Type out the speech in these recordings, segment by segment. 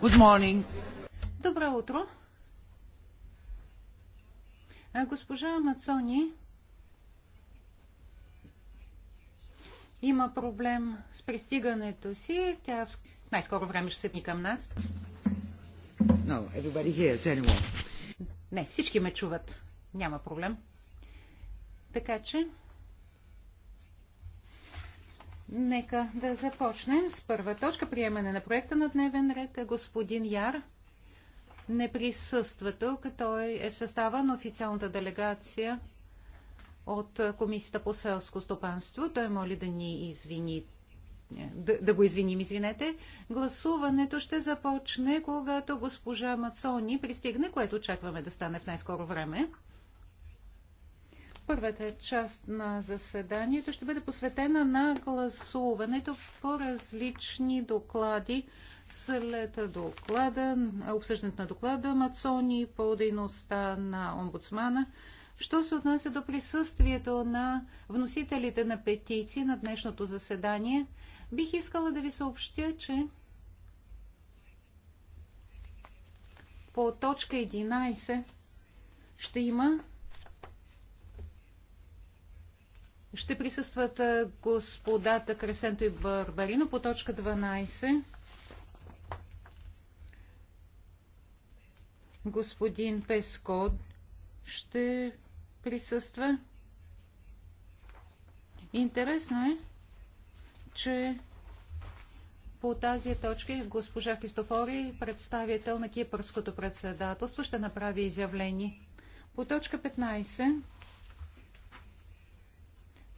Good morning. Добро утро. Госпожа Мацони има проблем с пристигането си. Тя в най-скоро време ще се към нас. No, everybody hears anyone. Не, всички ме чуват. Няма проблем. Така че Нека да започнем с първа точка. Приемане на проекта на дневен ред. Господин Яр не присъства тук. Той е в състава на официалната делегация от Комисията по селско стопанство. Той моли да ни извини да, да го извиним, извинете. Гласуването ще започне, когато госпожа Мацони пристигне, което очакваме да стане в най-скоро време. Първата част на заседанието ще бъде посветена на гласуването по различни доклади след доклада, обсъждането на доклада Мацони по дейността на омбудсмана. Що се отнася до присъствието на вносителите на петиции на днешното заседание, бих искала да ви съобщя, че по точка 11 ще има Ще присъстват е, господата Кресенто и Барбарино по точка 12. Господин Песко ще присъства. Интересно е, че по тази точка госпожа Христофори, представител на Кипърското председателство, ще направи изявление. По точка 15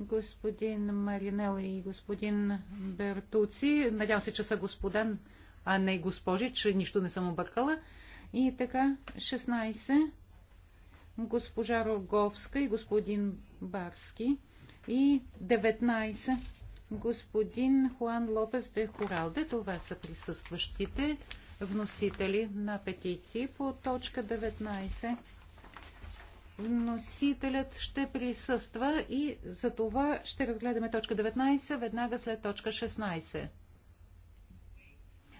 господин Маринел и господин Бертуци. Надявам се, че са господан, а не госпожи, че нищо не съм объркала. И така, 16. Госпожа Роговска и господин Барски. И 19. Господин Хуан Лопес де Хоралде. Това са присъстващите вносители на петиции по точка 19 носителят ще присъства и за това ще разгледаме точка 19 веднага след точка 16.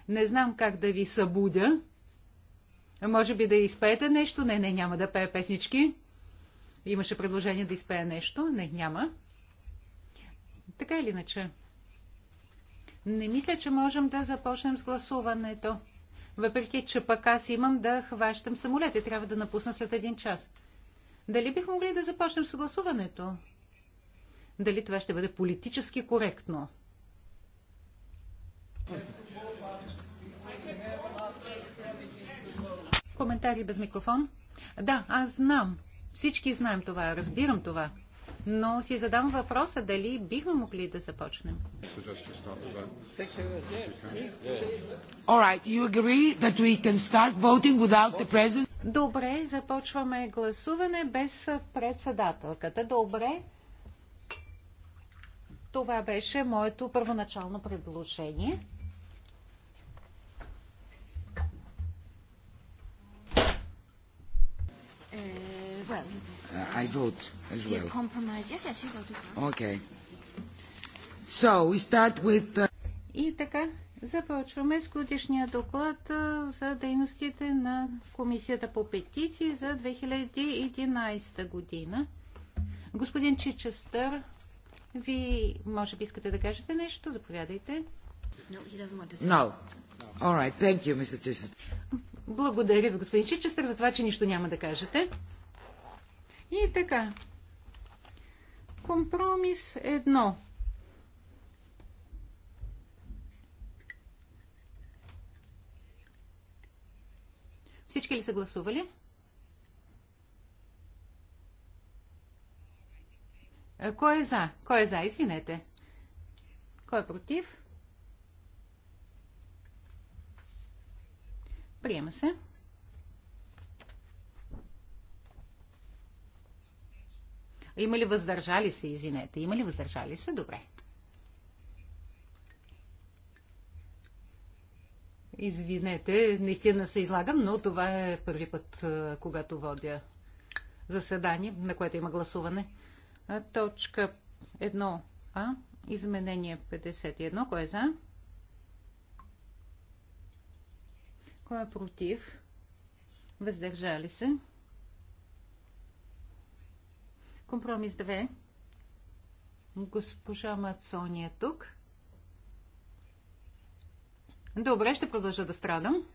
Не знам как да ви събудя. Може би да изпеете нещо? Не, не, няма да пее песнички. Имаше предложение да изпее нещо? Не, няма. Така или иначе. Не мисля, че можем да започнем с гласуването. Въпреки, че пък аз имам да хващам самолет и трябва да напусна след един час. Дали бих могли да започнем с гласуването? Дали това ще бъде политически коректно? Коментари без микрофон? Да, аз знам. Всички знаем това, разбирам това. Но си задам въпроса дали бихме могли да започнем. All right, you agree that we can start voting without the president? Добре, започваме гласуване без председателката. Добре. Това беше моето първоначално предложение. Uh, well, uh, I vote as well. compromise. Yes, yes, you voted. Okay. So we start with. The... Uh, И така, Започваме с годишния доклад за дейностите на Комисията по петиции за 2011 година. Господин Чичестър, ви може би искате да кажете нещо? Заповядайте. No, Right. You, Благодаря ви, господин Чичестър, за това, че нищо няма да кажете. И така. Компромис едно. Всички ли са гласували? Кой е за? Кой е за? Извинете. Кой е против? Приема се. Има ли въздържали се? Извинете. Има ли въздържали се? Добре. Извинете, наистина се излагам, но това е първи път, когато водя заседание, на което има гласуване. Точка 1А, изменение 51. Кой е за? Кой е против? Въздържали се? Компромис 2. Госпожа Мацони е тук. Добре, ще продължа да страдам.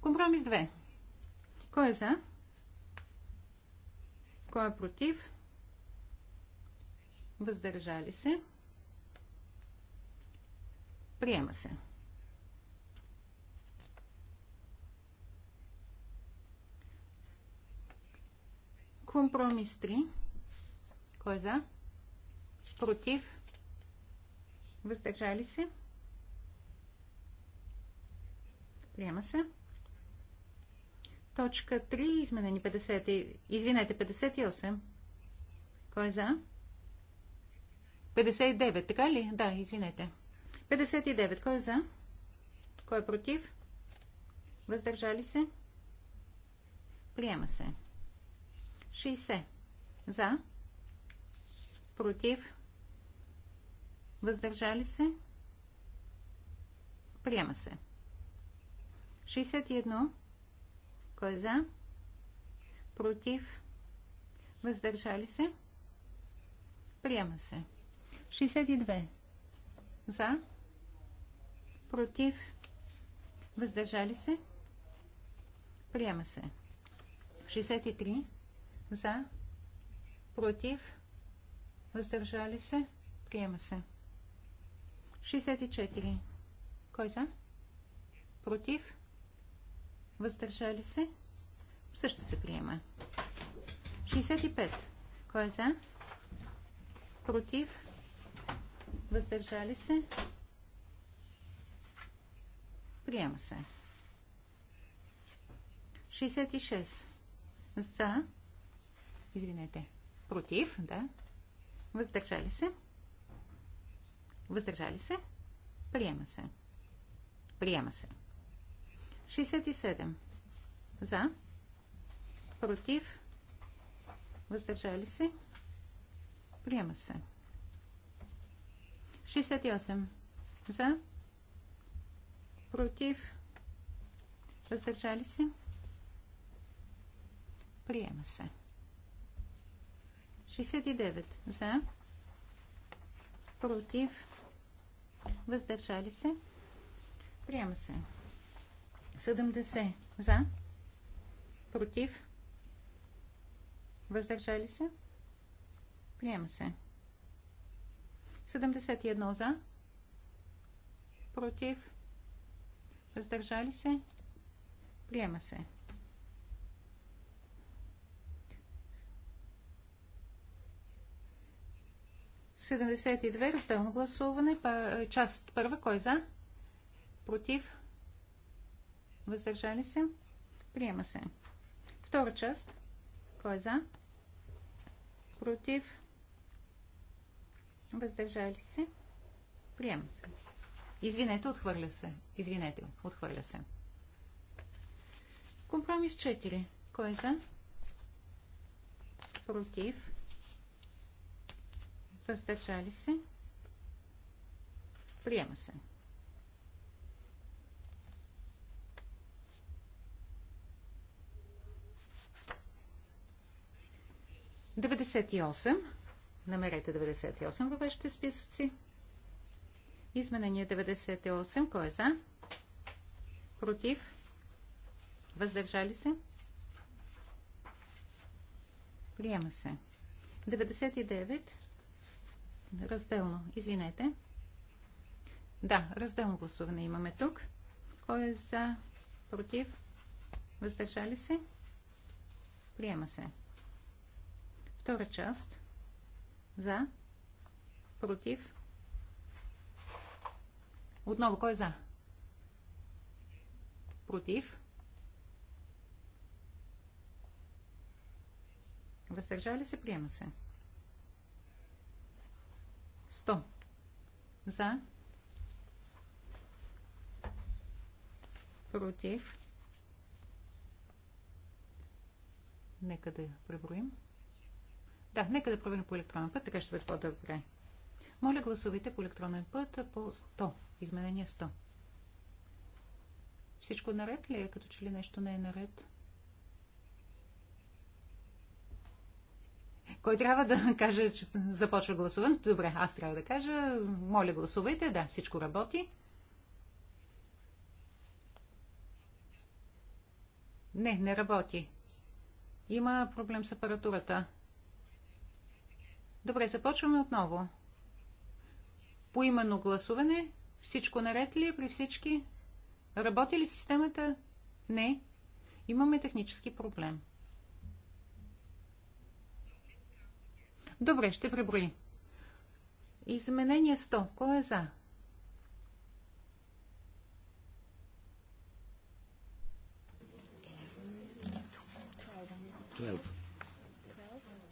Компромис 2. Кой е за? Кой е против? Въздържали се. Приема се. Компромис 3. Кой е за? Против? Въздържали се? Приема се. Точка 3, изменени 50, извинете, 58. Кой е за? 59, така ли? Да, извинете. 59, кой е за? Кой е против? Въздържали се? Приема се. 60. За? Против? Въздържали се? Приема се. 61. Кой е за? Против? Въздържали се? Приема се. 62. За? Против? Въздържали се? Приема се. 63. За? Против? Въздържали се? Приема се. 64. Кой е за? Против? Въздържали се? Също се приема. 65. Кой е за? Против? Въздържали се? Приема се. 66. За. Извинете. Против, да. Въздържали се. Въздържали се. Приема се. Приема се. 67. За. Против. Въздържали се. Приема се. 68. За. Против. Въздържали се. Приема се. 69. За. Против. Въздържали се. Приема се. 70 за, против, въздържали се, приема се. 71 за, против, въздържали се, приема се. Седемдесет и две разделно гласуване. Част първа. Кой е за? Против? Въздържали се? Приема се. Втора част. Кой е за? Против? Въздържали се? Приема се. Извинете, отхвърля се. Извинете, отхвърля се. Компромис 4. Кой е за? Против? Въздържали се? Приема се. 98. Намерете 98 във вашите списъци. Изменение 98. Кой е за? Против? Въздържали се? Приема се. 99. Разделно. Извинете. Да, разделно гласуване имаме тук. Кой е за? Против? Въздържали се? Приема се. Втора част. За. Против. Отново кой е за? Против. Въздържали се, приема се. 100. За. Против. Нека да преброим. Да, нека да проверим по електронен път, така ще бъде по-добре. Моля, гласувайте по електронен път по 100. Изменение 100. Всичко наред ли е, като че ли нещо не е наред? Кой трябва да каже, че започва гласуване? Добре, аз трябва да кажа. Моля, гласувайте. Да, всичко работи. Не, не работи. Има проблем с апаратурата. Добре, започваме отново. По именно гласуване. Всичко наред ли е при всички? Работи ли системата? Не. Имаме технически проблем. Добре, ще преброи. Изменение 100. Кой е за? Twelve.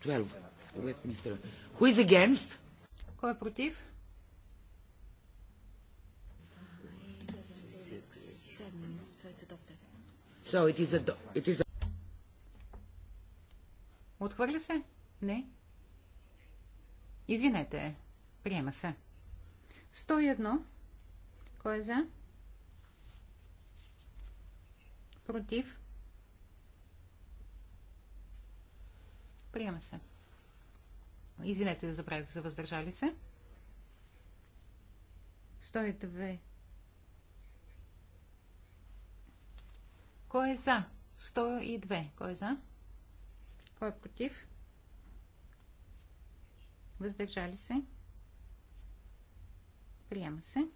Twelve. Westminster. Who is against? Кой е против? So it is a, it is a... Отхвърля се? Не. Извинете. Приема се. 101. Кой е за? Против. Приема се. Извинете, забравих за въздържали се. 102. Кой е за? 102. Кой е за? Кой е против? Въздържали се? Приема се.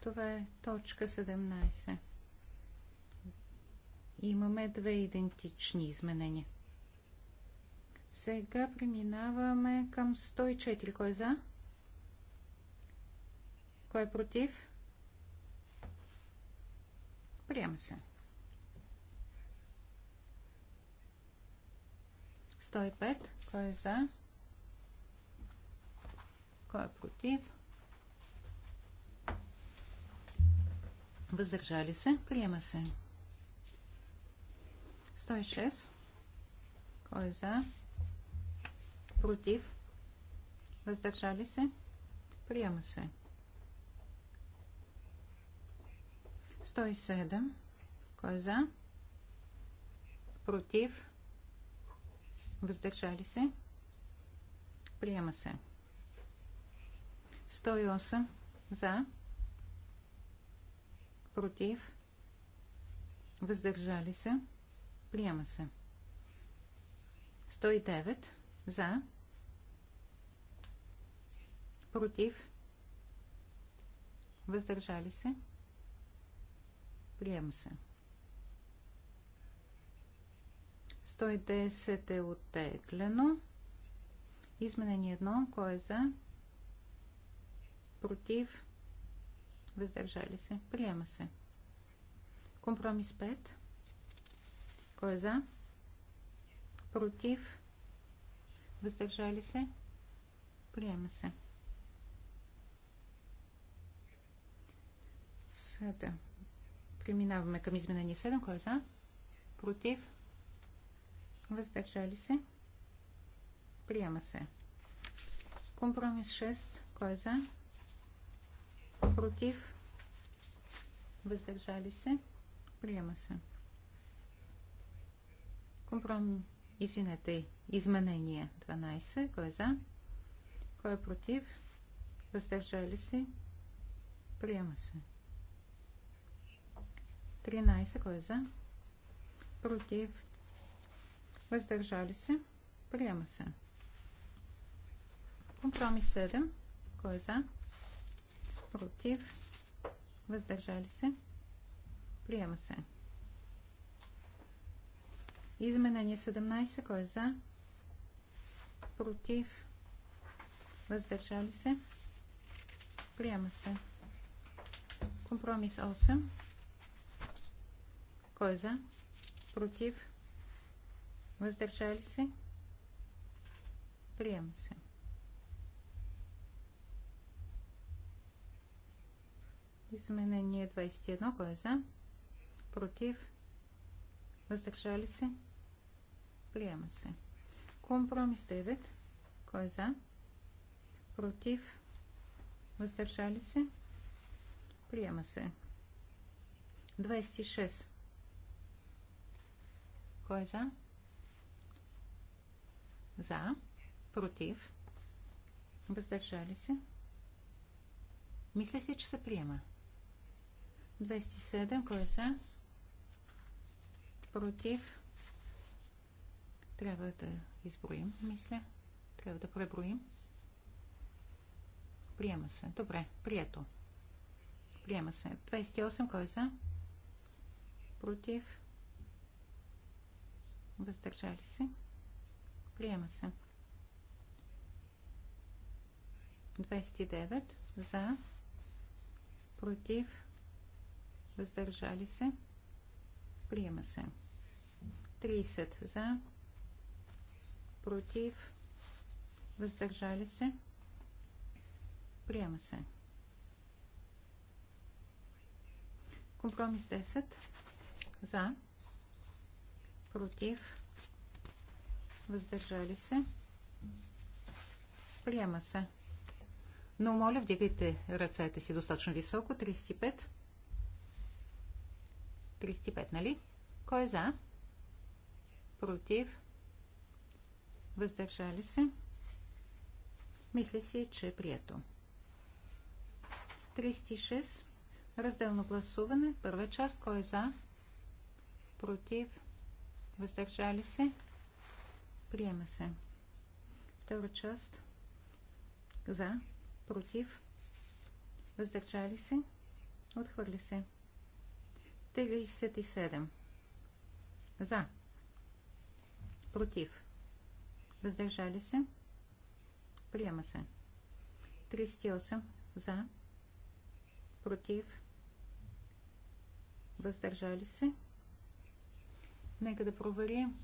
Това е точка 17. Имаме две идентични изменения. Сега преминаваме към 104. Кой е за? Кой е против? Приема се. 105. Кой е за? Кой е против? Въздържали се. Приема се. 106. Кой е за? против, въздържали се, приема се. 107. Кой е за? Против. Въздържали се. Приема се. 108. За. Против. Въздържали се. Приема се. 109. За. Против. Въздържали се. Приема се. 110 е оттеглено. Изменение 1. Кой е за? Против. Въздържали се. Приема се. Компромис 5. Кой е за? Против. Въздържали се? Приема се. Сега преминаваме към изменение 7. Кой е за? Против? Въздържали се? Приема се. Компромис 6. Кой е за? Против? Въздържали се? Приема се. Компромис Извинете, изменение 12. Кой е за? Кой е против? Въздържали се? Приема се. 13. Кой е за? Против? Въздържали се? Приема се. Компромис 7. Кой е за? Против? Въздържали се? Приема се. Изменение 17. Кой е за? Против? Въздържали се? Приема се. Компромис 8. Кой е за? Против? Въздържали се? Приема се. Изменение 21. Кой е за? Против? Въздържали се? Приема се. Компромис 9. Кой е за? Против. Въздържали се. Приема се. 26. Кой е за? За. Против. Въздържали се. Мисля си, че се приема. 27. Кой е за? Против. Трябва да изброим, мисля. Трябва да преброим. Приема се. Добре, прието. Приема се. 28, кой е за? Против? Въздържали се? Приема се. 29 за, против, въздържали се, приема се. 30 за, против, въздържали се, приема се. Компромис 10 за, против, въздържали се, приема се. Но моля, вдигайте ръцете си достатъчно високо. 35. 35, нали? Кой е за? Против? въздържали се. Мисля си, че е прието. 36. Разделно гласуване. Първа част. Кой е за? Против? Въздържали се? Приема се. Втора част. За? Против? Въздържали се? Отхвърли се. 37. За. Против. Въздържали се. Приема се. 38 за. Против. Въздържали се. Нека да проверим.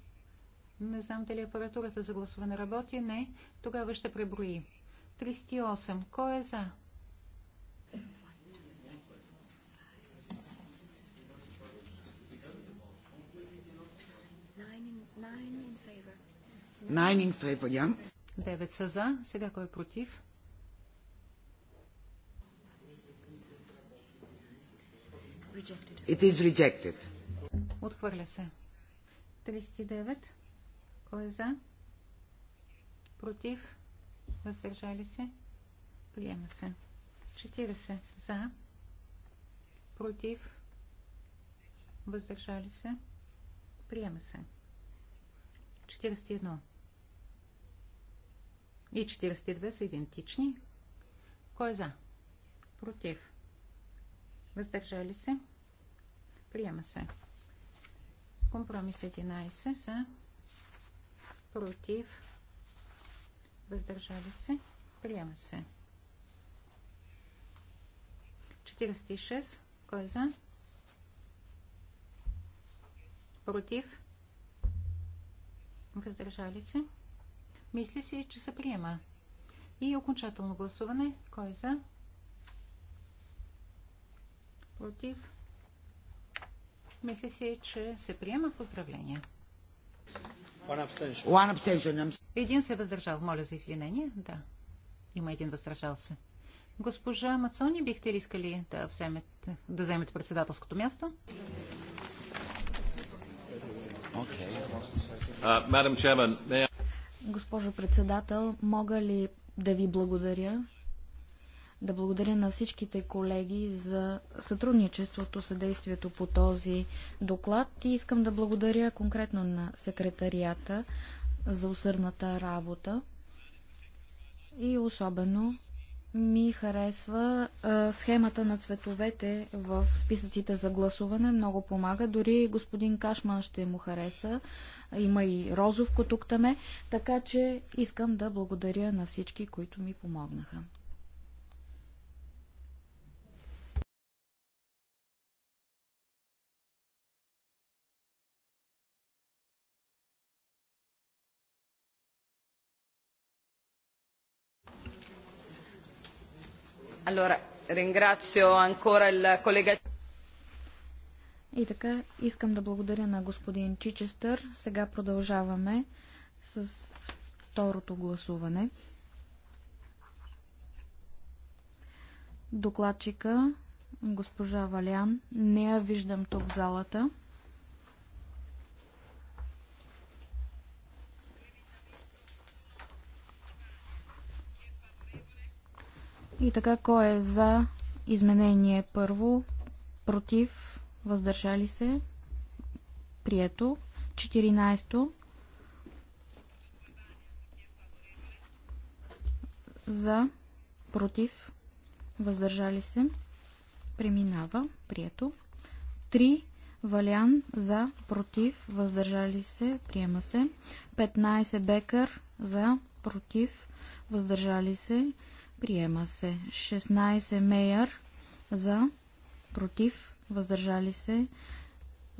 Не знам дали апаратурата за гласуване работи. Не. Тогава ще преброи. 38. Кой е за? Nine. Nine 9 са за. Сега кой е против? It is rejected. Отхвърля се. 39. Кой е за? Против? Въздържали се? Приема се. 40. За? Против? Въздържали се? Приема се. 41 и 42 са идентични. Кой е за? Против. Въздържали се. Приема се. Компромис 11 за. Против. Въздържали се. Приема се. 46. Кой е за? Против. Въздържали се. Мисли си, че се приема. И окончателно гласуване. Кой е за? Против? Мисли си, че се приема. Поздравления. Един се е въздържал. Моля за извинение. Да. Има един въздържал се. Госпожа Мацони, бихте ли искали да, вземете, да вземете председателското място? Okay. Uh, Госпожо председател, мога ли да ви благодаря? Да благодаря на всичките колеги за сътрудничеството, съдействието по този доклад и искам да благодаря конкретно на секретарията за усърдната работа и особено ми харесва а, схемата на цветовете в списъците за гласуване. Много помага. Дори господин Кашман ще му хареса. Има и розовко тук-таме. Така че искам да благодаря на всички, които ми помогнаха. Allora, ringrazio ancora il collega... И така, искам да благодаря на господин Чичестър. Сега продължаваме с второто гласуване. Докладчика, госпожа Валян, не я виждам тук в залата. И така, кой е за изменение първо, против, въздържали се, прието. 14 за, против, въздържали се, преминава, прието. 3 Валян за, против, въздържали се, приема се. 15 Бекър за, против, въздържали се, Приема се. 16 Мейер за, против, въздържали се.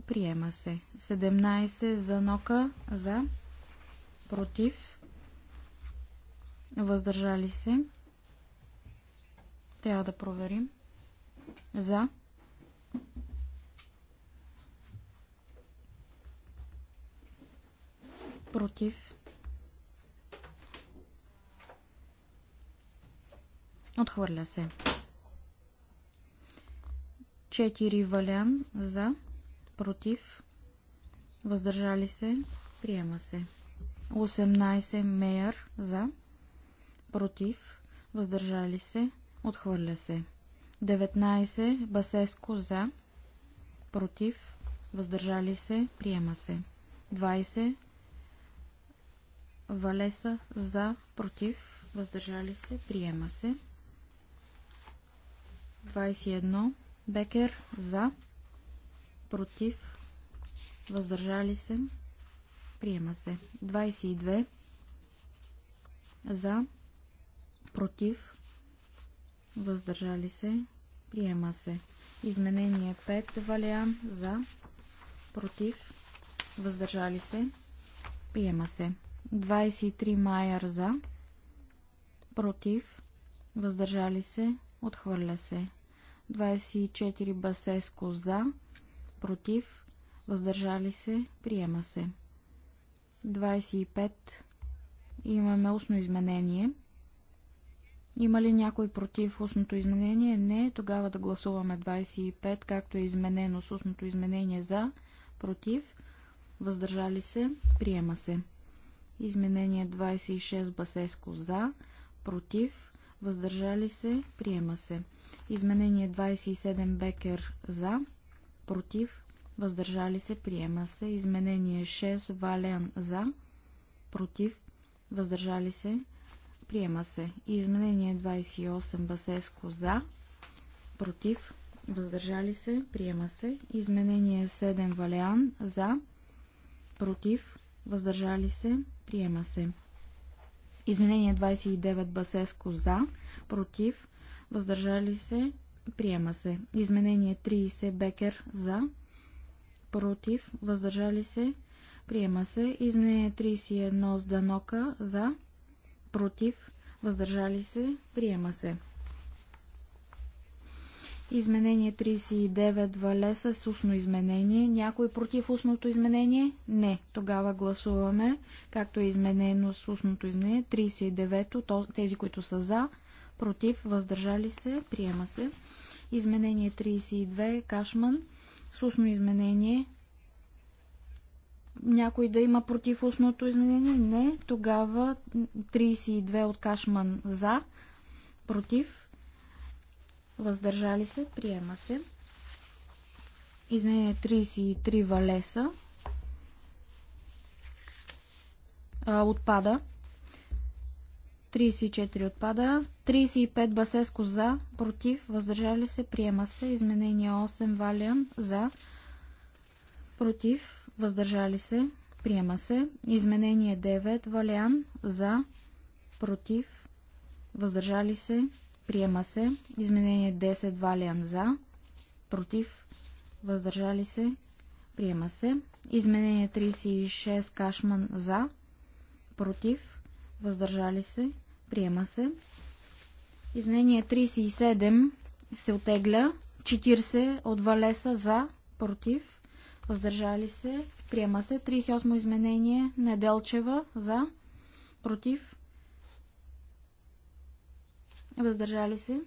Приема се. 17 за Нока. за, против, въздържали се. Трябва да проверим. За. Против. Отхвърля се. 4 валян за, против, въздържали се, приема се. 18 мейър за, против, въздържали се, отхвърля се. 19 басеско за, против, въздържали се, приема се. 20 валеса за, против, въздържали се, приема се. 21. Бекер за. Против. Въздържали се. Приема се. 22. За. Против. Въздържали се. Приема се. Изменение 5. Валиан. За. Против. Въздържали се. Приема се. 23. Майер. За. Против. Въздържали се. Отхвърля се. 24 Басеско за, против, въздържали се, приема се. 25 имаме устно изменение. Има ли някой против устното изменение? Не. Тогава да гласуваме 25, както е изменено с устното изменение за, против, въздържали се, приема се. Изменение 26 Басеско за, против, въздържали се, приема се. Изменение 27 Бекер за, против, въздържали се, приема се. Изменение 6 Вален за, против, въздържали се, приема се. Изменение 28 Басеско за, против, въздържали се, приема се. Изменение 7 Валеан за, против, въздържали се, приема се. Изменение 29 Басеско за, против, въздържали се, приема се. Изменение 30 Бекер за, против, въздържали се, приема се. Изменение 31 Сданока, за, против, въздържали се, приема се. Изменение 39 Валеса с устно изменение. Някой против устното изменение? Не. Тогава гласуваме, както е изменено с устното изменение. 39-то, тези, които са за, против, въздържали се, приема се. Изменение 32, Кашман, с устно изменение. Някой да има против устното изменение? Не. Тогава 32 от Кашман за, против, въздържали се, приема се. Изменение 33 Валеса а, отпада. 34 отпада. 35 Басеско за, против, въздържали се, приема се. Изменение 8 Валиан за, против, въздържали се, приема се. Изменение 9 Валян за, против, въздържали се, приема се. Изменение 10 Валиан за, против, въздържали се, приема се. Изменение 36 Кашман за, против, въздържали се, приема се. Изменение 37 се отегля. 40 от Валеса за, против, въздържали се, приема се. 38 изменение Неделчева за, против, въздържали се.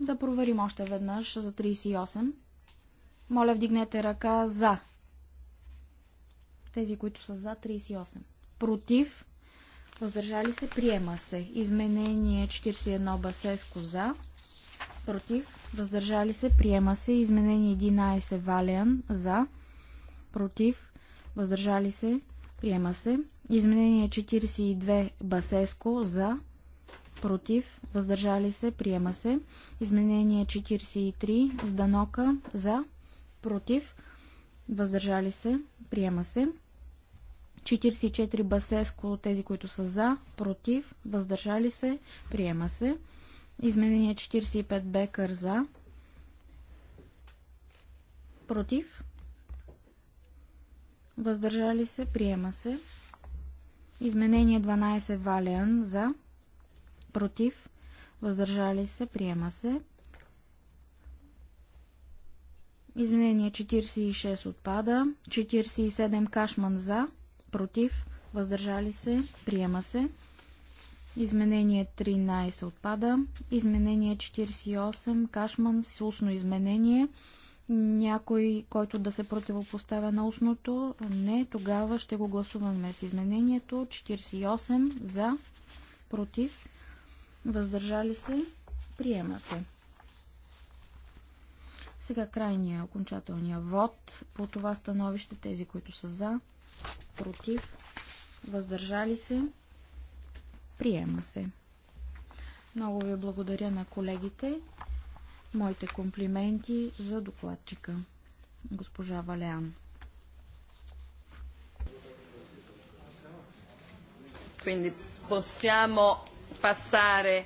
Да проверим още веднъж за 38. Моля, вдигнете ръка за. Тези, които са за 38. Против. Въздържали се. Приема се. Изменение 41 Басеско за. Против. Въздържали се. Приема се. Изменение 11 Валиан за. Против. Въздържали се. Приема се. Изменение 42 Басеско за. Против. Въздържали се. Приема се. Изменение 43 Сданока за. Против. Въздържали се. Приема се. 44 Басеско, тези, които са за, против, въздържали се, приема се. Изменение 45 Бекър за, против, въздържали се, приема се. Изменение 12 Валиан за, против, въздържали се, приема се. Изменение 46 отпада. 47 Кашман за против, въздържали се, приема се. Изменение 13 отпада. Изменение 48, Кашман, с устно изменение. Някой, който да се противопоставя на устното? Не, тогава ще го гласуваме с изменението. 48 за, против, въздържали се, приема се. Сега крайния, окончателния вод по това становище, тези, които са за, против, въздържали се, приема се. Много ви благодаря на колегите. Моите комплименти за докладчика, госпожа Валян. Quindi possiamo passare.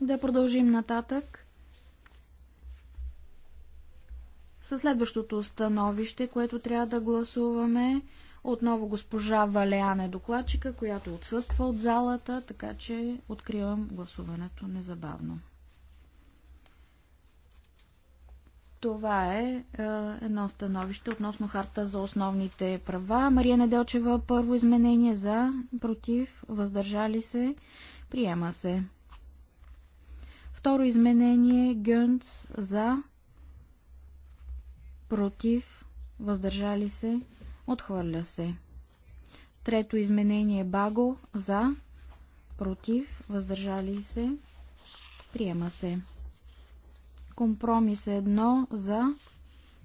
Да продължим нататък. Със следващото становище, което трябва да гласуваме, отново госпожа Валеан е докладчика, която отсъства от залата, така че откривам гласуването незабавно. Това е, е едно становище относно харта за основните права. Мария Неделчева, първо изменение за, против, въздържали се, приема се. Второ изменение, Гънц за, против, въздържали се, отхвърля се. Трето изменение Баго за, против, въздържали се, приема се. Компромис едно за,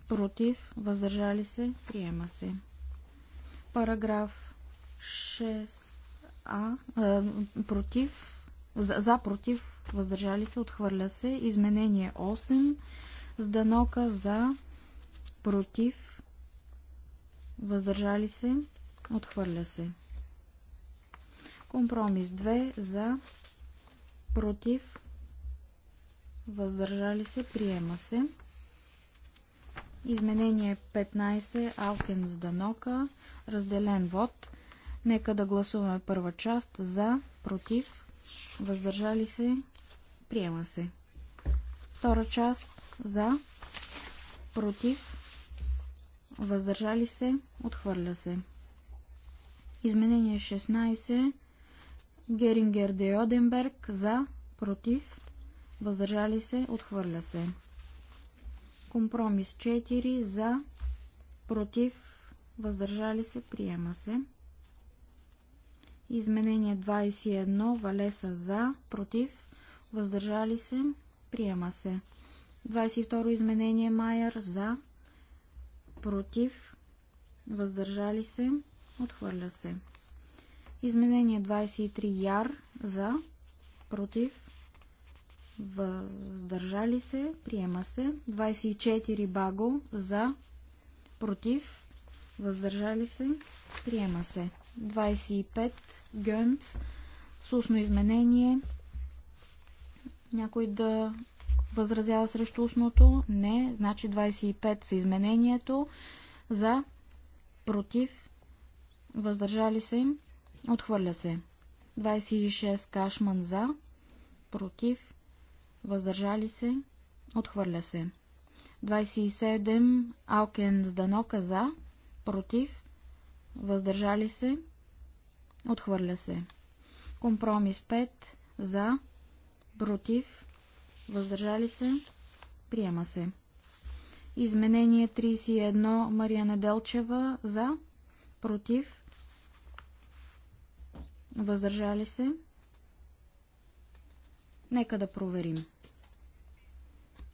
против, въздържали се, приема се. Параграф 6а, э, против, за, за, против, въздържали се, отхвърля се. Изменение 8, с данока за, против, въздържали се, отхвърля се. Компромис 2 за, против, въздържали се, приема се. Изменение 15, Алкенс Данока, разделен вод. Нека да гласуваме първа част за, против, въздържали се, приема се. Втора част за, против, въздържали се, отхвърля се. Изменение 16. Герингер де Оденберг за, против, въздържали се, отхвърля се. Компромис 4 за, против, въздържали се, приема се. Изменение 21. Валеса за, против, въздържали се, приема се. 22 изменение Майер за, против, въздържали се, отхвърля се. Изменение 23 яр за, против, въздържали се, приема се. 24 баго за, против, въздържали се, приема се. 25 гънц, сусно изменение. Някой да възразява срещу устното? Не. Значи 25 са изменението. За, против, въздържали се, отхвърля се. 26 Кашман за, против, въздържали се, отхвърля се. 27 Алкен с Данока за, против, въздържали се, отхвърля се. Компромис 5 за, против, въздържали се, приема се. Изменение 31 Марияна Делчева за, против, въздържали се. Нека да проверим.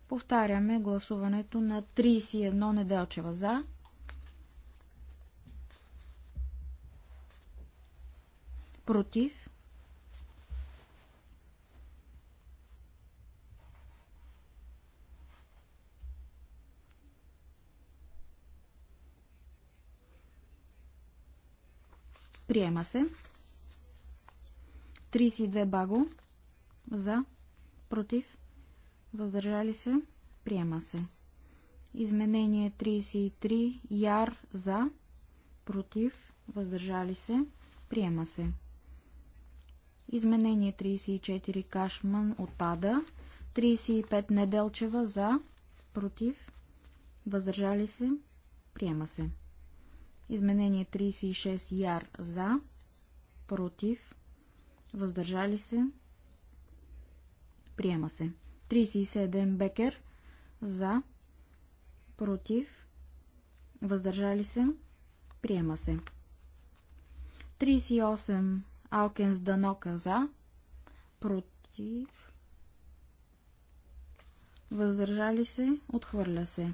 Повтаряме гласуването на 31 Неделчева за. Против. Приема се. 32 Баго. За. Против. Въздържали се. Приема се. Изменение 33 Яр. За. Против. Въздържали се. Приема се. Изменение 34 Кашман отпада. 35 Неделчева за. Против. Въздържали се. Приема се. Изменение 36 яр за, против, въздържали се, приема се. 37 бекер за, против, въздържали се, приема се. 38 Алкенс Данока за, против, въздържали се, отхвърля се.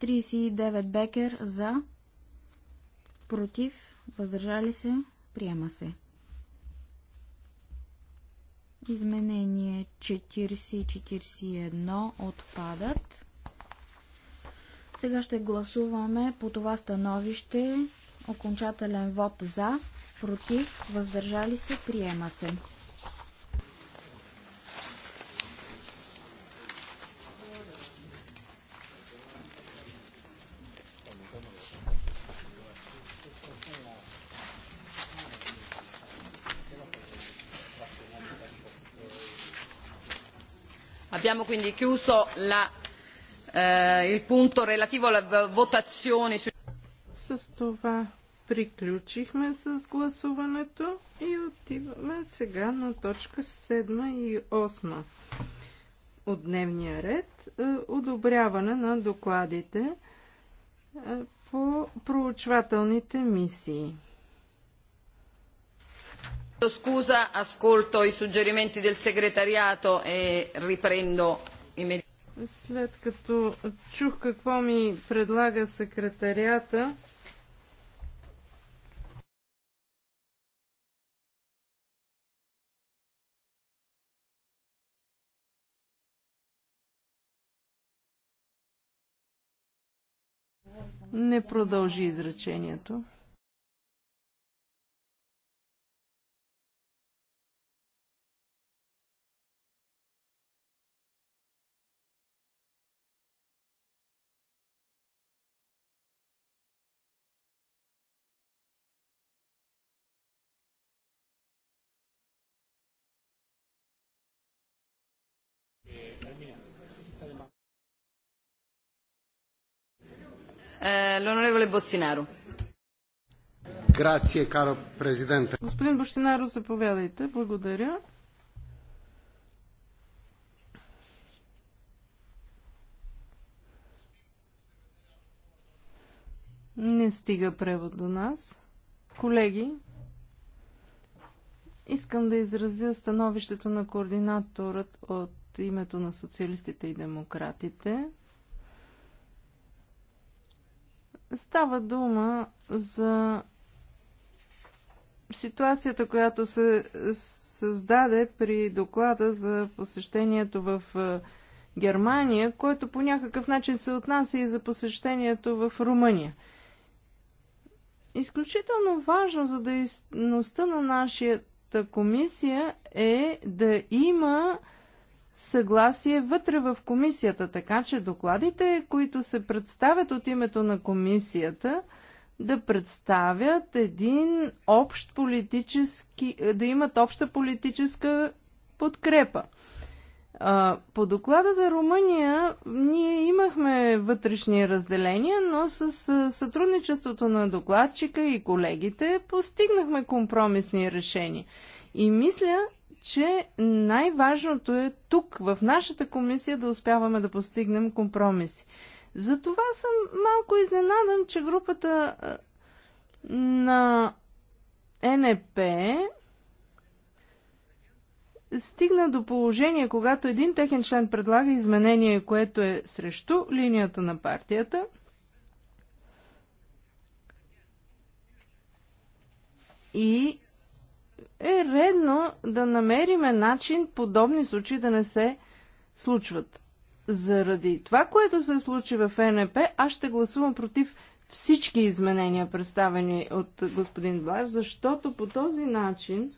39 Бекер за, против, против, въздържали се, приема се. Изменение 40 41 отпадат. Сега ще гласуваме по това становище окончателен вод за, против, въздържали се, приема се. Abbiamo quindi chiuso eh, il punto relativo alla votazione. С това приключихме с гласуването и отиваме сега на точка 7 и 8 от дневния ред. Е, одобряване на докладите е, по проучвателните мисии. Scusa, ascolto i suggerimenti del segretariato e riprendo След като чух какво ми предлага секретарията, не продължи изречението. Eh, l'onorevole Бостинаро. Господин Бостинаро, заповядайте. Благодаря. Не стига превод до нас. Колеги, искам да изразя становището на координаторът от името на социалистите и демократите. Става дума за ситуацията, която се създаде при доклада за посещението в е, Германия, който по някакъв начин се отнася и за посещението в Румъния. Изключително важно за дейността на нашия комисия е да има съгласие вътре в комисията, така че докладите, които се представят от името на комисията, да представят един общ политически, да имат обща политическа подкрепа. По доклада за Румъния ние имахме вътрешни разделения, но с сътрудничеството на докладчика и колегите постигнахме компромисни решения. И мисля, че най-важното е тук, в нашата комисия, да успяваме да постигнем компромиси. Затова съм малко изненадан, че групата на НП стигна до положение, когато един техен член предлага изменение, което е срещу линията на партията, и е редно да намериме начин подобни случаи да не се случват. Заради това, което се случи в ЕНП, аз ще гласувам против всички изменения, представени от господин Блаж, защото по този начин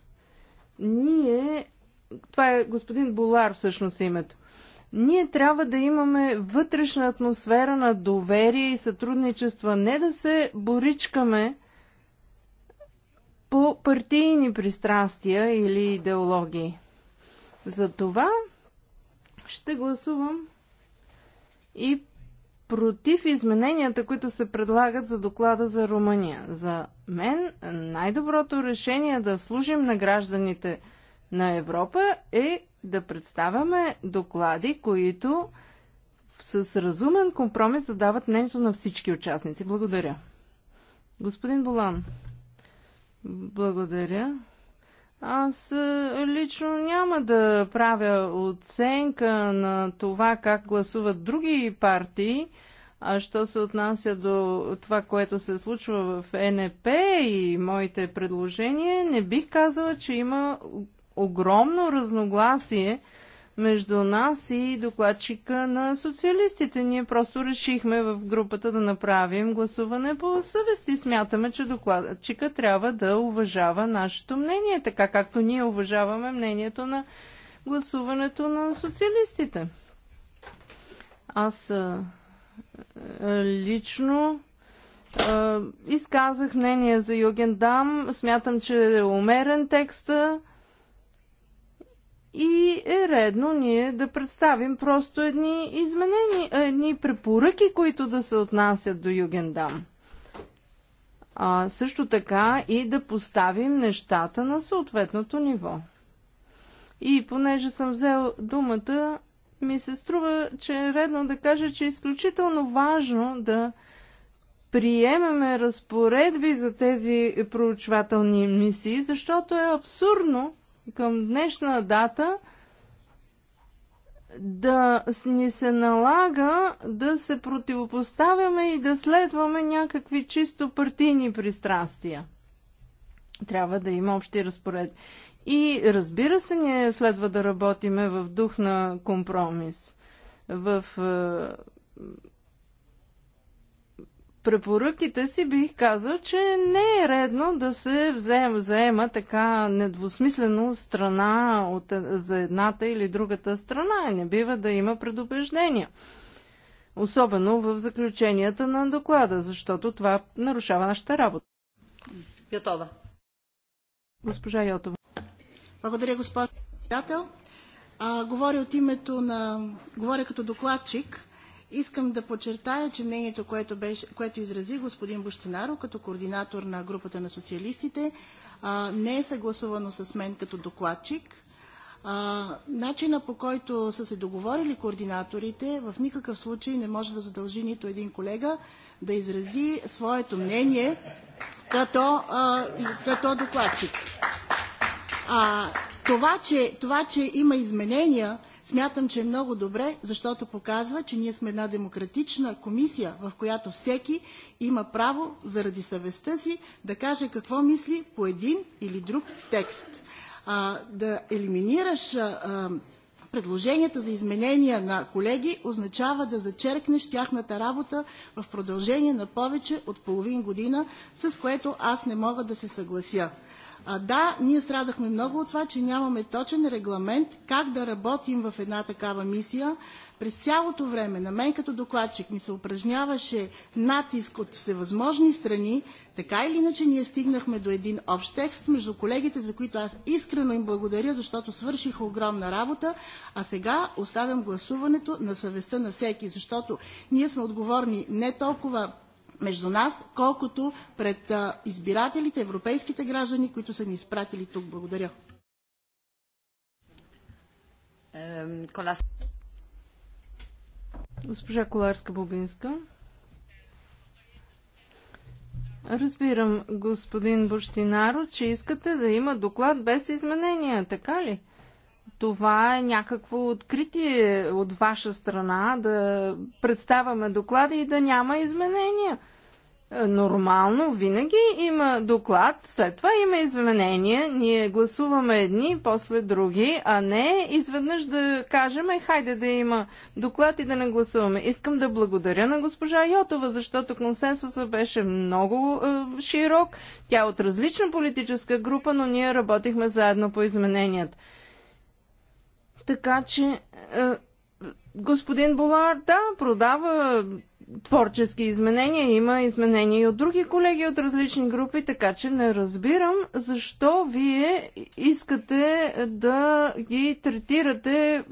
ние... Това е господин Болар всъщност е името. Ние трябва да имаме вътрешна атмосфера на доверие и сътрудничество, не да се боричкаме по партийни пристрастия или идеологии. За това ще гласувам и против измененията, които се предлагат за доклада за Румъния. За мен най-доброто решение да служим на гражданите на Европа е да представяме доклади, които с разумен компромис да дават мнението на всички участници. Благодаря. Господин Болан. Благодаря. Аз е, лично няма да правя оценка на това как гласуват други партии, а що се отнася до това, което се случва в НП и моите предложения, не бих казала, че има огромно разногласие между нас и докладчика на социалистите. Ние просто решихме в групата да направим гласуване по съвест и смятаме, че докладчика трябва да уважава нашето мнение, така както ние уважаваме мнението на гласуването на социалистите. Аз лично изказах мнение за Дам. Смятам, че е умерен текста и е редно ние да представим просто едни изменени, едни препоръки, които да се отнасят до Югендам. А, също така и да поставим нещата на съответното ниво. И понеже съм взел думата, ми се струва, че е редно да кажа, че е изключително важно да приемеме разпоредби за тези проучвателни мисии, защото е абсурдно към днешна дата да ни се налага да се противопоставяме и да следваме някакви чисто партийни пристрастия. Трябва да има общи разпоредби. И разбира се, ние следва да работиме в дух на компромис. В е, препоръките си бих казал, че не е редно да се взема, взема така недвусмислено страна от, за едната или другата страна. Не бива да има предупреждения. Особено в заключенията на доклада, защото това нарушава нашата работа. Йотова. Госпожа Йотова. Благодаря, госпожо председател. говоря от името на... Говоря като докладчик Искам да подчертая, че мнението, което, беше, което изрази господин Бощинаро като координатор на групата на социалистите, а, не е съгласувано с мен като докладчик. А, начина по който са се договорили координаторите в никакъв случай не може да задължи нито един колега да изрази своето мнение като, а, като докладчик. А, това, че, това, че има изменения Смятам, че е много добре, защото показва, че ние сме една демократична комисия, в която всеки има право заради съвестта си да каже какво мисли по един или друг текст. А, да елиминираш а, а, предложенията за изменения на колеги означава да зачеркнеш тяхната работа в продължение на повече от половин година, с което аз не мога да се съглася. А, да, ние страдахме много от това, че нямаме точен регламент как да работим в една такава мисия. През цялото време на мен като докладчик ми се упражняваше натиск от всевъзможни страни. Така или иначе ние стигнахме до един общ текст между колегите, за които аз искрено им благодаря, защото свършиха огромна работа. А сега оставям гласуването на съвестта на всеки, защото ние сме отговорни не толкова между нас, колкото пред избирателите, европейските граждани, които са ни изпратили тук. Благодаря. Госпожа Коларска-Бобинска. Разбирам, господин Бощинаро, че искате да има доклад без изменения, така ли? Това е някакво откритие от ваша страна да представяме доклади и да няма изменения. Е, нормално, винаги има доклад, след това има изменения, ние гласуваме едни, после други, а не изведнъж да кажем, хайде да има доклад и да не гласуваме. Искам да благодаря на госпожа Йотова, защото консенсуса беше много е, широк. Тя е от различна политическа група, но ние работихме заедно по измененията. Така че, е, господин Болар, да, продава творчески изменения, има изменения и от други колеги от различни групи, така че не разбирам защо вие искате да ги третирате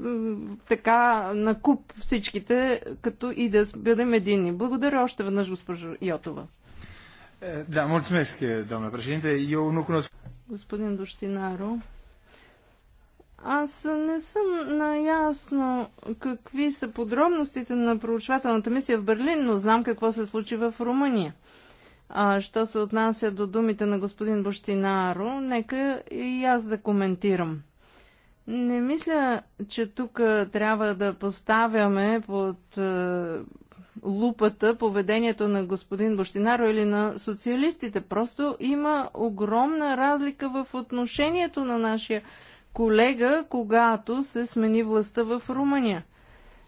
така на куп всичките, като и да бъдем единни. Благодаря още веднъж, госпожо Йотова. Е, да, мулțumesc, doamna е, președinte. Господин Доштинаро, аз не съм наясно какви са подробностите на проучвателната мисия в Берлин, но знам какво се случи в Румъния. А, що се отнася до думите на господин Бощинаро, нека и аз да коментирам. Не мисля, че тук трябва да поставяме под е, лупата поведението на господин Бощинаро или на социалистите. Просто има огромна разлика в отношението на нашия колега, когато се смени властта в Румъния.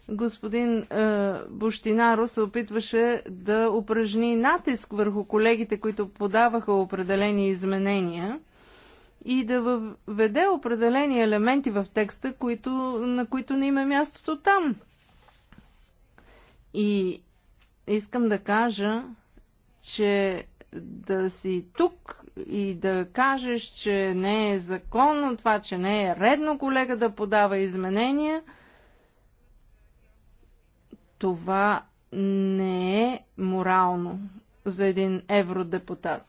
Господин е, Бощинаро се опитваше да упражни натиск върху колегите, които подаваха определени изменения и да введе определени елементи в текста, които, на които не има е мястото там. И искам да кажа, че да си тук и да кажеш, че не е законно това, че не е редно колега да подава изменения, това не е морално за един евродепутат.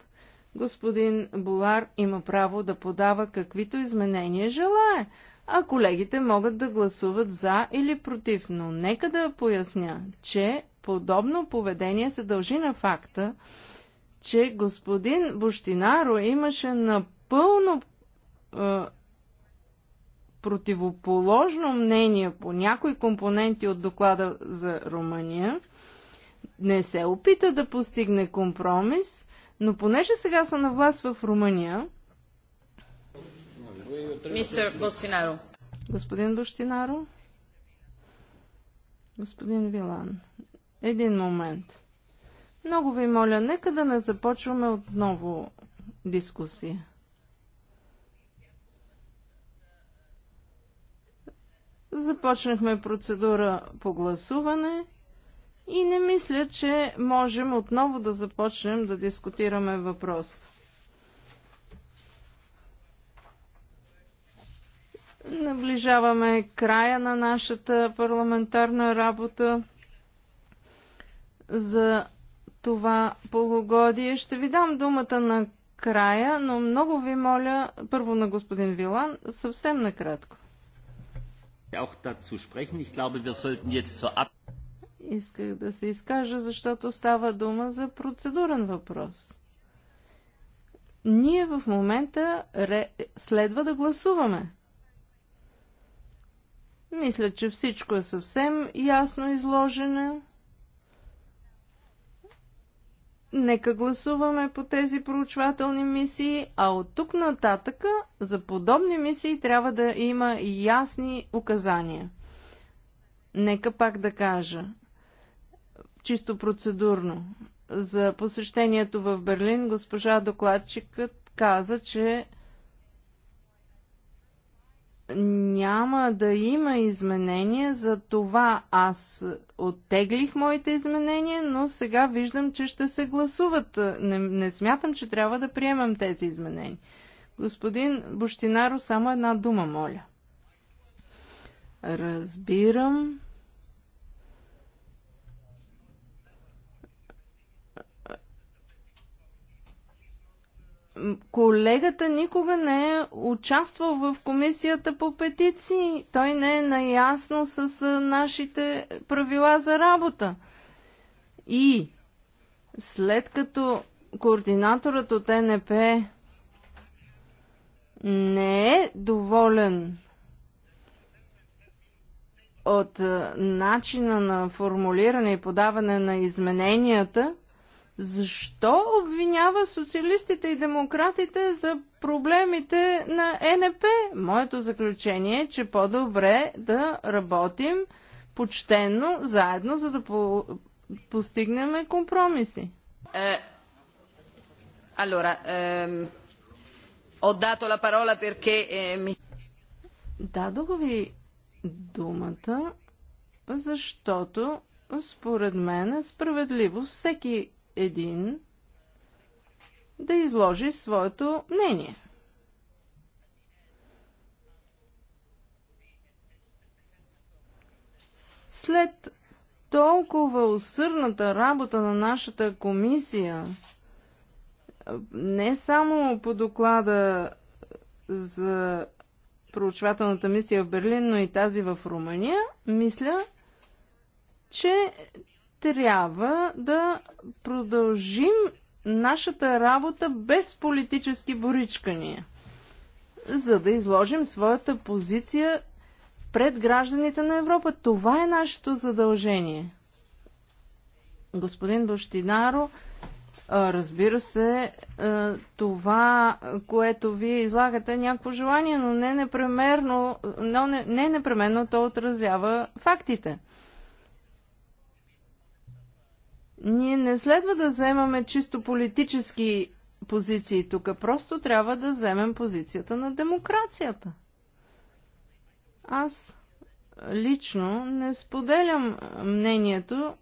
Господин Болар има право да подава каквито изменения желае, а колегите могат да гласуват за или против, но нека да поясня, че подобно поведение се дължи на факта, че господин Буштинаро имаше напълно е, противоположно мнение по някои компоненти от доклада за Румъния. Не се опита да постигне компромис, но понеже сега са на власт в Румъния. Мистер Бостинаро. Господин Бостинаро. Господин Вилан. Един момент. Много ви моля, нека да не започваме отново дискусия. Започнахме процедура по гласуване и не мисля, че можем отново да започнем да дискутираме въпрос. Наближаваме края на нашата парламентарна работа. За това полугодие. Ще ви дам думата на края, но много ви моля, първо на господин Вилан, съвсем накратко. Исках да се изкажа, защото става дума за процедурен въпрос. Ние в момента ре... следва да гласуваме. Мисля, че всичко е съвсем ясно изложено. Нека гласуваме по тези проучвателни мисии, а от тук нататъка за подобни мисии трябва да има ясни указания. Нека пак да кажа, чисто процедурно, за посещението в Берлин госпожа докладчикът каза, че няма да има изменения, за това аз оттеглих моите изменения, но сега виждам, че ще се гласуват. Не, не смятам, че трябва да приемам тези изменения. Господин Бощинаро, само една дума, моля. Разбирам, колегата никога не е участвал в комисията по петиции. Той не е наясно с нашите правила за работа. И след като координаторът от НП не е доволен от начина на формулиране и подаване на измененията, защо обвинява социалистите и демократите за проблемите на НП? Моето заключение е, че по-добре да работим почтенно, заедно, за да по- постигнем компромиси. Е, allora, е, ho dato la parola perché... Е, Дадох ви думата, защото според мен е справедливо всеки един да изложи своето мнение. След толкова усърната работа на нашата комисия, не само по доклада за проучвателната мисия в Берлин, но и тази в Румъния, мисля, че трябва да продължим нашата работа без политически боричкания, за да изложим своята позиция пред гражданите на Европа. Това е нашето задължение. Господин Бащинаро, разбира се, това, което вие излагате е някакво желание, но не непременно, но не, не непременно то отразява фактите. Ние не следва да вземаме чисто политически позиции тук, просто трябва да вземем позицията на демокрацията. Аз лично не споделям мнението,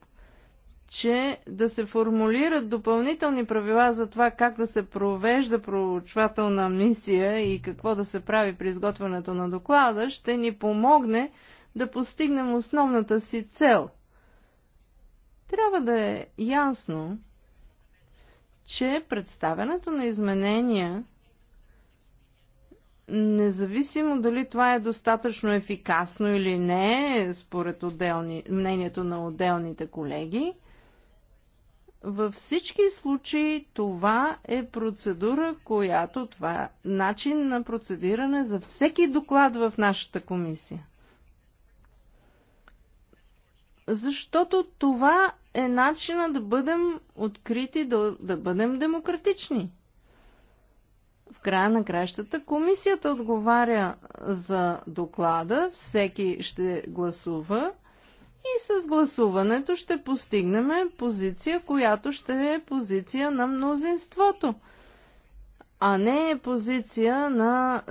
че да се формулират допълнителни правила за това как да се провежда проучвателна мисия и какво да се прави при изготвянето на доклада, ще ни помогне да постигнем основната си цел – трябва да е ясно, че представянето на изменения, независимо дали това е достатъчно ефикасно или не, според отделни, мнението на отделните колеги, във всички случаи това е процедура, която това е начин на процедиране за всеки доклад в нашата комисия. Защото това е начина да бъдем открити, да, да бъдем демократични. В края на кращата комисията отговаря за доклада, всеки ще гласува и с гласуването ще постигнем позиция, която ще е позиция на мнозинството, а не е позиция на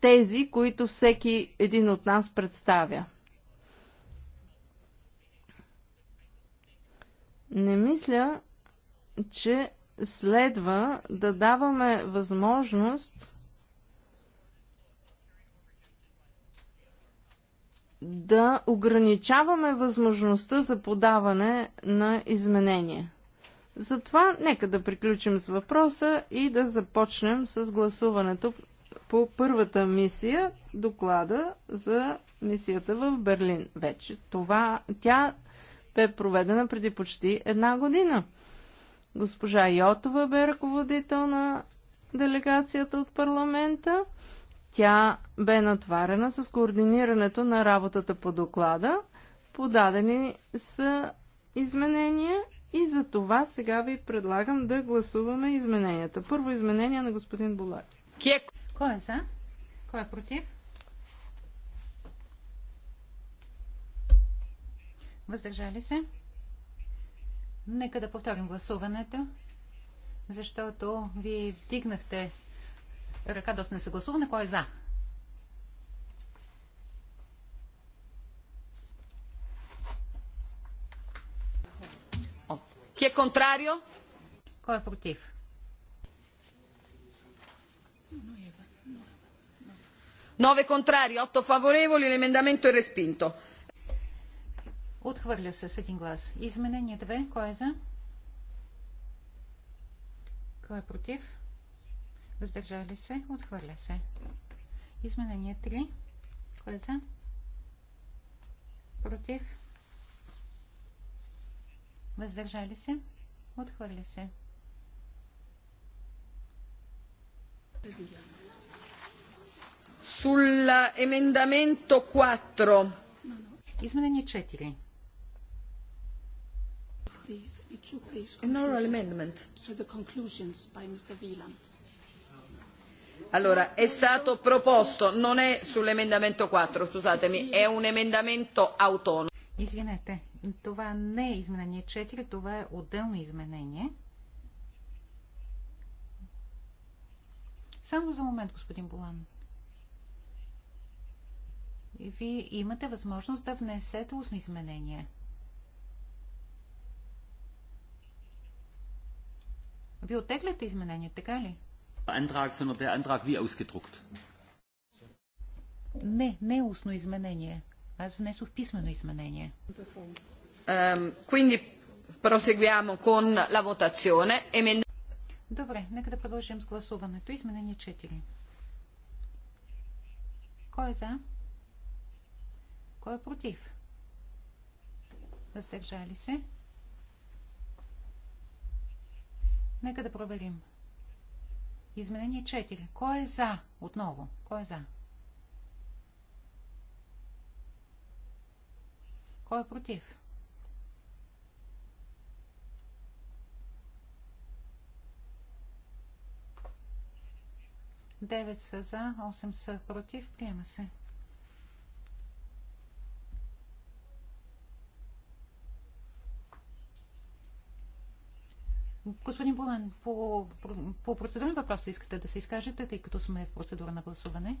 тези, които всеки един от нас представя. Не мисля, че следва да даваме възможност да ограничаваме възможността за подаване на изменения. Затова нека да приключим с въпроса и да започнем с гласуването по първата мисия, доклада за мисията в Берлин. Вече това, тя бе проведена преди почти една година. Госпожа Йотова бе ръководител на делегацията от парламента. Тя бе натварена с координирането на работата по доклада. Подадени са изменения и за това сега ви предлагам да гласуваме измененията. Първо изменение на господин Булак. Кой е за? Кой е против? Въздържали се? Нека да повторим гласуването, защото ви вдигнахте ръка доста несъгласуване. Кой е за? Ки е контрарио? Кой е против? Nove contrari, otto favorevoli, l'emendamento è respinto. Отхвърля се с един глас. Изменение 2. Кой е за? Кой е против? Въздържали се? Отхвърля се. Изменение 3. Кой е за? Против? Въздържали се? Отхвърля се. Sull'emendamento 4. Изменение 4 these, it took these An oral amendment. to the conclusions by Mr. Wieland. Allora, è stato proposto, non è sull'emendamento 4, scusatemi, è un emendamento autonomo. Извинете, това не е изменение 4, това е отделно изменение. Само за момент, господин Болан. Вие имате възможност да внесете устно изменение. Вие оттегляте изменение, така ли? Антраг, Не, не е устно изменение. Аз внесох писмено изменение. quindi proseguiamo con la votazione. Добре, нека да продължим с гласуването. Изменение 4. Кой е за? Кой е против? Въздържали се? Нека да проверим. Изменение 4. Кой е за? Отново. Кой е за? Кой е против? Девет са за, 8 са против. Приема се. Господин Булан, по, по процедурен въпрос искате да се изкажете, тъй като сме в процедура на гласуване?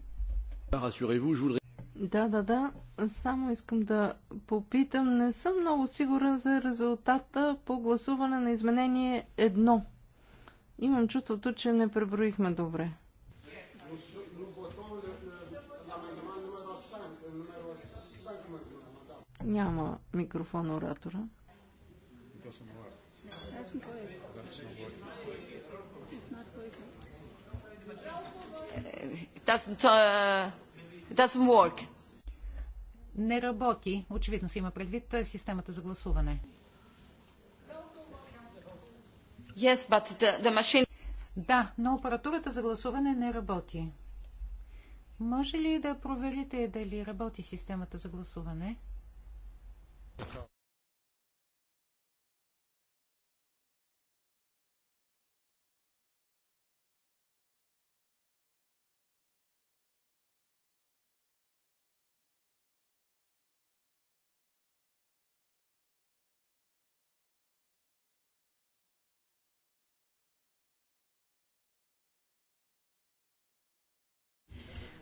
Да, да, да. Само искам да попитам. Не съм много сигурен за резултата по гласуване на изменение едно. Имам чувството, че не преброихме добре. Няма микрофон оратора. It's not It doesn't, uh, it doesn't work. Не работи. Очевидно си има предвид е, системата за гласуване. Yes, but the, the machine... Да, но апаратурата за гласуване не работи. Може ли да проверите дали работи системата за гласуване?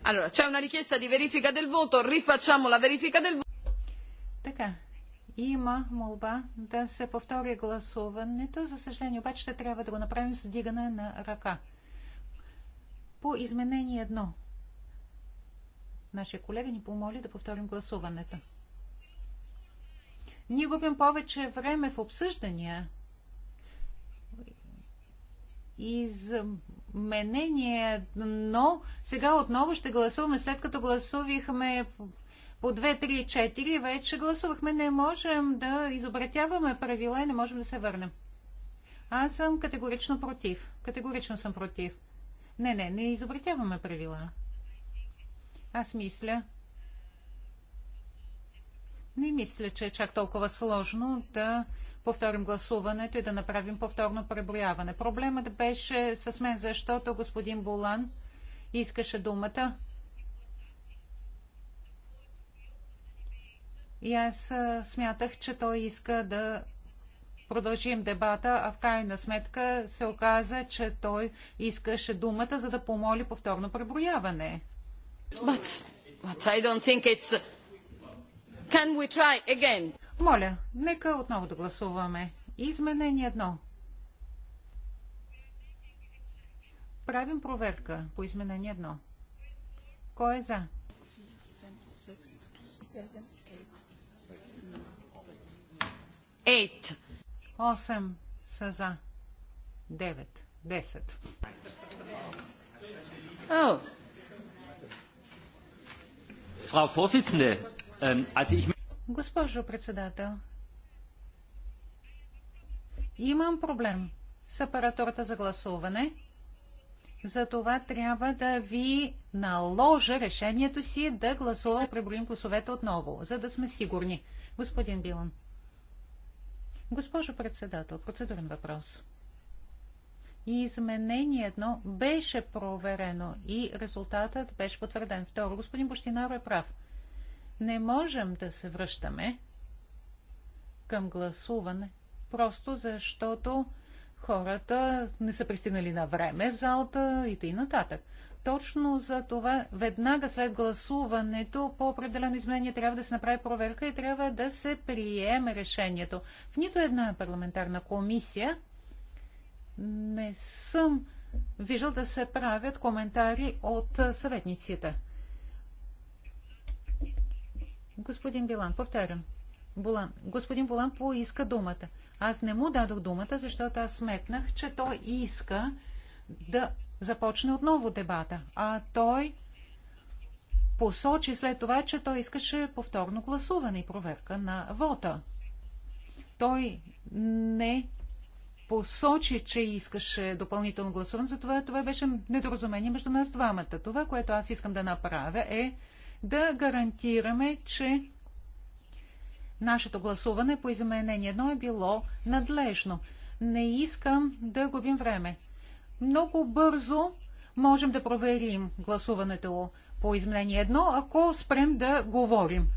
Allora, c'è una richiesta di verifica del voto, rifacciamo la verifica del voto. Така, има молба да се повтори гласуването. За съжаление, обаче ще трябва да го направим с дигане на ръка. По изменение едно. Нашия колега ни помоли да повторим гласуването. Ние губим повече време в обсъждания изменение, но сега отново ще гласуваме, след като гласувахме по 2, 3, 4, вече гласувахме, не можем да изобретяваме правила и не можем да се върнем. Аз съм категорично против. Категорично съм против. Не, не, не изобретяваме правила. Аз мисля. Не мисля, че е чак толкова сложно да повторим гласуването и да направим повторно преброяване. Проблемът беше с мен, защото господин Болан искаше думата. И аз смятах, че той иска да продължим дебата, а в крайна сметка се оказа, че той искаше думата, за да помоли повторно преброяване. But, but I don't think it's... Can we try again? Моля, нека отново да гласуваме. Изменение едно. Правим проверка по изменение едно. Кой е за? Ейт. Осем са за. Девет. Десет. Фрау oh. Vorsitzende, ähm, also ich Госпожо председател, имам проблем с апаратурата за гласуване. Затова трябва да ви наложа решението си да гласува преброим гласовете отново, за да сме сигурни. Господин Билан. Госпожо председател, процедурен въпрос. И изменение едно беше проверено и резултатът беше потвърден. Второ, господин Бощинар е прав. Не можем да се връщаме към гласуване, просто защото хората не са пристигнали на време в залата и т.н. нататък. Точно за това веднага след гласуването по определено изменение трябва да се направи проверка и трябва да се приеме решението. В нито една парламентарна комисия не съм виждал да се правят коментари от съветниците. Господин Билан, повтарям. Булан. Господин Булан поиска думата. Аз не му дадох думата, защото аз сметнах, че той иска да започне отново дебата. А той посочи след това, че той искаше повторно гласуване и проверка на вота. Той не посочи, че искаше допълнително гласуване, затова това беше недоразумение между нас двамата. Това, което аз искам да направя е да гарантираме, че нашето гласуване по изменение 1 е било надлежно. Не искам да губим време. Много бързо можем да проверим гласуването по изменение 1, ако спрем да говорим.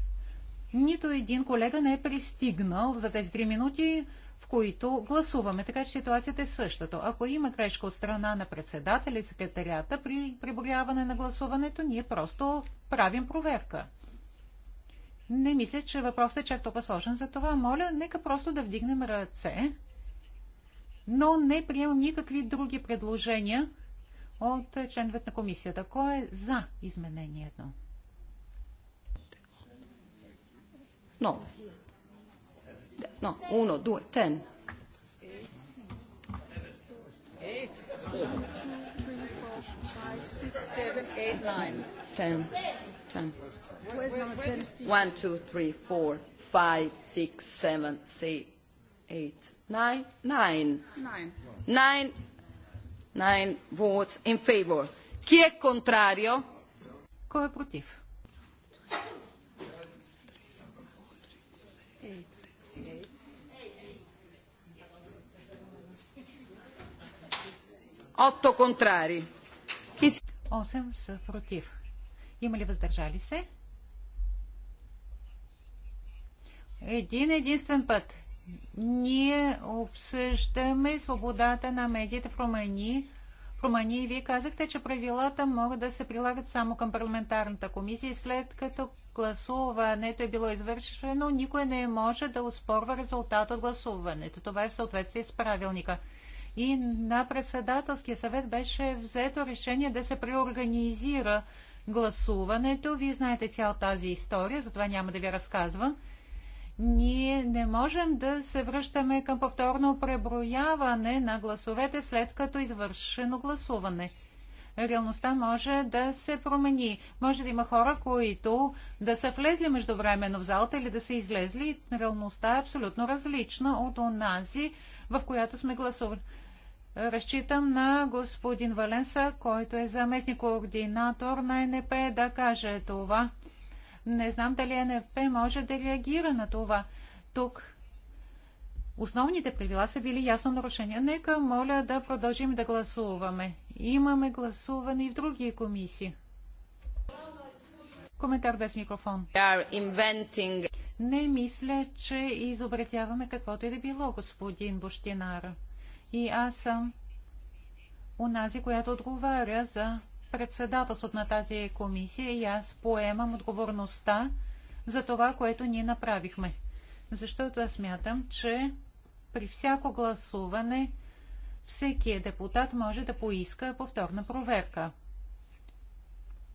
Нито един колега не е пристигнал за тези 3 минути в които гласуваме. Така че ситуацията е същата. Ако има грешка от страна на председателя и секретарията при преборяване на гласуването, ние просто правим проверка. Не мисля, че въпросът е чак толкова сложен. За това, моля, нека просто да вдигнем ръце. Но не приемам никакви други предложения от членовете на комисията. Кой е за изменението? No. No, uno, due, ten. One, two, three, four, five, six, seven, six, eight, nine, nine. Nine. Nine. votes in favor. Chi è contrario? Кой е против? 8 контрари. 8 са против. Има ли въздържали се? Един единствен път. Ние обсъждаме свободата на медиите в Румъния. В Румъния вие казахте, че правилата могат да се прилагат само към парламентарната комисия след като гласуването е било извършено, никой не може да успорва резултат от гласуването. Това е в съответствие с правилника и на председателския съвет беше взето решение да се преорганизира гласуването. Вие знаете цял тази история, затова няма да ви разказвам. Ние не можем да се връщаме към повторно преброяване на гласовете след като е извършено гласуване реалността може да се промени. Може да има хора, които да са влезли междувременно в залата или да са излезли. Реалността е абсолютно различна от онази, в която сме гласували разчитам на господин Валенса, който е заместник координатор на НП, да каже това. Не знам дали НП може да реагира на това. Тук основните правила са били ясно нарушения. Нека, моля, да продължим да гласуваме. Имаме гласуване и в други комисии. Коментар без микрофон. Не мисля, че изобретяваме каквото и да било, господин Бощинара. И аз съм унази, която отговаря за председателството на тази комисия и аз поемам отговорността за това, което ние направихме. Защото аз смятам, че при всяко гласуване всеки е депутат може да поиска повторна проверка.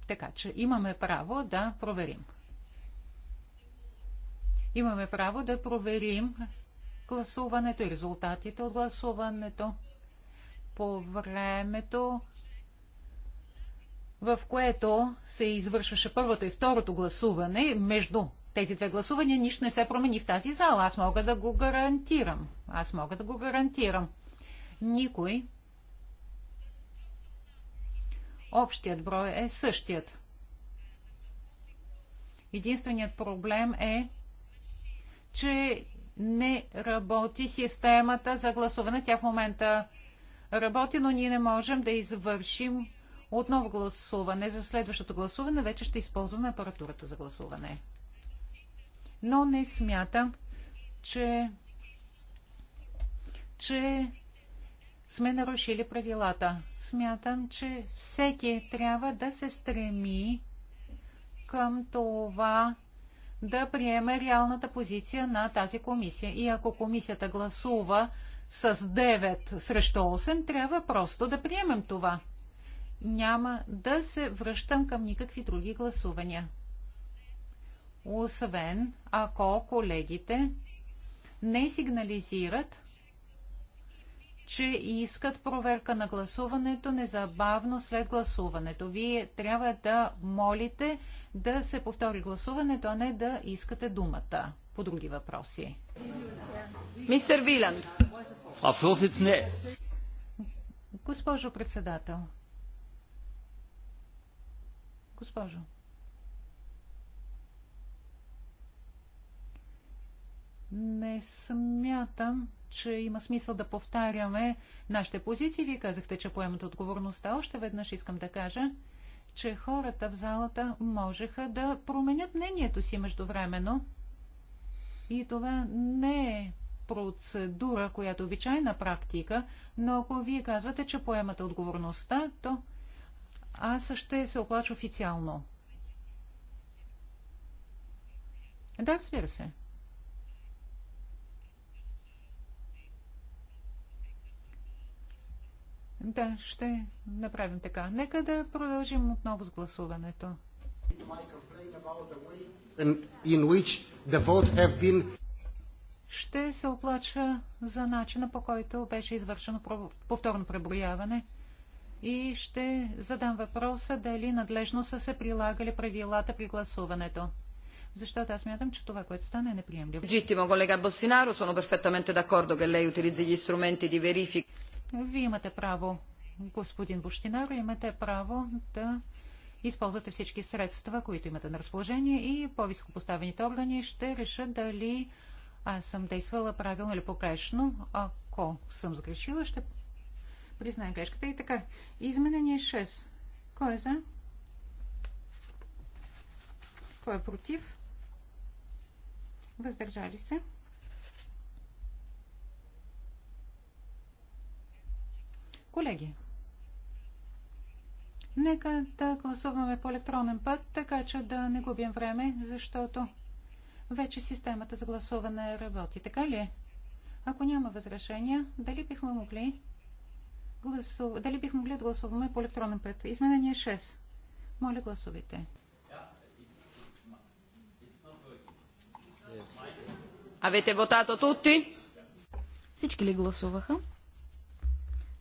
Така че имаме право да проверим. Имаме право да проверим гласуването и резултатите от гласуването по времето, в което се извършваше първото и второто гласуване, между тези две гласувания нищо не се промени в тази зала. Аз мога да го гарантирам. Аз мога да го гарантирам. Никой. Общият брой е същият. Единственият проблем е, че не работи системата за гласуване. Тя в момента работи, но ние не можем да извършим отново гласуване. За следващото гласуване вече ще използваме апаратурата за гласуване. Но не смятам, че, че сме нарушили правилата. Смятам, че всеки трябва да се стреми към това да приеме реалната позиция на тази комисия. И ако комисията гласува с 9 срещу 8, трябва просто да приемем това. Няма да се връщам към никакви други гласувания. Освен ако колегите не сигнализират, че искат проверка на гласуването незабавно след гласуването. Вие трябва да молите да се повтори гласуването, а не да искате думата по други въпроси. Мистер Виланд. Госпожо председател. Госпожо. Не смятам, че има смисъл да повтаряме нашите позиции. Вие казахте, че поемат отговорността. Още веднъж искам да кажа, че хората в залата можеха да променят мнението си междувременно. И това не е процедура, която е обичайна практика, но ако вие казвате, че поемате отговорността, то аз ще се оплача официално. Да, разбира се. Да, ще направим така. Нека да продължим отново с гласуването. Been... Ще се оплача за начина по който беше извършено повторно преброяване и ще задам въпроса дали надлежно са се прилагали правилата при гласуването. Защото аз мятам, че това, което стане е неприемливо. Legittimo, колега Босинаро, съм перфектно d'accordo che lei utilizzi gli strumenti di verifica. Вие имате право, господин Буштинар, имате право да използвате всички средства, които имате на разположение и по-високо поставените органи ще решат дали аз съм действала правилно или погрешно. Ако съм сгрешила, ще призная грешката и така. Изменение 6. Кой е за? Кой е против? Въздържали се? Колеги, нека да гласуваме по електронен път, така че да не губим време, защото вече системата за гласуване работи. Така ли? Ако няма възражения, дали бихме могли, гласув... дали бихме могли да гласуваме по електронен път? Изменение 6. Моля, гласувайте. Avete votato tutti? Всички ли гласуваха?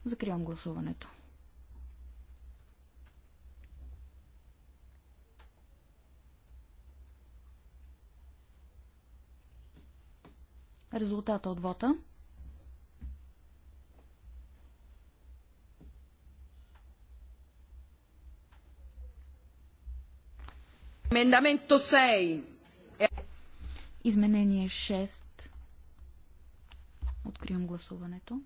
Закривам гласуването. Резултата от вота. Мендаменто 6. Изменение 6. Откривам гласуването.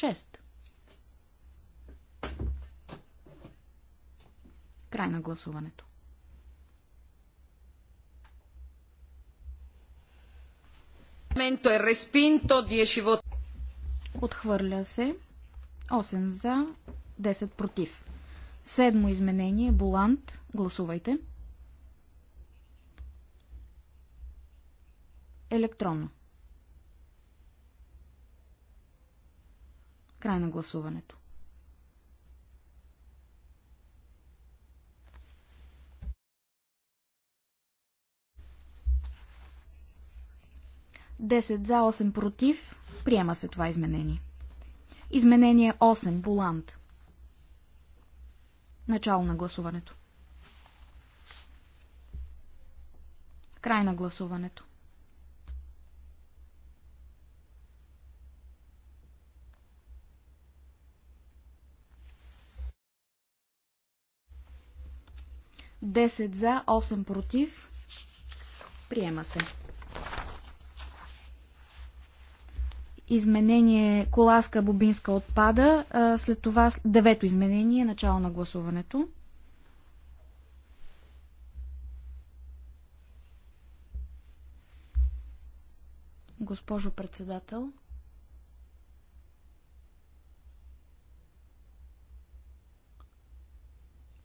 6. Край на гласуването. Е Отхвърля се. 8 за, 10 против. Седмо изменение. Болант. Гласувайте. Електронно. Край на гласуването. Десет за, 8 против. Приема се това изменение. Изменение 8. Булант. Начало на гласуването. Край на гласуването. 10 за, 8 против. Приема се. Изменение Коласка Бобинска отпада. След това девето изменение, начало на гласуването. Госпожо председател,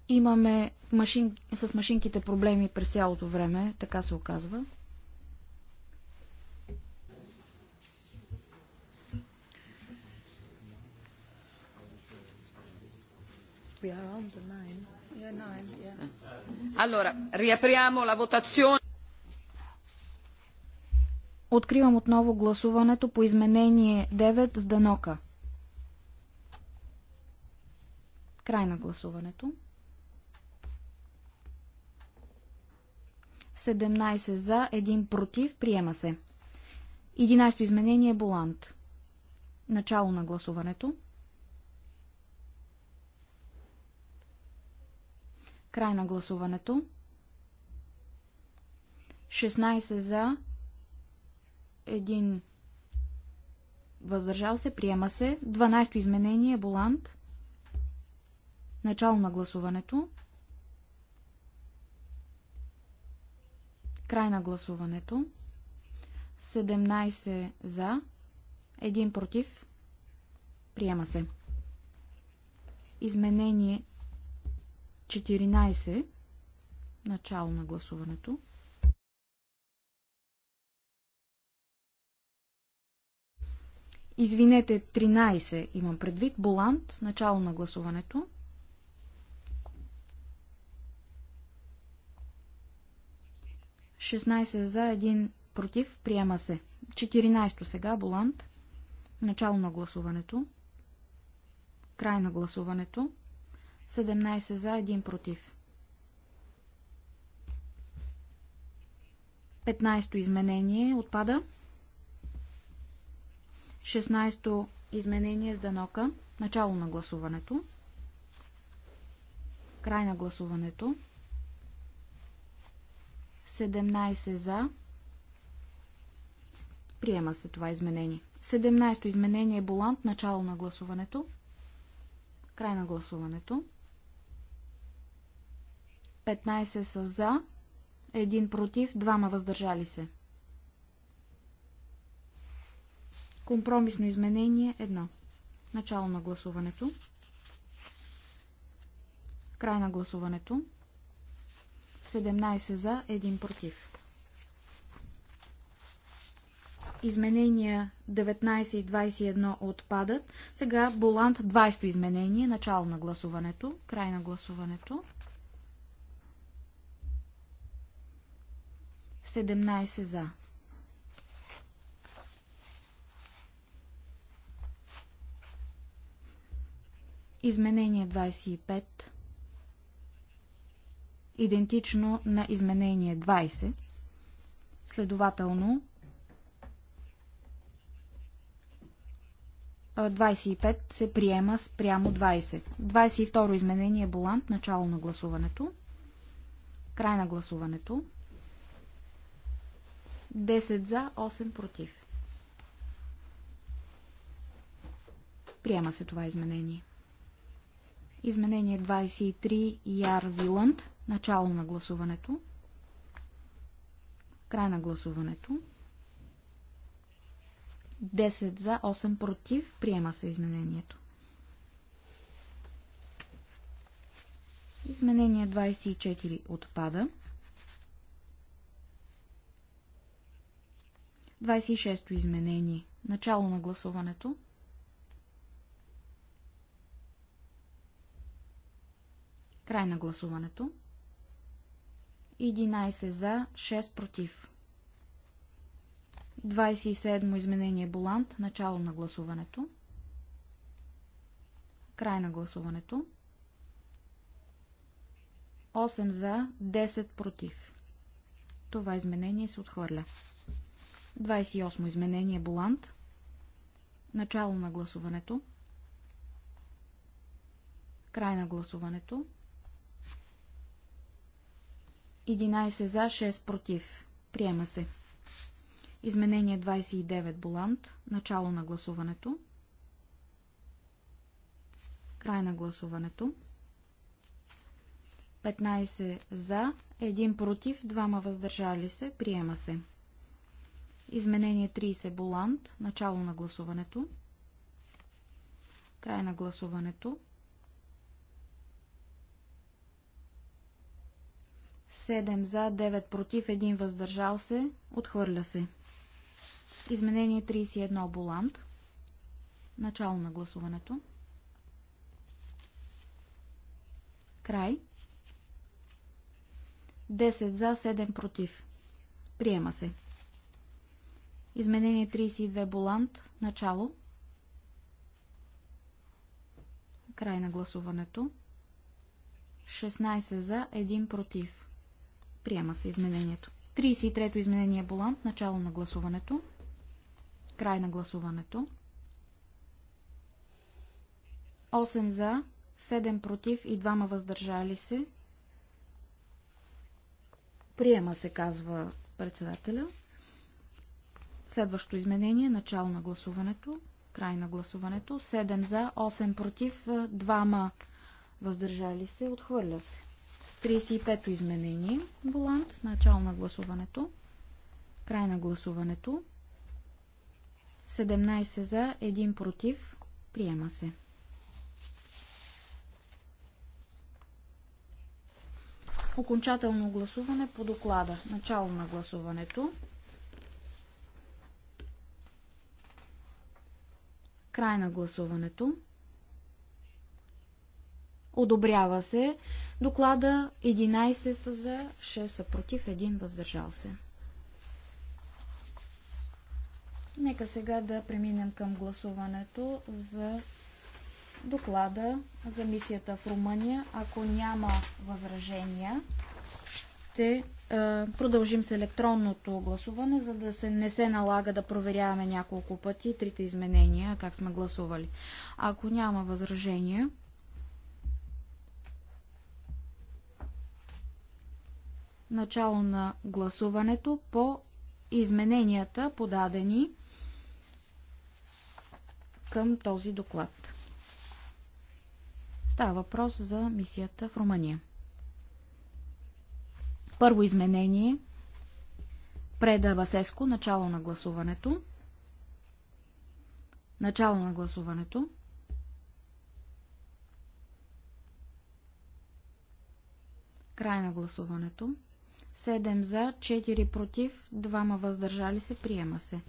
Имаме машин, с машинките проблеми през цялото време, така се оказва. Откривам отново гласуването по изменение 9 с Данока. Край на гласуването. 17 за, 1 против, приема се. 11 изменение е Болант. Начало на гласуването. Край на гласуването. 16 за, 1 въздържал се, приема се. 12 то изменение е Болант. Начало на гласуването. Край на гласуването. 17 за, 1 против. Приема се. Изменение 14. Начало на гласуването. Извинете, 13 имам предвид. Болант. Начало на гласуването. 16 за, 1 против, приема се. 14 сега, Болант. Начало на гласуването. Край на гласуването. 17 за, 1 против. 15 изменение отпада. 16 изменение с Данока. Начало на гласуването. Край на гласуването. 17 за. Приема се това изменение. 17-то изменение е Болант. Начало на гласуването. Край на гласуването. 15 са за. 1 против. 2 въздържали се. Компромисно изменение 1. Начало на гласуването. Край на гласуването. 17 за, 1 против. Изменения 19 и 21 отпадат. Сега Болант 20 изменение, начало на гласуването, край на гласуването. 17 за. Изменение 25 идентично на изменение 20. Следователно, 25 се приема спрямо 20. 22 изменение е Болант, начало на гласуването. Край на гласуването. 10 за, 8 против. Приема се това изменение. Изменение 23 Яр Виланд. Начало на гласуването. Край на гласуването. 10 за, 8 против. Приема се изменението. Изменение 24 отпада. 26-то изменение. Начало на гласуването. Край на гласуването. 11 за, 6 против. 27 изменение Болант, начало на гласуването. Край на гласуването. 8 за, 10 против. Това изменение се отхвърля. 28 изменение Болант. Начало на гласуването. Край на гласуването. 11 за, 6 против. Приема се. Изменение 29 Болант. Начало на гласуването. Край на гласуването. 15 за, 1 против, 2 въздържали се. Приема се. Изменение 30 Болант. Начало на гласуването. Край на гласуването. 7 за, 9 против, 1 въздържал се, отхвърля се. Изменение 31 Болант. Начало на гласуването. Край. 10 за, 7 против. Приема се. Изменение 32 Болант. Начало. Край на гласуването. 16 за, 1 против. Приема се изменението. 33-то изменение е Болант. Начало на гласуването. Край на гласуването. 8 за, 7 против и 2 въздържали се. Приема се, казва председателя. Следващо изменение. Начало на гласуването. Край на гласуването. 7 за, 8 против, 2 въздържали се. Отхвърля се. 35-то изменение. Болант. Начало на гласуването. Край на гласуването. 17 за, 1 против. Приема се. Окончателно гласуване по доклада. Начало на гласуването. Край на гласуването. Одобрява се. Доклада 11 са за, 6 са против, 1 въздържал се. Нека сега да преминем към гласуването за доклада за мисията в Румъния. Ако няма възражения, ще е, продължим с електронното гласуване, за да се, не се налага да проверяваме няколко пъти трите изменения, как сме гласували. Ако няма възражения, начало на гласуването по измененията, подадени към този доклад. Става въпрос за мисията в Румъния. Първо изменение. Преда Васеско. Начало на гласуването. Начало на гласуването. Край на гласуването. 7 за, 4 против, 2 въздържали се, приема се.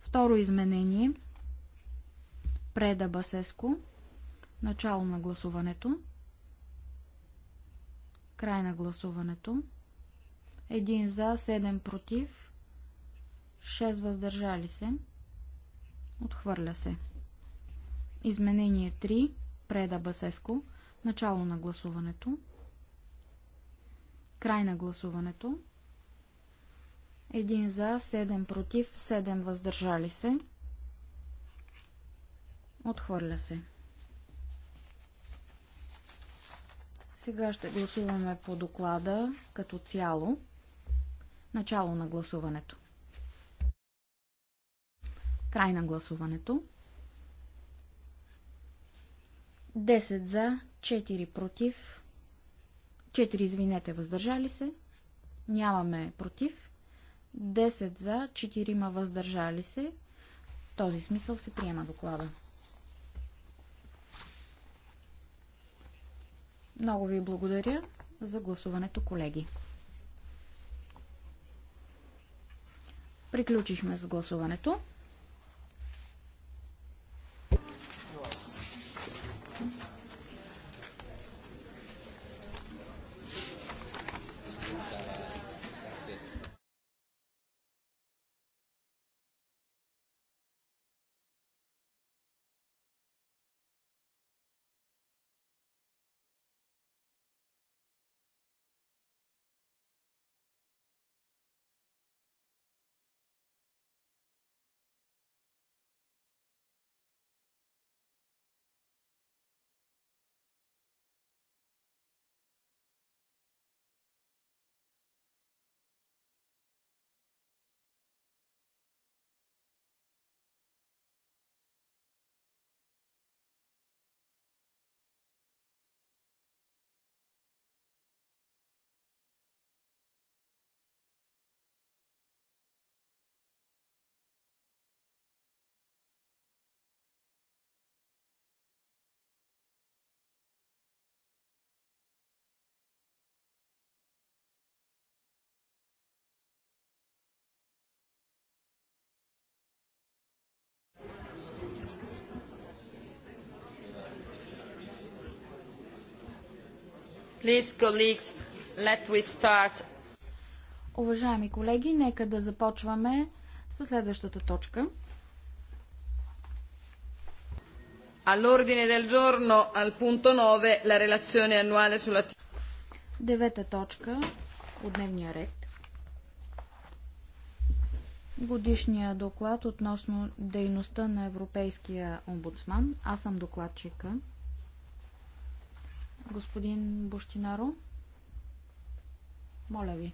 Второ изменение. Преда Басеско. Начало на гласуването. Край на гласуването. 1 за, 7 против, 6 въздържали се. Отхвърля се. Изменение 3. Преда Басеско. Начало на гласуването. Край на гласуването. 1 за, 7 против, 7 въздържали се. Отхвърля се. Сега ще гласуваме по доклада като цяло. Начало на гласуването. Край на гласуването. 10 за, 4 против, 4, извинете, въздържали се. Нямаме против. 10 за, 4 въздържали се. В този смисъл се приема доклада. Много ви благодаря за гласуването, колеги. Приключихме с гласуването. Please, colleagues, let we start. Уважаеми колеги, нека да започваме с следващата точка. All'ordine del giorno, al punto 9, la relazione annuale sulla... Девета точка от дневния ред. Годишния доклад относно дейността на Европейския омбудсман. Аз съм докладчика. Господин Буштинаро, моля ви.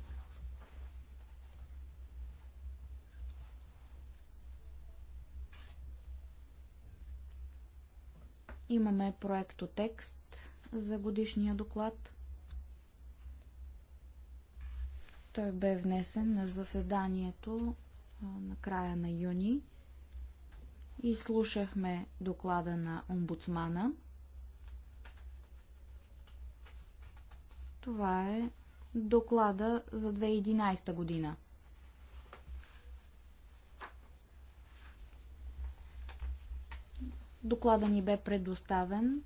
Имаме проектотекст за годишния доклад. Той бе внесен на заседанието на края на юни. И слушахме доклада на омбудсмана – Това е доклада за 2011 година. Доклада ни бе предоставен,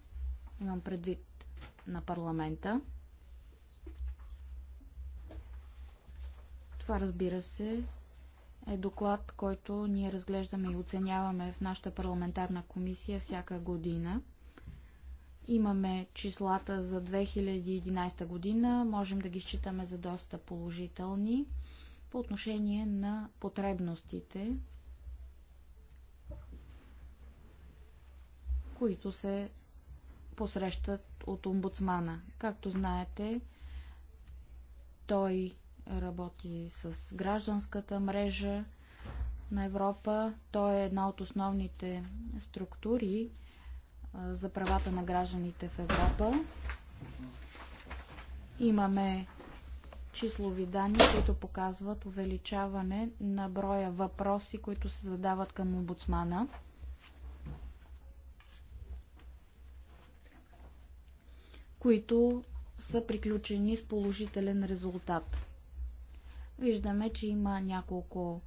имам предвид на парламента. Това разбира се е доклад, който ние разглеждаме и оценяваме в нашата парламентарна комисия всяка година – Имаме числата за 2011 година, можем да ги считаме за доста положителни по отношение на потребностите, които се посрещат от омбудсмана. Както знаете, той работи с гражданската мрежа на Европа. Той е една от основните структури, за правата на гражданите в Европа. Имаме числови данни, които показват увеличаване на броя въпроси, които се задават към омбудсмана. които са приключени с положителен резултат. Виждаме, че има няколко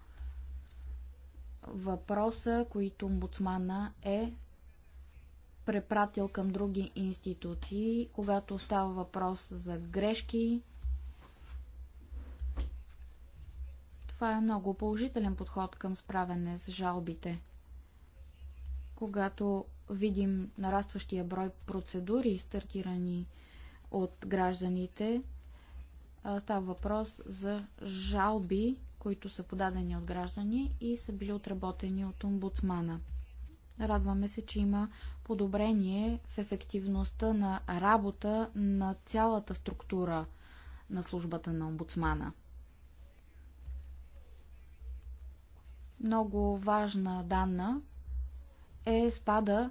въпроса, които омбудсмана е препратил към други институции, когато става въпрос за грешки. Това е много положителен подход към справяне с жалбите. Когато видим нарастващия брой процедури, стартирани от гражданите, става въпрос за жалби, които са подадени от граждани и са били отработени от омбудсмана. Радваме се, че има подобрение в ефективността на работа на цялата структура на службата на омбудсмана. Много важна данна е спада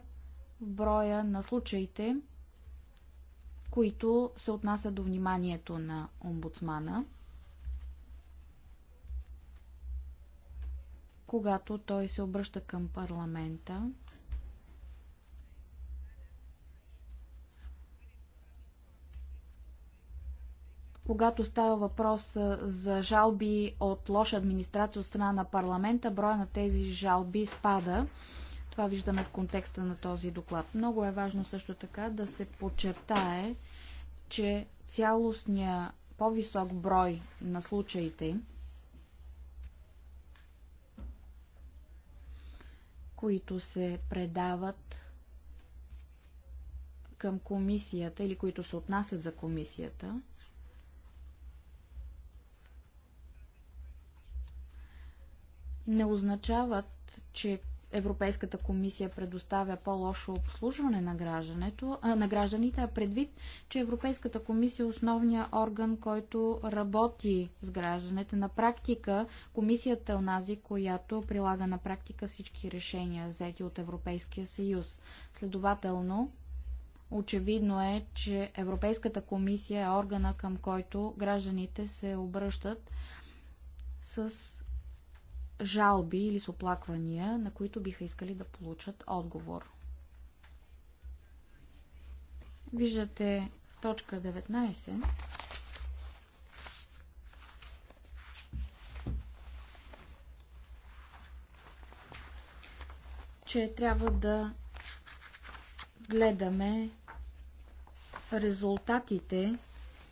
в броя на случаите, които се отнасят до вниманието на омбудсмана, когато той се обръща към парламента когато става въпрос за жалби от лоша администрация от страна на парламента, броя на тези жалби спада. Това виждаме в контекста на този доклад. Много е важно също така да се подчертае, че цялостния по-висок брой на случаите, които се предават към комисията или които се отнасят за комисията, не означават, че Европейската комисия предоставя по-лошо обслужване на, а, на гражданите, а предвид, че Европейската комисия е основният орган, който работи с гражданите. На практика комисията е онази, която прилага на практика всички решения, взети от Европейския съюз. Следователно, очевидно е, че Европейската комисия е органа, към който гражданите се обръщат с жалби или с оплаквания, на които биха искали да получат отговор. Виждате в точка 19 че трябва да гледаме резултатите,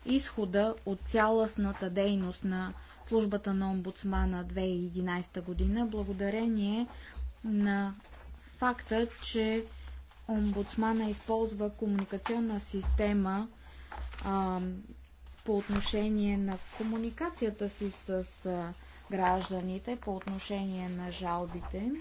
изхода от цялостната дейност на службата на омбудсмана 2011 година, благодарение на факта, че омбудсмана използва комуникационна система а, по отношение на комуникацията си с а, гражданите, по отношение на жалбите.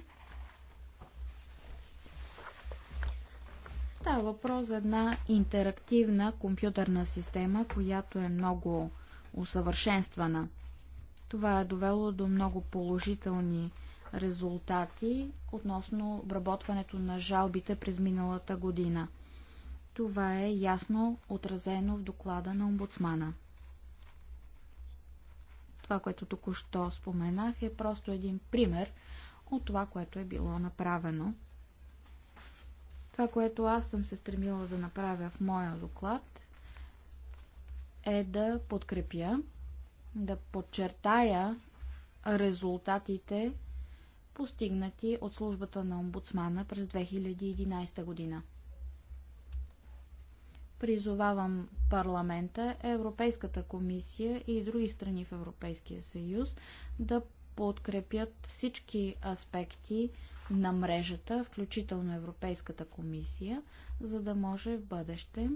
Става въпрос за една интерактивна компютърна система, която е много усъвършенствана. Това е довело до много положителни резултати относно обработването на жалбите през миналата година. Това е ясно отразено в доклада на омбудсмана. Това, което току-що споменах, е просто един пример от това, което е било направено. Това, което аз съм се стремила да направя в моя доклад, е да подкрепя да подчертая резултатите, постигнати от службата на омбудсмана през 2011 година. Призовавам парламента, Европейската комисия и други страни в Европейския съюз да подкрепят всички аспекти на мрежата, включително Европейската комисия, за да може в бъдеще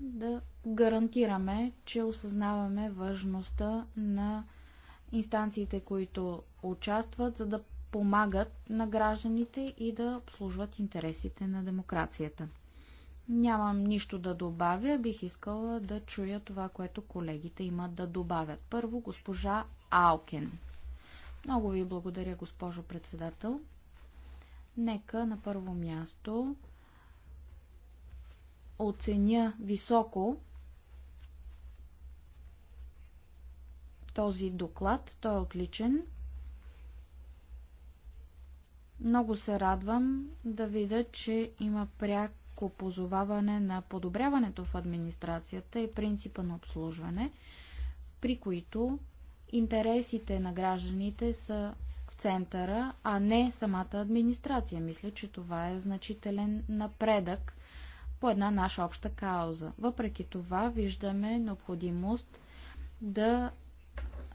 да гарантираме, че осъзнаваме важността на инстанциите, които участват, за да помагат на гражданите и да обслужват интересите на демокрацията. Нямам нищо да добавя, бих искала да чуя това, което колегите имат да добавят. Първо, госпожа Алкен. Много ви благодаря, госпожо председател. Нека на първо място оценя високо този доклад. Той е отличен. Много се радвам да видя, че има пряко позоваване на подобряването в администрацията и принципа на обслужване, при които интересите на гражданите са в центъра, а не самата администрация. Мисля, че това е значителен напредък по една наша обща кауза. Въпреки това виждаме необходимост да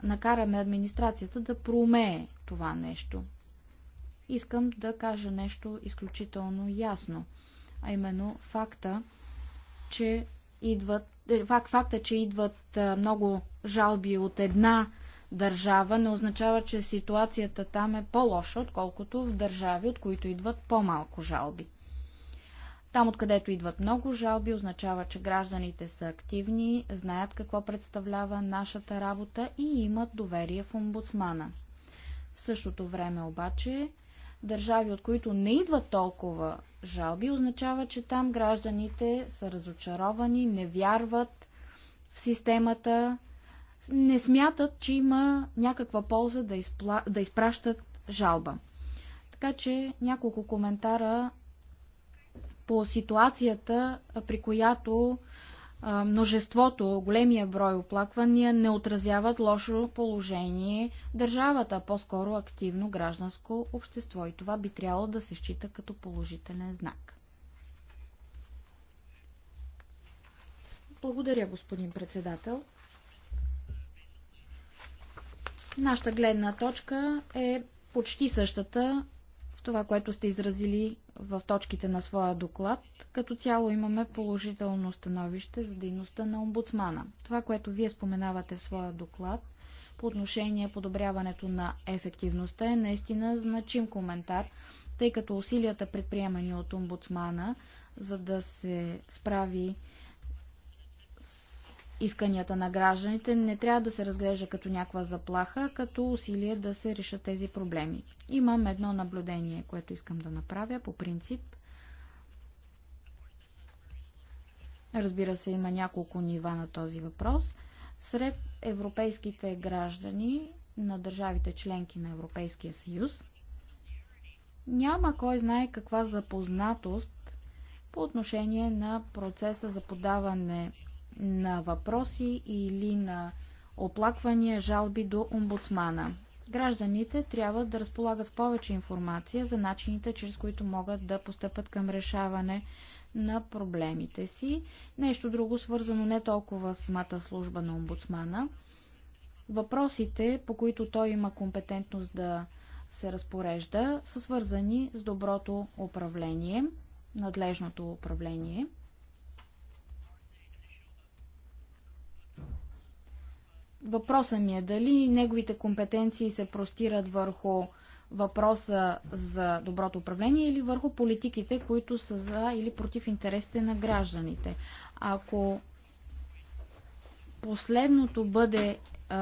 накараме администрацията да проумее това нещо. Искам да кажа нещо изключително ясно, а именно факта, че идват, е, факт, факта, че идват е, много жалби от една държава, не означава, че ситуацията там е по-лоша, отколкото в държави, от които идват по-малко жалби. Там, откъдето идват много жалби, означава, че гражданите са активни, знаят какво представлява нашата работа и имат доверие в омбудсмана. В същото време обаче, държави, от които не идват толкова жалби, означава, че там гражданите са разочаровани, не вярват в системата, не смятат, че има някаква полза да, изпла... да изпращат жалба. Така че няколко коментара по ситуацията, при която множеството, големия брой оплаквания не отразяват лошо положение в държавата, по-скоро активно гражданско общество. И това би трябвало да се счита като положителен знак. Благодаря, господин председател. Нашата гледна точка е почти същата това, което сте изразили в точките на своя доклад. Като цяло имаме положително становище за дейността на омбудсмана. Това, което вие споменавате в своя доклад по отношение подобряването на ефективността е наистина значим коментар, тъй като усилията предприемани от омбудсмана, за да се справи исканията на гражданите не трябва да се разглежда като някаква заплаха, като усилие да се решат тези проблеми. Имам едно наблюдение, което искам да направя по принцип. Разбира се, има няколко нива на този въпрос. Сред европейските граждани на държавите членки на Европейския съюз няма кой знае каква запознатост по отношение на процеса за подаване на въпроси или на оплаквания, жалби до омбудсмана. Гражданите трябва да разполагат с повече информация за начините, чрез които могат да постъпат към решаване на проблемите си. Нещо друго свързано не толкова с мата служба на омбудсмана. Въпросите, по които той има компетентност да се разпорежда, са свързани с доброто управление, надлежното управление – Въпросът ми е дали неговите компетенции се простират върху въпроса за доброто управление или върху политиките, които са за или против интересите на гражданите. Ако последното бъде е,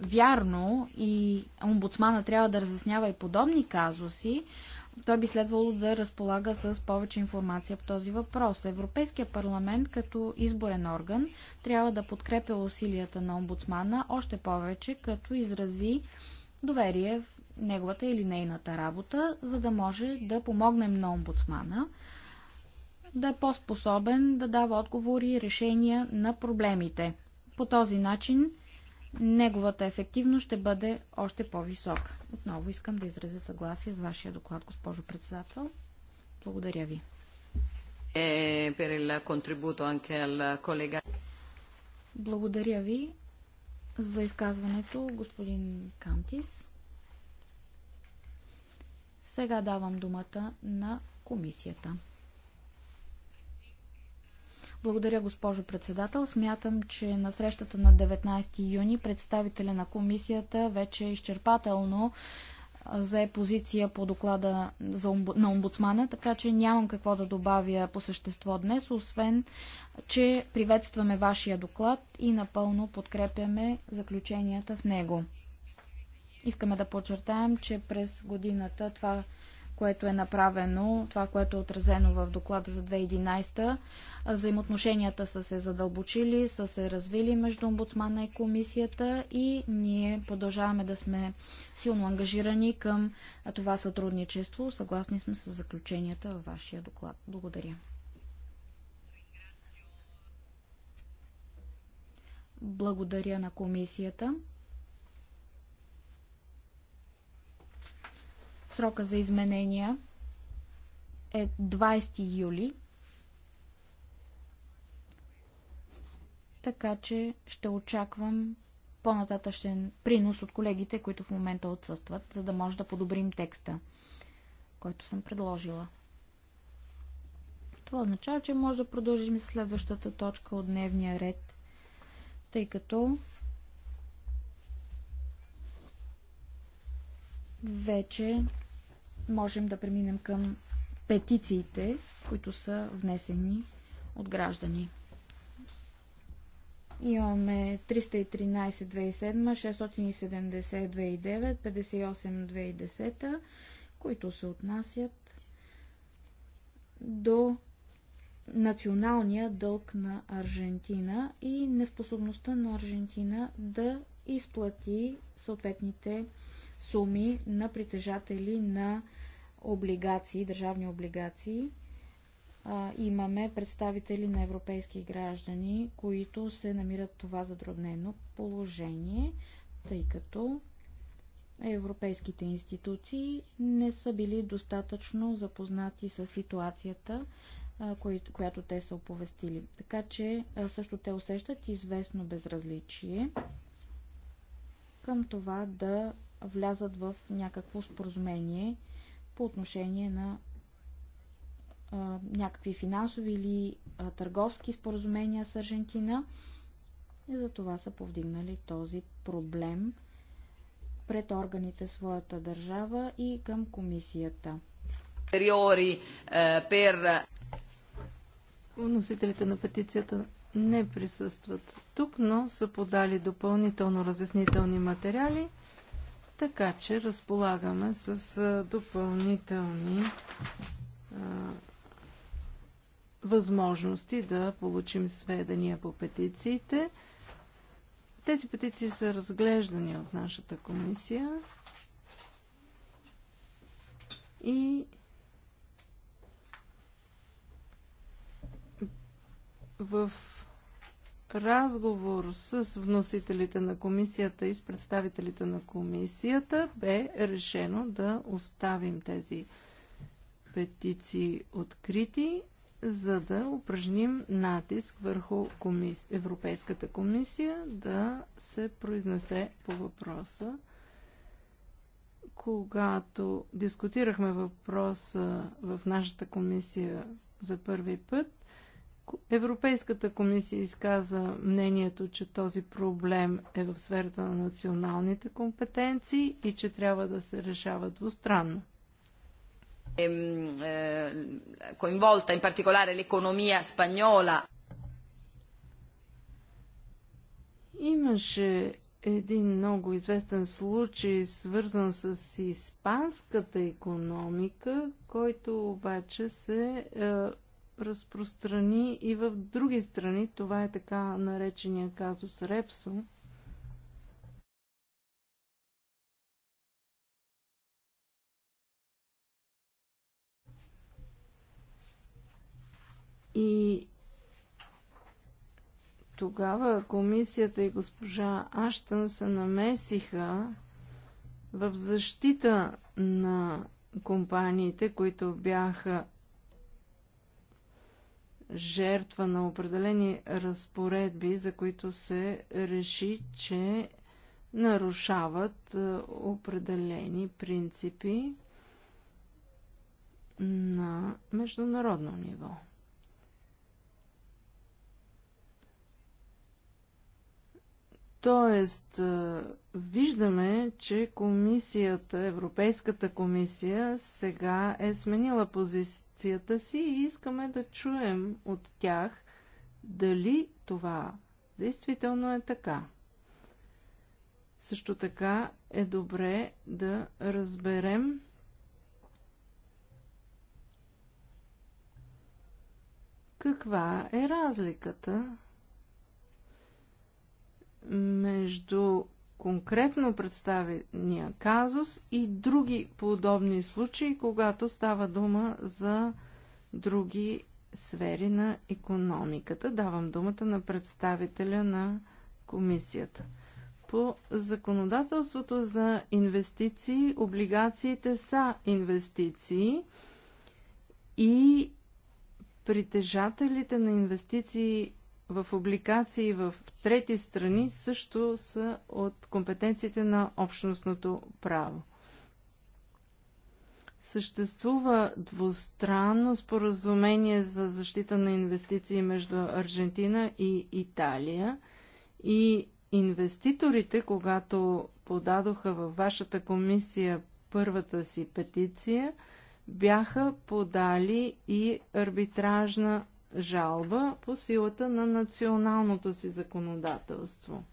вярно и омбудсмана трябва да разяснява и подобни казуси, той би следвало да разполага с повече информация по този въпрос. Европейския парламент като изборен орган трябва да подкрепя усилията на омбудсмана още повече, като изрази доверие в неговата или нейната работа, за да може да помогнем на омбудсмана да е по-способен да дава отговори и решения на проблемите. По този начин неговата ефективност ще бъде още по-висока. Отново искам да изразя съгласие с вашия доклад, госпожо председател. Благодаря ви. Е, Благодаря ви за изказването, господин Кантис. Сега давам думата на комисията. Благодаря, госпожо председател. Смятам, че на срещата на 19 юни представителя на комисията вече изчерпателно зае позиция по доклада на омбудсмана, така че нямам какво да добавя по същество днес, освен, че приветстваме вашия доклад и напълно подкрепяме заключенията в него. Искаме да подчертаем, че през годината това което е направено, това, което е отразено в доклада за 2011, взаимоотношенията са се задълбочили, са се развили между омбудсмана и комисията и ние продължаваме да сме силно ангажирани към това сътрудничество. Съгласни сме с заключенията във вашия доклад. Благодаря. Благодаря на комисията. Срока за изменения е 20 юли. Така че ще очаквам по-нататъчен принос от колегите, които в момента отсъстват, за да може да подобрим текста, който съм предложила. Това означава, че може да продължим с следващата точка от дневния ред, тъй като вече можем да преминем към петициите, които са внесени от граждани. Имаме 313-2007, 670-2009, които се отнасят до националния дълг на Аржентина и неспособността на Аржентина да изплати съответните суми на притежатели на облигации, държавни облигации, имаме представители на европейски граждани, които се намират това затруднено положение, тъй като европейските институции не са били достатъчно запознати с ситуацията, която те са оповестили. Така че също те усещат известно безразличие към това да влязат в някакво споразумение по отношение на а, някакви финансови или а, търговски споразумения с Аржентина. И за това са повдигнали този проблем пред органите своята държава и към комисията. Е, Вносителите на петицията не присъстват тук, но са подали допълнително разяснителни материали. Така че разполагаме с допълнителни а, възможности да получим сведения по петициите. Тези петиции са разглеждани от нашата комисия и в разговор с вносителите на комисията и с представителите на комисията бе решено да оставим тези петиции открити, за да упражним натиск върху комис... Европейската комисия да се произнесе по въпроса. Когато дискутирахме въпроса в нашата комисия за първи път, Европейската комисия изказа мнението, че този проблем е в сферата на националните компетенции и че трябва да се решава двустранно. Е, коинволта in particolare l'economia spagnola. Имаше един много известен случай, свързан с испанската економика, който обаче се е, разпространи и в други страни. Това е така наречения казус Репсо. И тогава комисията и госпожа Аштън се намесиха в защита на компаниите, които бяха жертва на определени разпоредби, за които се реши, че нарушават е, определени принципи на международно ниво. Тоест, е, виждаме, че комисията, Европейската комисия сега е сменила пози реакцията си и искаме да чуем от тях дали това действително е така. Също така е добре да разберем каква е разликата между конкретно представения казус и други подобни случаи, когато става дума за други сфери на економиката. Давам думата на представителя на комисията. По законодателството за инвестиции, облигациите са инвестиции и притежателите на инвестиции в обликации в трети страни също са от компетенциите на общностното право. Съществува двустранно споразумение за защита на инвестиции между Аржентина и Италия и инвеститорите, когато подадоха във вашата комисия първата си петиция, бяха подали и арбитражна жалба по силата на националното си законодателство.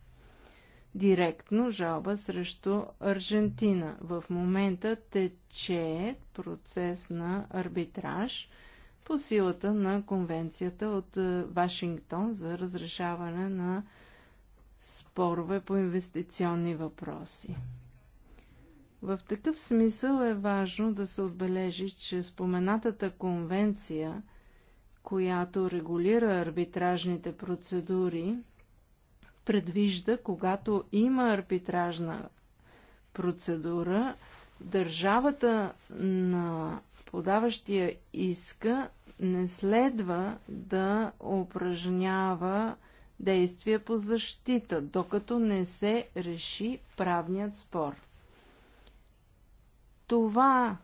Директно жалба срещу Аржентина. В момента тече процес на арбитраж по силата на конвенцията от е, Вашингтон за разрешаване на спорове по инвестиционни въпроси. В такъв смисъл е важно да се отбележи, че споменатата конвенция – която регулира арбитражните процедури, предвижда, когато има арбитражна процедура, държавата на подаващия иска не следва да упражнява действия по защита, докато не се реши правният спор. Това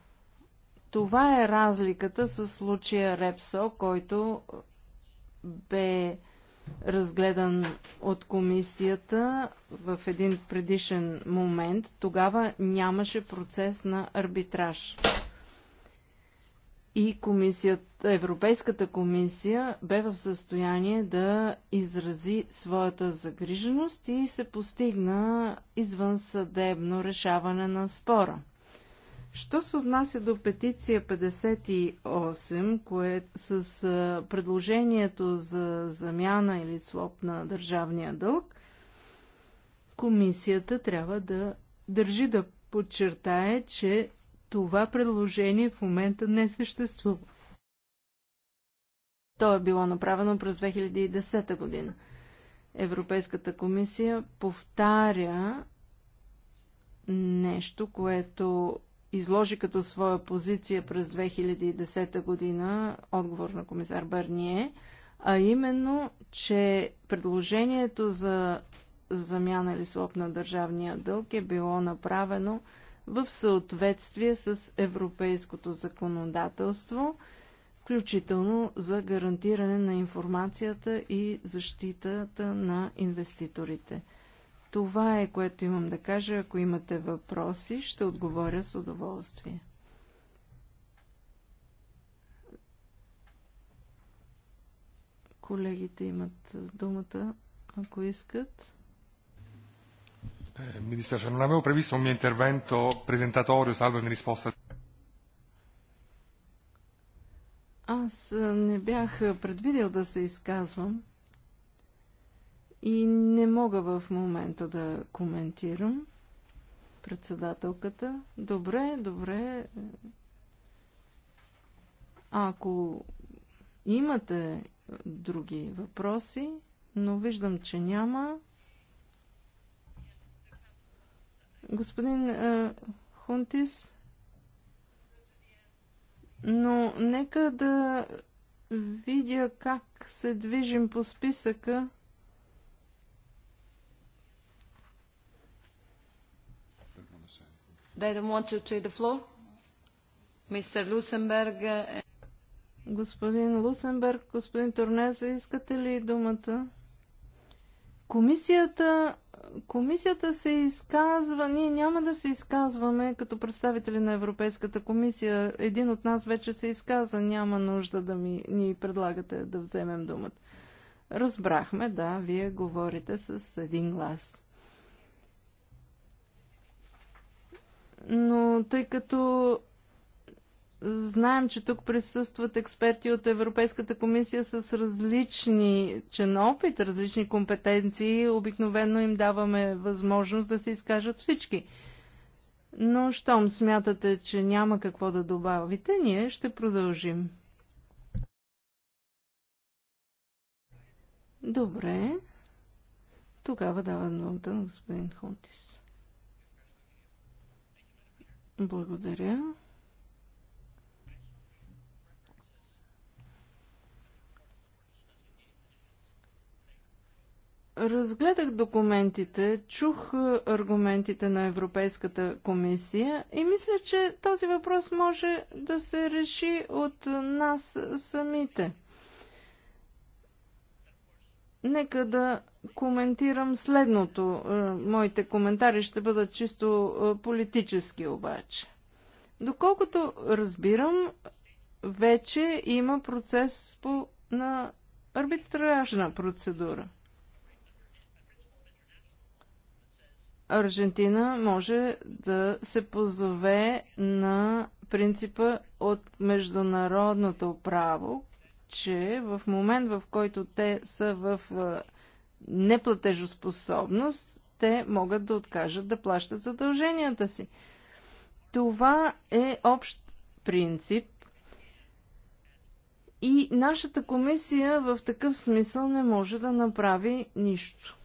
това е разликата с случая Репсо, който бе разгледан от комисията в един предишен момент. Тогава нямаше процес на арбитраж. И комисията, Европейската комисия бе в състояние да изрази своята загриженост и се постигна извънсъдебно решаване на спора – Що се отнася до петиция 58, кое с предложението за замяна или слоп на държавния дълг, комисията трябва да държи да подчертае, че това предложение в момента не съществува. То е било направено през 2010 година. Европейската комисия повтаря нещо, което изложи като своя позиция през 2010 година отговор на комисар Бърние, а именно, че предложението за замяна или слоп на държавния дълг е било направено в съответствие с европейското законодателство, включително за гарантиране на информацията и защитата на инвеститорите. Това е което имам да кажа. Ако имате въпроси, ще отговоря с удоволствие. Колегите имат думата, ако искат. Mi dispiace, non avevo previsto un mio intervento presentatorio, salvo in risposta. Аз не бях предвидел да се изказвам и не мога в момента да коментирам председателката. Добре, добре. Ако имате други въпроси, но виждам, че няма. Господин е, Хунтис, но нека да видя как се движим по списъка. They don't want to take the floor? Mr. Lusenberg. Uh, господин Лусенберг, господин Торнеза, искате ли думата? Комисията, комисията се изказва, ние няма да се изказваме като представители на Европейската комисия. Един от нас вече се изказа, няма нужда да ми, ни предлагате да вземем думата. Разбрахме, да, вие говорите с един глас. но тъй като знаем, че тук присъстват експерти от Европейската комисия с различни ченопит, опит, различни компетенции, обикновено им даваме възможност да се изкажат всички. Но щом смятате, че няма какво да добавите, ние ще продължим. Добре. Тогава давам думата на господин Хунтис. Благодаря. Разгледах документите, чух аргументите на Европейската комисия и мисля, че този въпрос може да се реши от нас самите. Нека да коментирам следното. Е, моите коментари ще бъдат чисто е, политически обаче. Доколкото разбирам, вече има процес по, на арбитражна процедура. Аржентина може да се позове на принципа от международното право, че в момент, в който те са в неплатежоспособност, те могат да откажат да плащат задълженията си. Това е общ принцип и нашата комисия в такъв смисъл не може да направи нищо.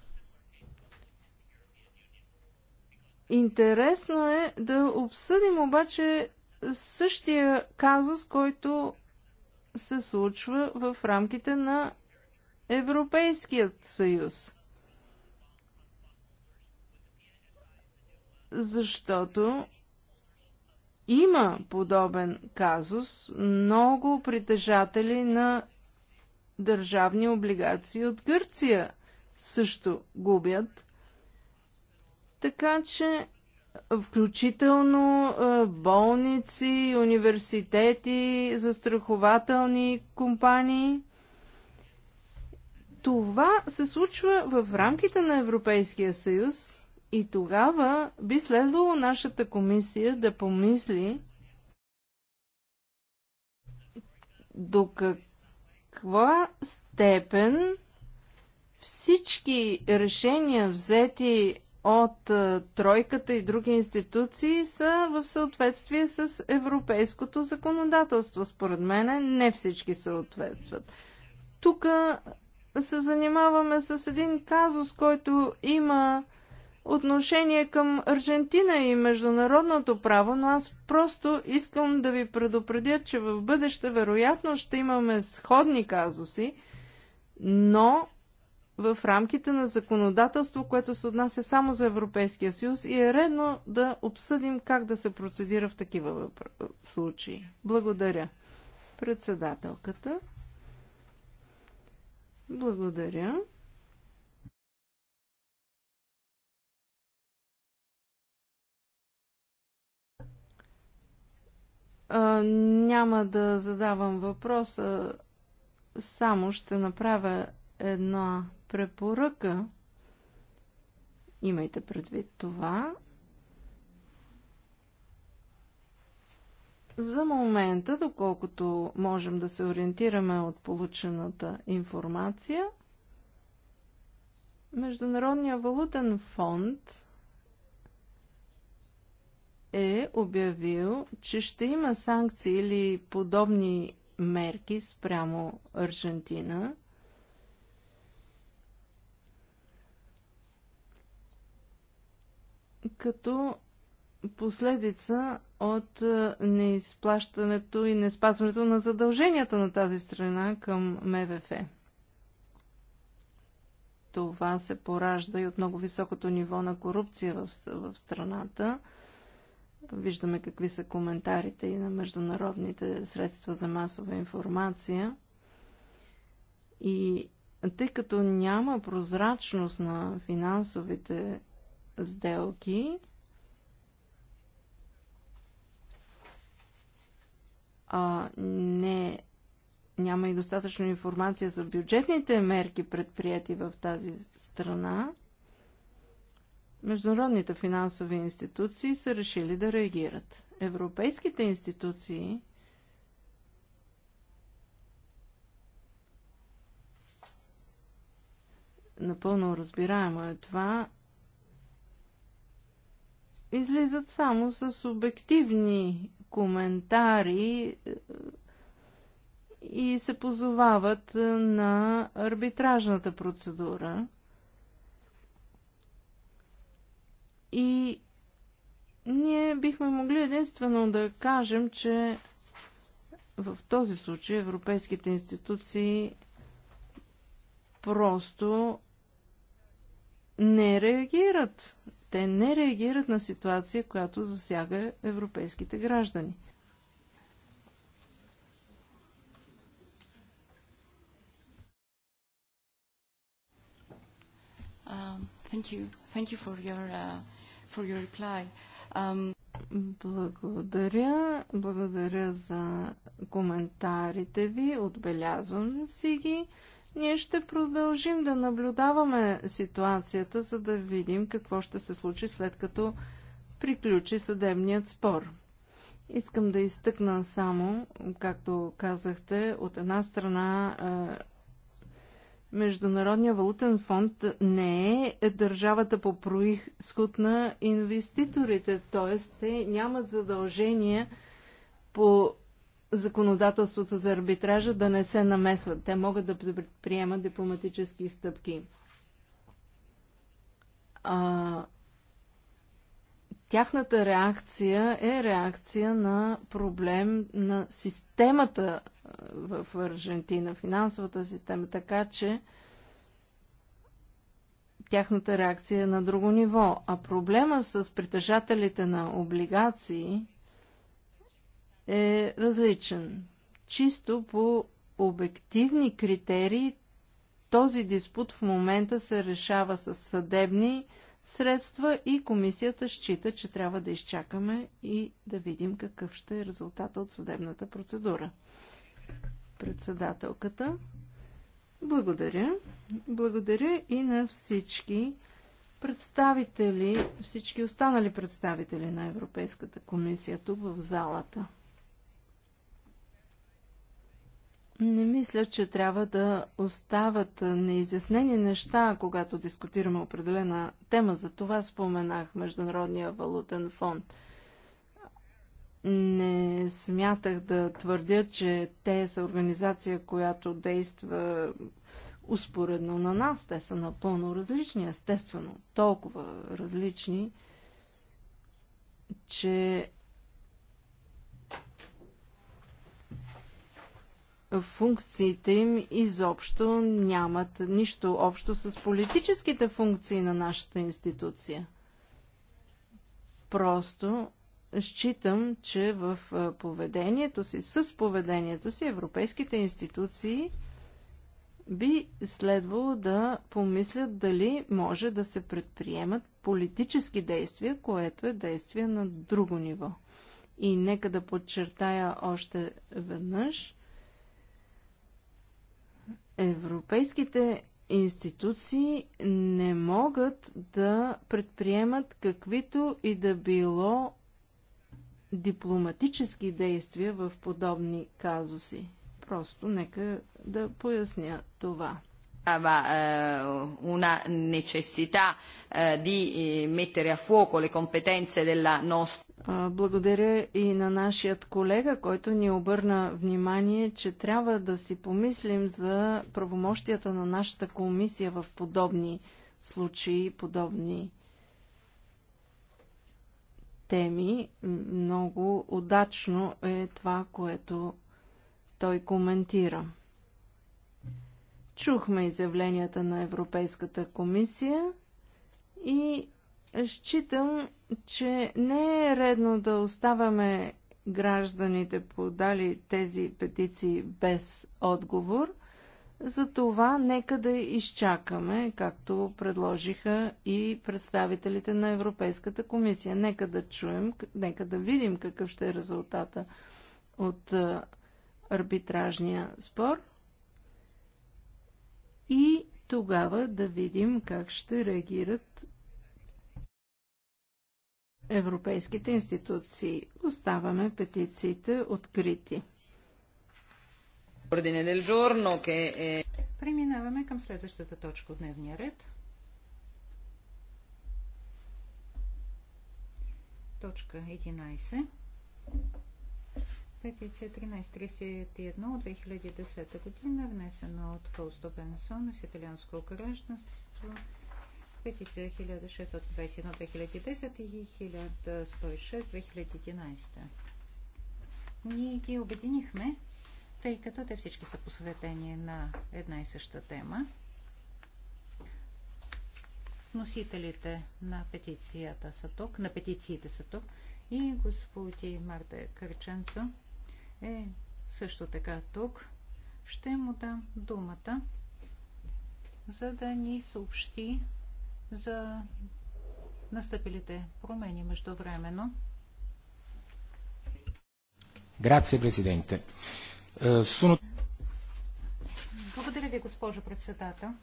Интересно е да обсъдим обаче същия казус, който се случва в рамките на Европейският съюз. Защото има подобен казус много притежатели на държавни облигации от Гърция също губят. Така че включително болници, университети, застрахователни компании. Това се случва в рамките на Европейския съюз и тогава би следвало нашата комисия да помисли до каква степен всички решения взети от е, тройката и други институции са в съответствие с европейското законодателство. Според мен не всички съответстват. Тук е, се занимаваме с един казус, който има отношение към Аржентина и международното право, но аз просто искам да ви предупредя, че в бъдеще вероятно ще имаме сходни казуси, но в рамките на законодателство, което се отнася само за Европейския съюз и е редно да обсъдим как да се процедира в такива случаи. Благодаря. Председателката. Благодаря. А, няма да задавам въпроса, само ще направя една препоръка. Имайте предвид това. За момента, доколкото можем да се ориентираме от получената информация, Международният валутен фонд е обявил, че ще има санкции или подобни мерки спрямо Аржентина – като последица от е, неизплащането и неспазването на задълженията на тази страна към МВФ. Това се поражда и от много високото ниво на корупция в, в страната. Виждаме какви са коментарите и на международните средства за масова информация. И тъй като няма прозрачност на финансовите сделки. А, не, няма и достатъчно информация за бюджетните мерки, предприяти в тази страна. Международните финансови институции са решили да реагират. Европейските институции напълно разбираемо е това, излизат само с обективни коментари е, и се позовават е, на арбитражната процедура. И ние бихме могли единствено да кажем, че в този случай европейските институции просто не реагират те не реагират на ситуация, която засяга европейските граждани. Um, uh, um, Благодаря. Благодаря за коментарите ви. Отбелязвам си ги. Ние ще продължим да наблюдаваме ситуацията, за да видим какво ще се случи след като приключи съдебният спор. Искам да изтъкна само, както казахте, от една страна е, Международния валутен фонд не е държавата по происход на инвеститорите, т.е. те нямат задължения по законодателството за арбитража да не се намесват. Те могат да предприемат дипломатически стъпки. А, тяхната реакция е реакция на проблем на системата в Аржентина, финансовата система, така че тяхната реакция е на друго ниво. А проблема с притежателите на облигации е различен. Чисто по обективни критерии този диспут в момента се решава с съдебни средства и комисията счита, че трябва да изчакаме и да видим какъв ще е резултата от съдебната процедура. Председателката. Благодаря. Благодаря и на всички представители, всички останали представители на Европейската комисия тук в залата. Не мисля, че трябва да остават неизяснени неща, когато дискутираме определена тема. За това споменах Международния валутен фонд. Не смятах да твърдя, че те са организация, която действа успоредно на нас. Те са напълно различни, естествено, толкова различни, че функциите им изобщо нямат нищо общо с политическите функции на нашата институция. Просто считам, че в поведението си, с поведението си, европейските институции би следвало да помислят дали може да се предприемат политически действия, което е действие на друго ниво. И нека да подчертая още веднъж, Европейските институции не могат да предприемат каквито и да било дипломатически действия в подобни казуси. Просто нека да поясня това. Ava eh, una necessità eh, di eh, mettere a fuoco le competenze della nostra благодаря и на нашият колега, който ни обърна внимание, че трябва да си помислим за правомощията на нашата комисия в подобни случаи, подобни теми. Много удачно е това, което той коментира. Чухме изявленията на Европейската комисия и считам, че не е редно да оставяме гражданите подали тези петиции без отговор. Затова нека да изчакаме, както предложиха и представителите на Европейската комисия. Нека да чуем, нека да видим какъв ще е резултата от арбитражния спор и тогава да видим как ще реагират европейските институции. Оставаме петициите открити. Преминаваме към следващата точка от дневния ред. Точка 11. Петиция 1331 от 2010 година, внесена от Фаусто Бенсон с италианско гражданство петиция 1621-2010 и 1106-2011. Ние ги обединихме, тъй като те всички са посветени на една и съща тема. Носителите на петицията са тук, на петициите са тук и господин Марта Кърченцо е също така тук. Ще му дам думата за да ни съобщи за настъпилите промени междувременно. Грация, президенте. Е, суно... Благодаря ви, госпожо председател.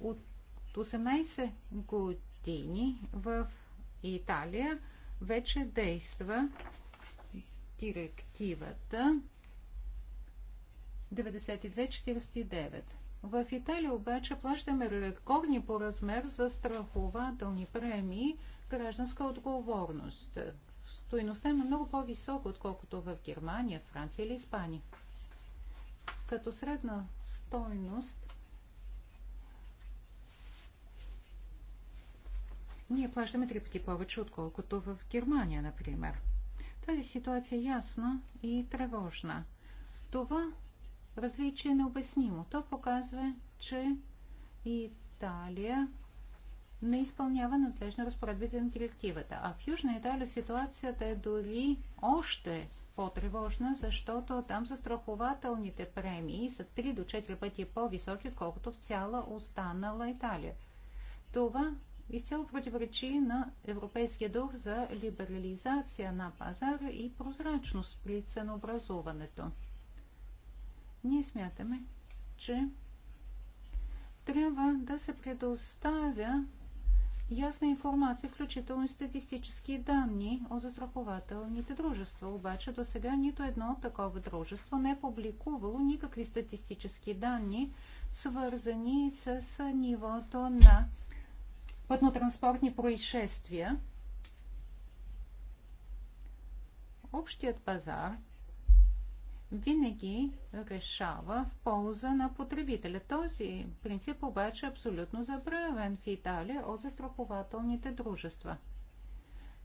От 18 години в Италия вече действа директивата 9249. В Италия обаче плащаме рекордни по размер за страхователни премии гражданска отговорност. Стоиността е много по-висока, отколкото в Германия, Франция или Испания. Като средна стойност ние плащаме три пъти повече, отколкото в Германия, например. Тази ситуация е ясна и тревожна. Това различие е необяснимо. То показва, че Италия не изпълнява надлежно разпоредбите на директивата. А в Южна Италия ситуацията е дори още по-тревожна, защото там застрахователните премии са 3 до 4 пъти по-високи, отколкото в цяла останала Италия. Това изцяло противоречи на европейския дух за либерализация на пазара и прозрачност при ценообразуването. Ние смятаме, че трябва да се предоставя ясна информация, включително и статистически данни от застрахователните дружества. Обаче до сега нито едно от такова дружество не е публикувало никакви статистически данни, свързани с нивото на пътно-транспортни происшествия. Общият пазар винаги решава в полза на потребителя. Този принцип обаче е абсолютно забравен в Италия от застрахователните дружества.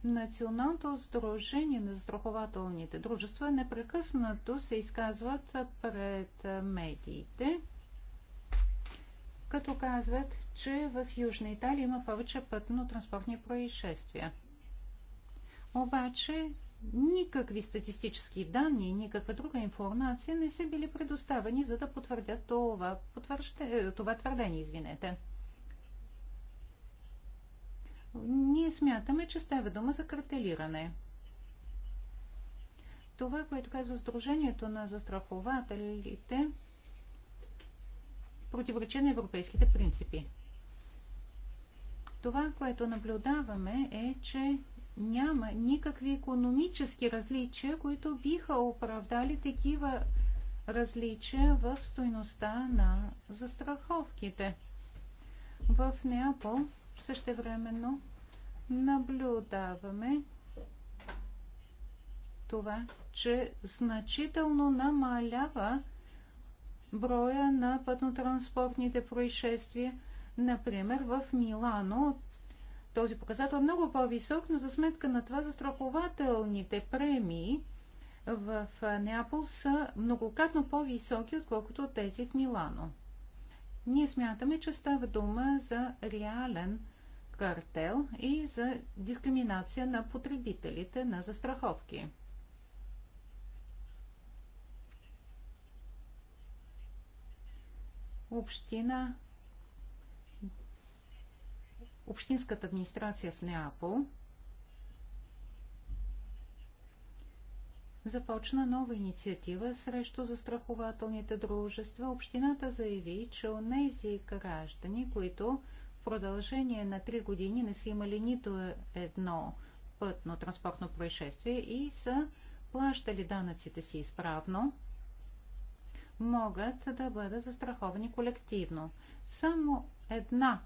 Националното сдружение на застрахователните дружества непрекъснато се изказват пред медиите, като казват, че в Южна Италия има повече пътно-транспортни происшествия. Обаче никакви статистически данни, никаква друга информация не са били предоставени, за да потвърдят това, потвържде, това твърдение. Извинете. Ние смятаме, че става дума за картелиране. Това, което казва Сдружението на застрахователите, противоречи на европейските принципи. Това, което наблюдаваме е, че няма никакви економически различия, които биха оправдали такива различия в стойността на застраховките. В Неапол същевременно наблюдаваме това, че значително намалява броя на пътнотранспортните происшествия. Например, в Милано този показател е много по-висок, но за сметка на това застрахователните премии в Неапол са многократно по-високи, отколкото тези в Милано. Ние смятаме, че става дума за реален картел и за дискриминация на потребителите на застраховки. Община общинската администрация в Неапол започна нова инициатива срещу застрахователните дружества. Общината заяви, че у нези граждани, които в продължение на 3 години не са имали нито едно пътно транспортно происшествие и са плащали данъците си изправно, могат да бъдат застраховани колективно. Само една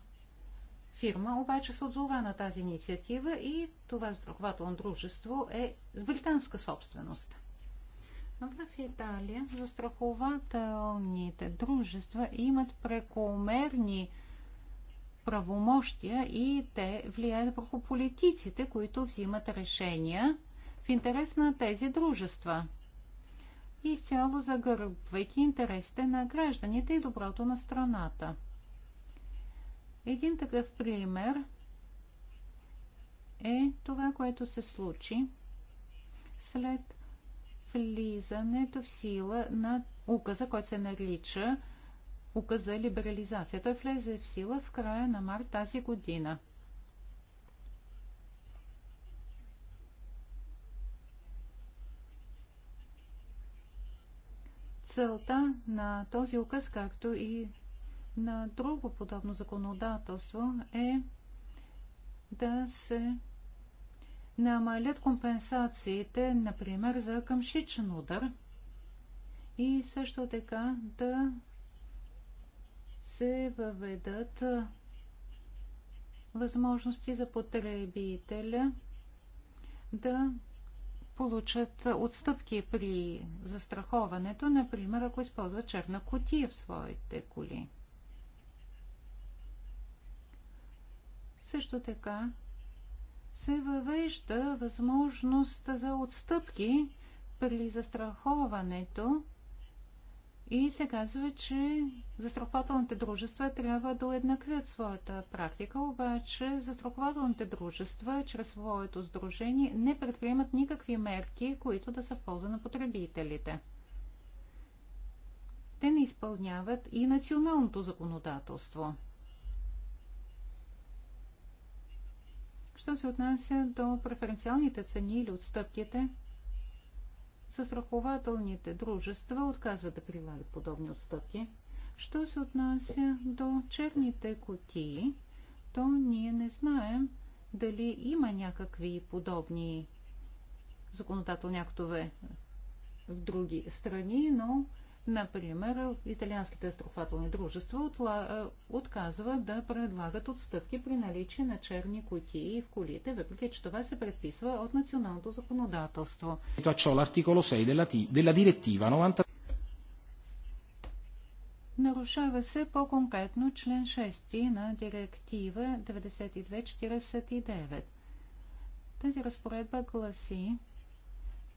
фирма обаче се отзова на тази инициатива и това застрахователно дружество е с британска собственост. В Италия застрахователните дружества имат прекомерни правомощия и те влияят върху политиците, които взимат решения в интерес на тези дружества, изцяло загърбвайки интересите на гражданите и доброто на страната. Един такъв пример е това, което се случи след влизането в сила на указа, който се нарича указ за либерализация. Той влезе в сила в края на март тази година. Целта на този указ, както и на друго подобно законодателство е да се намалят компенсациите, например, за къмшичен удар и също така да се въведат възможности за потребителя да получат отстъпки при застраховането, например, ако използват черна котия в своите коли. Също така се въвежда възможност за отстъпки при застраховането и се казва, че застрахователните дружества трябва да уеднаквят своята практика, обаче застрахователните дружества чрез своето сдружение не предприемат никакви мерки, които да са в полза на потребителите. Те не изпълняват и националното законодателство. Що се отнася до преференциалните цени или отстъпките, застрахователните дружества отказват да прилагат подобни отстъпки. Що се отнася до черните котии, то ние не знаем дали има някакви подобни законодателни актове в други страни, но Например, италианските страхователни дружества е, отказват да предлагат отстъпки при наличие на черни кутии в колите, въпреки че това се предписва от националното законодателство. Нарушава се по-конкретно член 6 на директива 9249. Тази разпоредба гласи,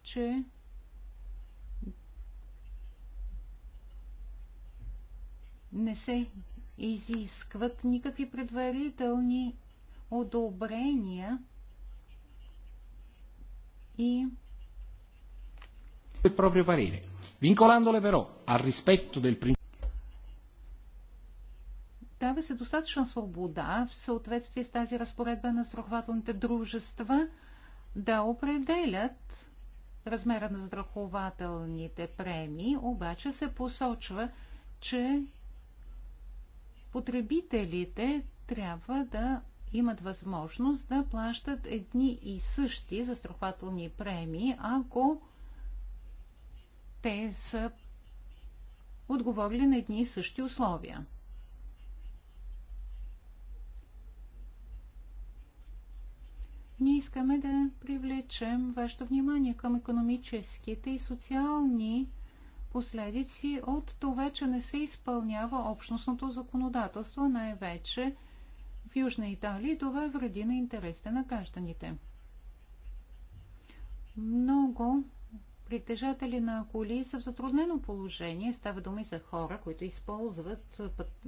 че не се изискват никакви предварителни одобрения и il proprio parere, vincolandole però al rispetto del дава се достатъчна свобода в съответствие с тази разпоредба на страхователните дружества да определят размера на страхователните премии, обаче се посочва, че потребителите трябва да имат възможност да плащат едни и същи застрахователни премии, ако те са отговорили на едни и същи условия. Ние искаме да привлечем вашето внимание към економическите и социални последици от това, че не се изпълнява общностното законодателство, най-вече в Южна Италия и това е вреди на интересите на гражданите. Много притежатели на коли са в затруднено положение. Става дума и за хора, които използват път,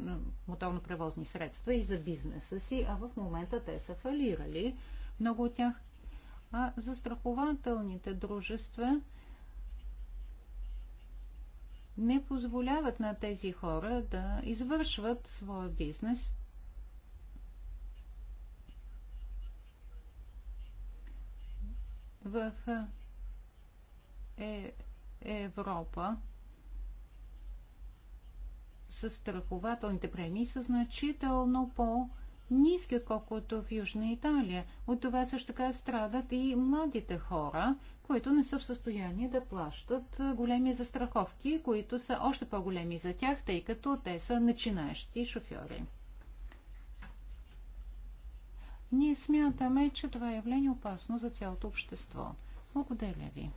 моторно превозни средства и за бизнеса си, а в момента те са фалирали. Много от тях. А застрахователните дружества не позволяват на тези хора да извършват своя бизнес. В е, Европа страхователните премии са значително по- ниски, отколкото в Южна Италия. От това също така страдат и младите хора, които не са в състояние да плащат големи застраховки, които са още по-големи за тях, тъй като те са начинаещи шофьори. Ние смятаме, че това явление е опасно за цялото общество. Благодаря ви.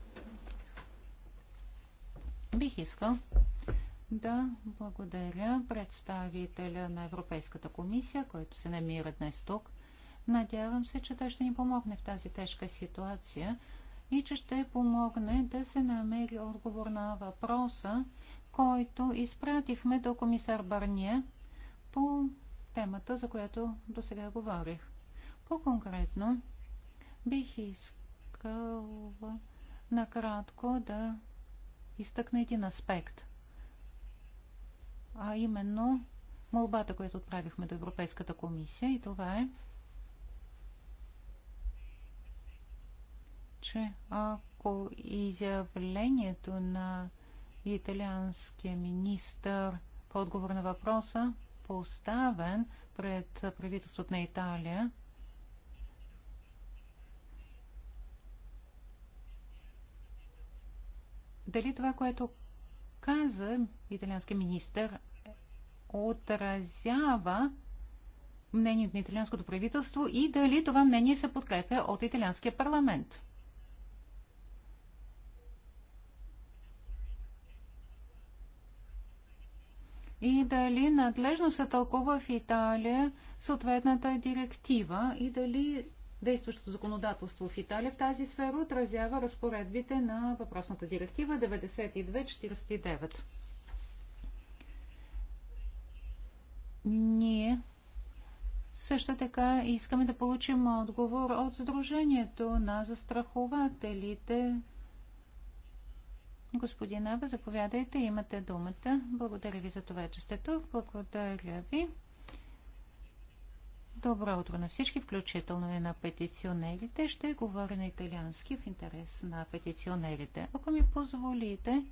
Бих искал да благодаря представителя на Европейската комисия, който се намира днес тук. Надявам се, че той ще ни помогне в тази тежка ситуация, и че ще помогне да се намери отговор на въпроса, който изпратихме до комисар Барния по темата, за която до сега говорих. По-конкретно бих искал накратко да изтъкна един аспект, а именно молбата, която отправихме до Европейската комисия и това е че ако изявлението на италианския министр по отговор на въпроса, поставен пред правителството на Италия, дали това, което каза италиански министр, отразява мнението на италианското правителство и дали това мнение се подкрепя от италианския парламент. и дали надлежно се тълкува в Италия съответната директива и дали действащото законодателство в Италия в тази сфера отразява разпоредбите на въпросната директива 9249. Ние също така искаме да получим отговор от Сдружението на застрахователите Господин Аба, заповядайте, имате думата. Благодаря ви за това, че сте тук. Благодаря ви. Добро утро на всички, включително и на петиционерите. Ще говоря на италиански в интерес на петиционерите. Ако ми позволите,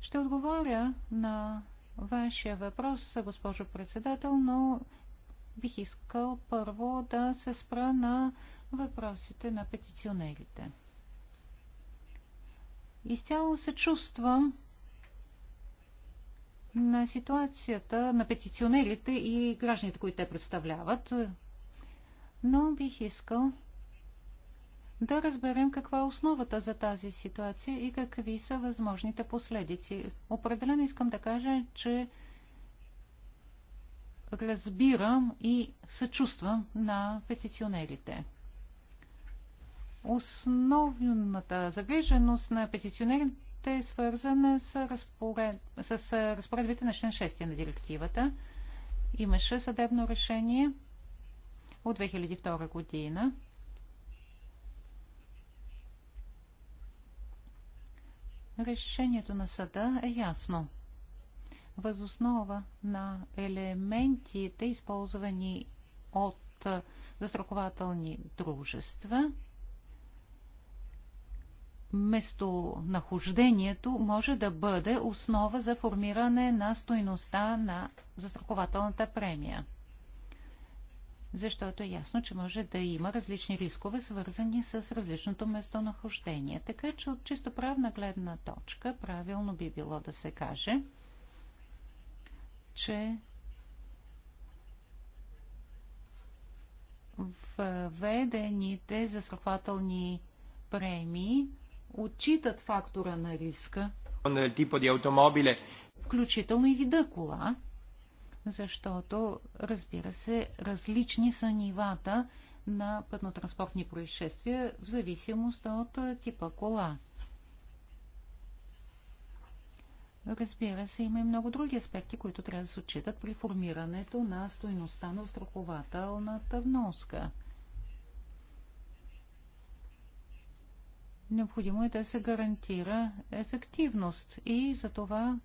ще отговоря на вашия въпрос, госпожо председател, но бих искал първо да се спра на въпросите на петиционерите. Изцяло се чувствам на ситуацията на петиционерите и гражданите, които те представляват, но бих искал да разберем каква е основата за тази ситуация и какви са възможните последици. Определено искам да кажа, че разбирам и съчувствам на петиционерите. Основната загриженост на петиционерите е свързана с, разпоред... с разпоредбите на член 6 на директивата. Имаше съдебно решение от 2002 година. Решението на съда е ясно. Възоснова на елементите, използвани от застрахователни дружества, местонахождението може да бъде основа за формиране на стойността на застрахователната премия. Защото е ясно, че може да има различни рискове, свързани с различното местонахождение. Така че от чисто правна гледна точка правилно би било да се каже, че въведените застрахователни премии отчитат фактора на риска, включително и вида кола, защото, разбира се, различни са нивата на пътно-транспортни происшествия в зависимост от типа кола. Разбира се, има и много други аспекти, които трябва да се отчитат при формирането на стоеността на страхователната вноска – Необходимо е да се гарантира ефективност и за това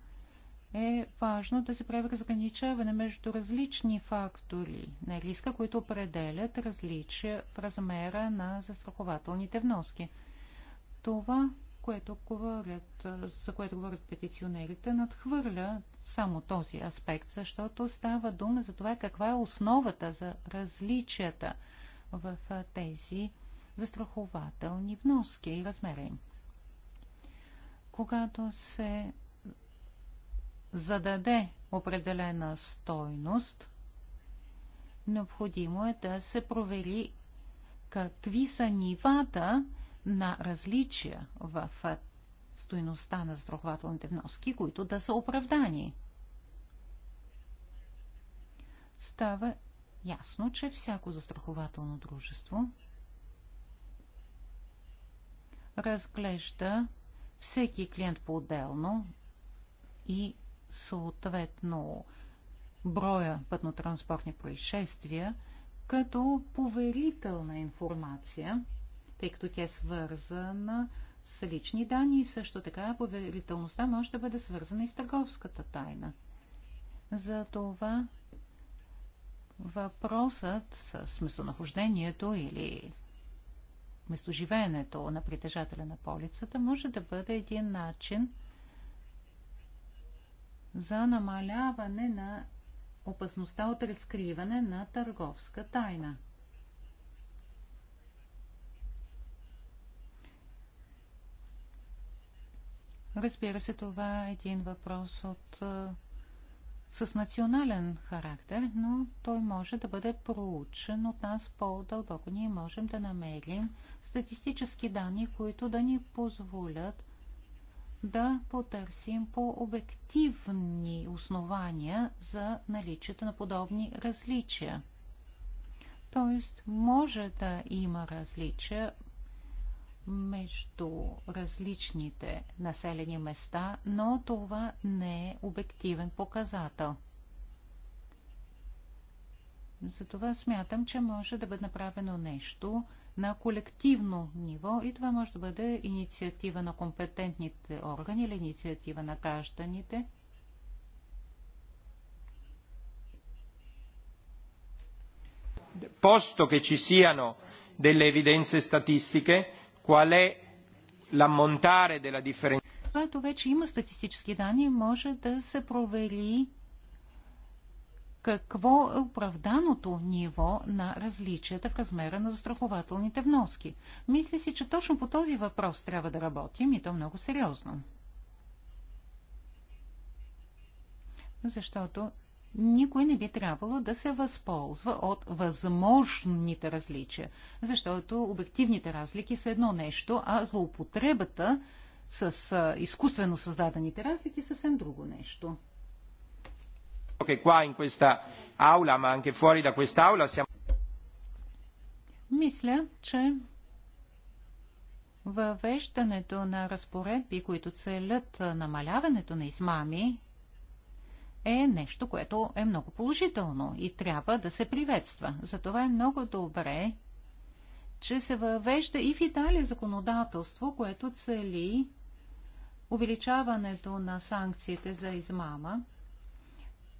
е важно да се прави разграничаване между различни фактори на риска, които определят различия в размера на застрахователните вноски. Това, което говорят, за което говорят петиционерите, надхвърля само този аспект, защото става дума за това каква е основата за различията в тези застрахователни вноски и размери. Когато се зададе определена стойност, необходимо е да се провери какви са нивата на различия в стойността на застрахователните вноски, които да са оправдани. Става ясно, че всяко застрахователно дружество – разглежда всеки клиент по-отделно и съответно броя пътно-транспортни происшествия като поверителна информация, тъй като тя е свързана с лични данни и също така поверителността може да бъде свързана и с търговската тайна. Затова въпросът с местонахождението или местоживеенето на притежателя на полицата може да бъде един начин за намаляване на опасността от разкриване на търговска тайна. Разбира се, това е един въпрос от, с национален характер, но той може да бъде проучен от нас по-дълбоко. Ние можем да намерим статистически данни, които да ни позволят да потърсим по обективни основания за наличието на подобни различия. Тоест, може да има различия между различните населени места, но това не е обективен показател. Затова смятам, че може да бъде направено нещо, на колективно ниво и това може да бъде инициатива на компетентните органи или инициатива на гражданите. Posto che ci siano delle evidenze statistiche, qual è l'ammontare della differenza? Когато вече има статистически данни, може да се провери какво е оправданото ниво на различията в размера на застрахователните вноски. Мисля си, че точно по този въпрос трябва да работим и то много сериозно. Защото никой не би трябвало да се възползва от възможните различия, защото обективните разлики са едно нещо, а злоупотребата с изкуствено създадените разлики съвсем друго нещо che qua in questa aula, ma anche fuori da quest'aula siamo Мисля, че въвеждането на разпоредби, които целят намаляването на измами, е нещо, което е много положително и трябва да се приветства. Затова е много добре, че се въвежда и в Италия законодателство, което цели увеличаването на санкциите за измама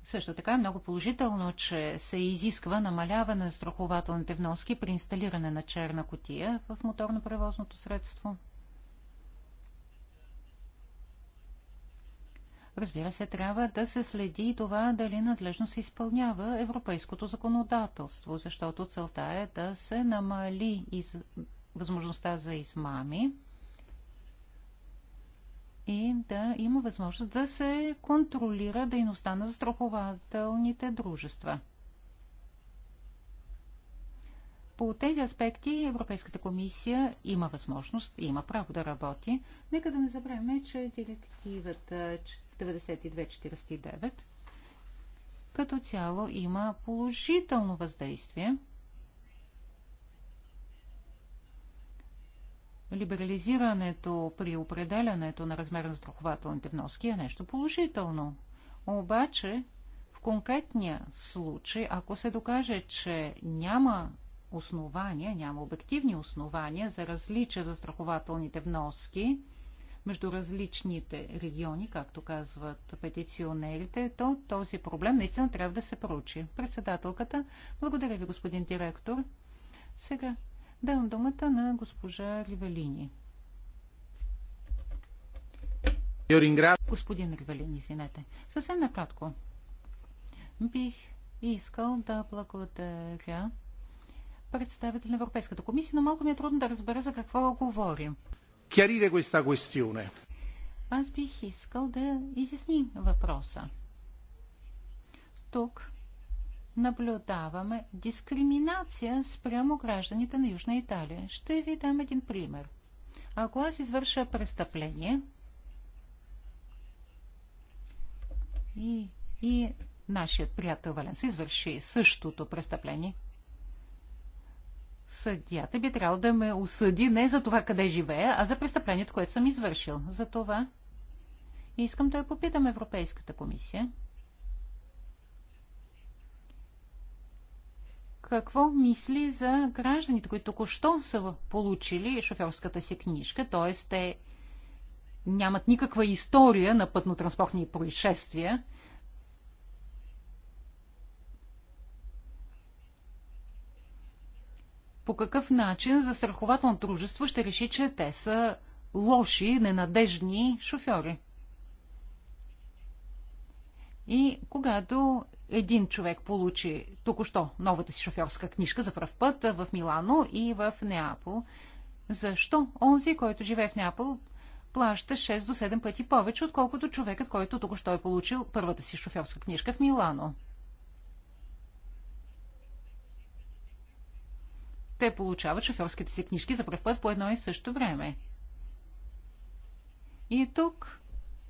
също така е много положително, че се изисква намаляване на страхователните вноски при инсталиране на черна котия в моторно превозното средство. Разбира се, трябва да се следи и това дали надлежно се изпълнява европейското законодателство, защото целта е да се намали из... възможността за измами и да има възможност да се контролира дейността на застрахователните дружества. По тези аспекти Европейската комисия има възможност, има право да работи. Нека да не забравяме, че директивата 9249 като цяло има положително въздействие – либерализирането при определянето на размер на страхователните вноски е нещо положително. Обаче, в конкретния случай, ако се докаже, че няма основания, няма обективни основания за различие в застрахователните вноски между различните региони, както казват петиционерите, то този проблем наистина трябва да се проучи. Председателката, благодаря ви, господин директор. Сега Давам думата на госпожа Ривелини. Господин Ривелини, извинете. Съвсем накратко. Бих искал да благодаря представител на Европейската комисия, но малко ми е трудно да разбера за какво говорим. Chiarire questa questione. Аз бих искал да изясни въпроса. Тук наблюдаваме дискриминация спрямо гражданите на Южна Италия. Ще ви дам един пример. Ако аз извърша престъпление и, и нашият приятел Валенс извърши същото престъпление, съдията би трябвало да ме осъди не за това къде живея, а за престъплението, което съм извършил. За това искам да я попитам Европейската комисия – какво мисли за гражданите, които току-що са получили шофьорската си книжка, т.е. те нямат никаква история на пътно-транспортни происшествия. По какъв начин застрахователно дружество ще реши, че те са лоши, ненадежни шофьори? И когато един човек получи току-що новата си шофьорска книжка за пръв път в Милано и в Неапол, защо онзи, който живее в Неапол, плаща 6 до 7 пъти повече, отколкото човекът, който току-що е получил първата си шофьорска книжка в Милано? Те получават шофьорските си книжки за пръв път по едно и също време. И тук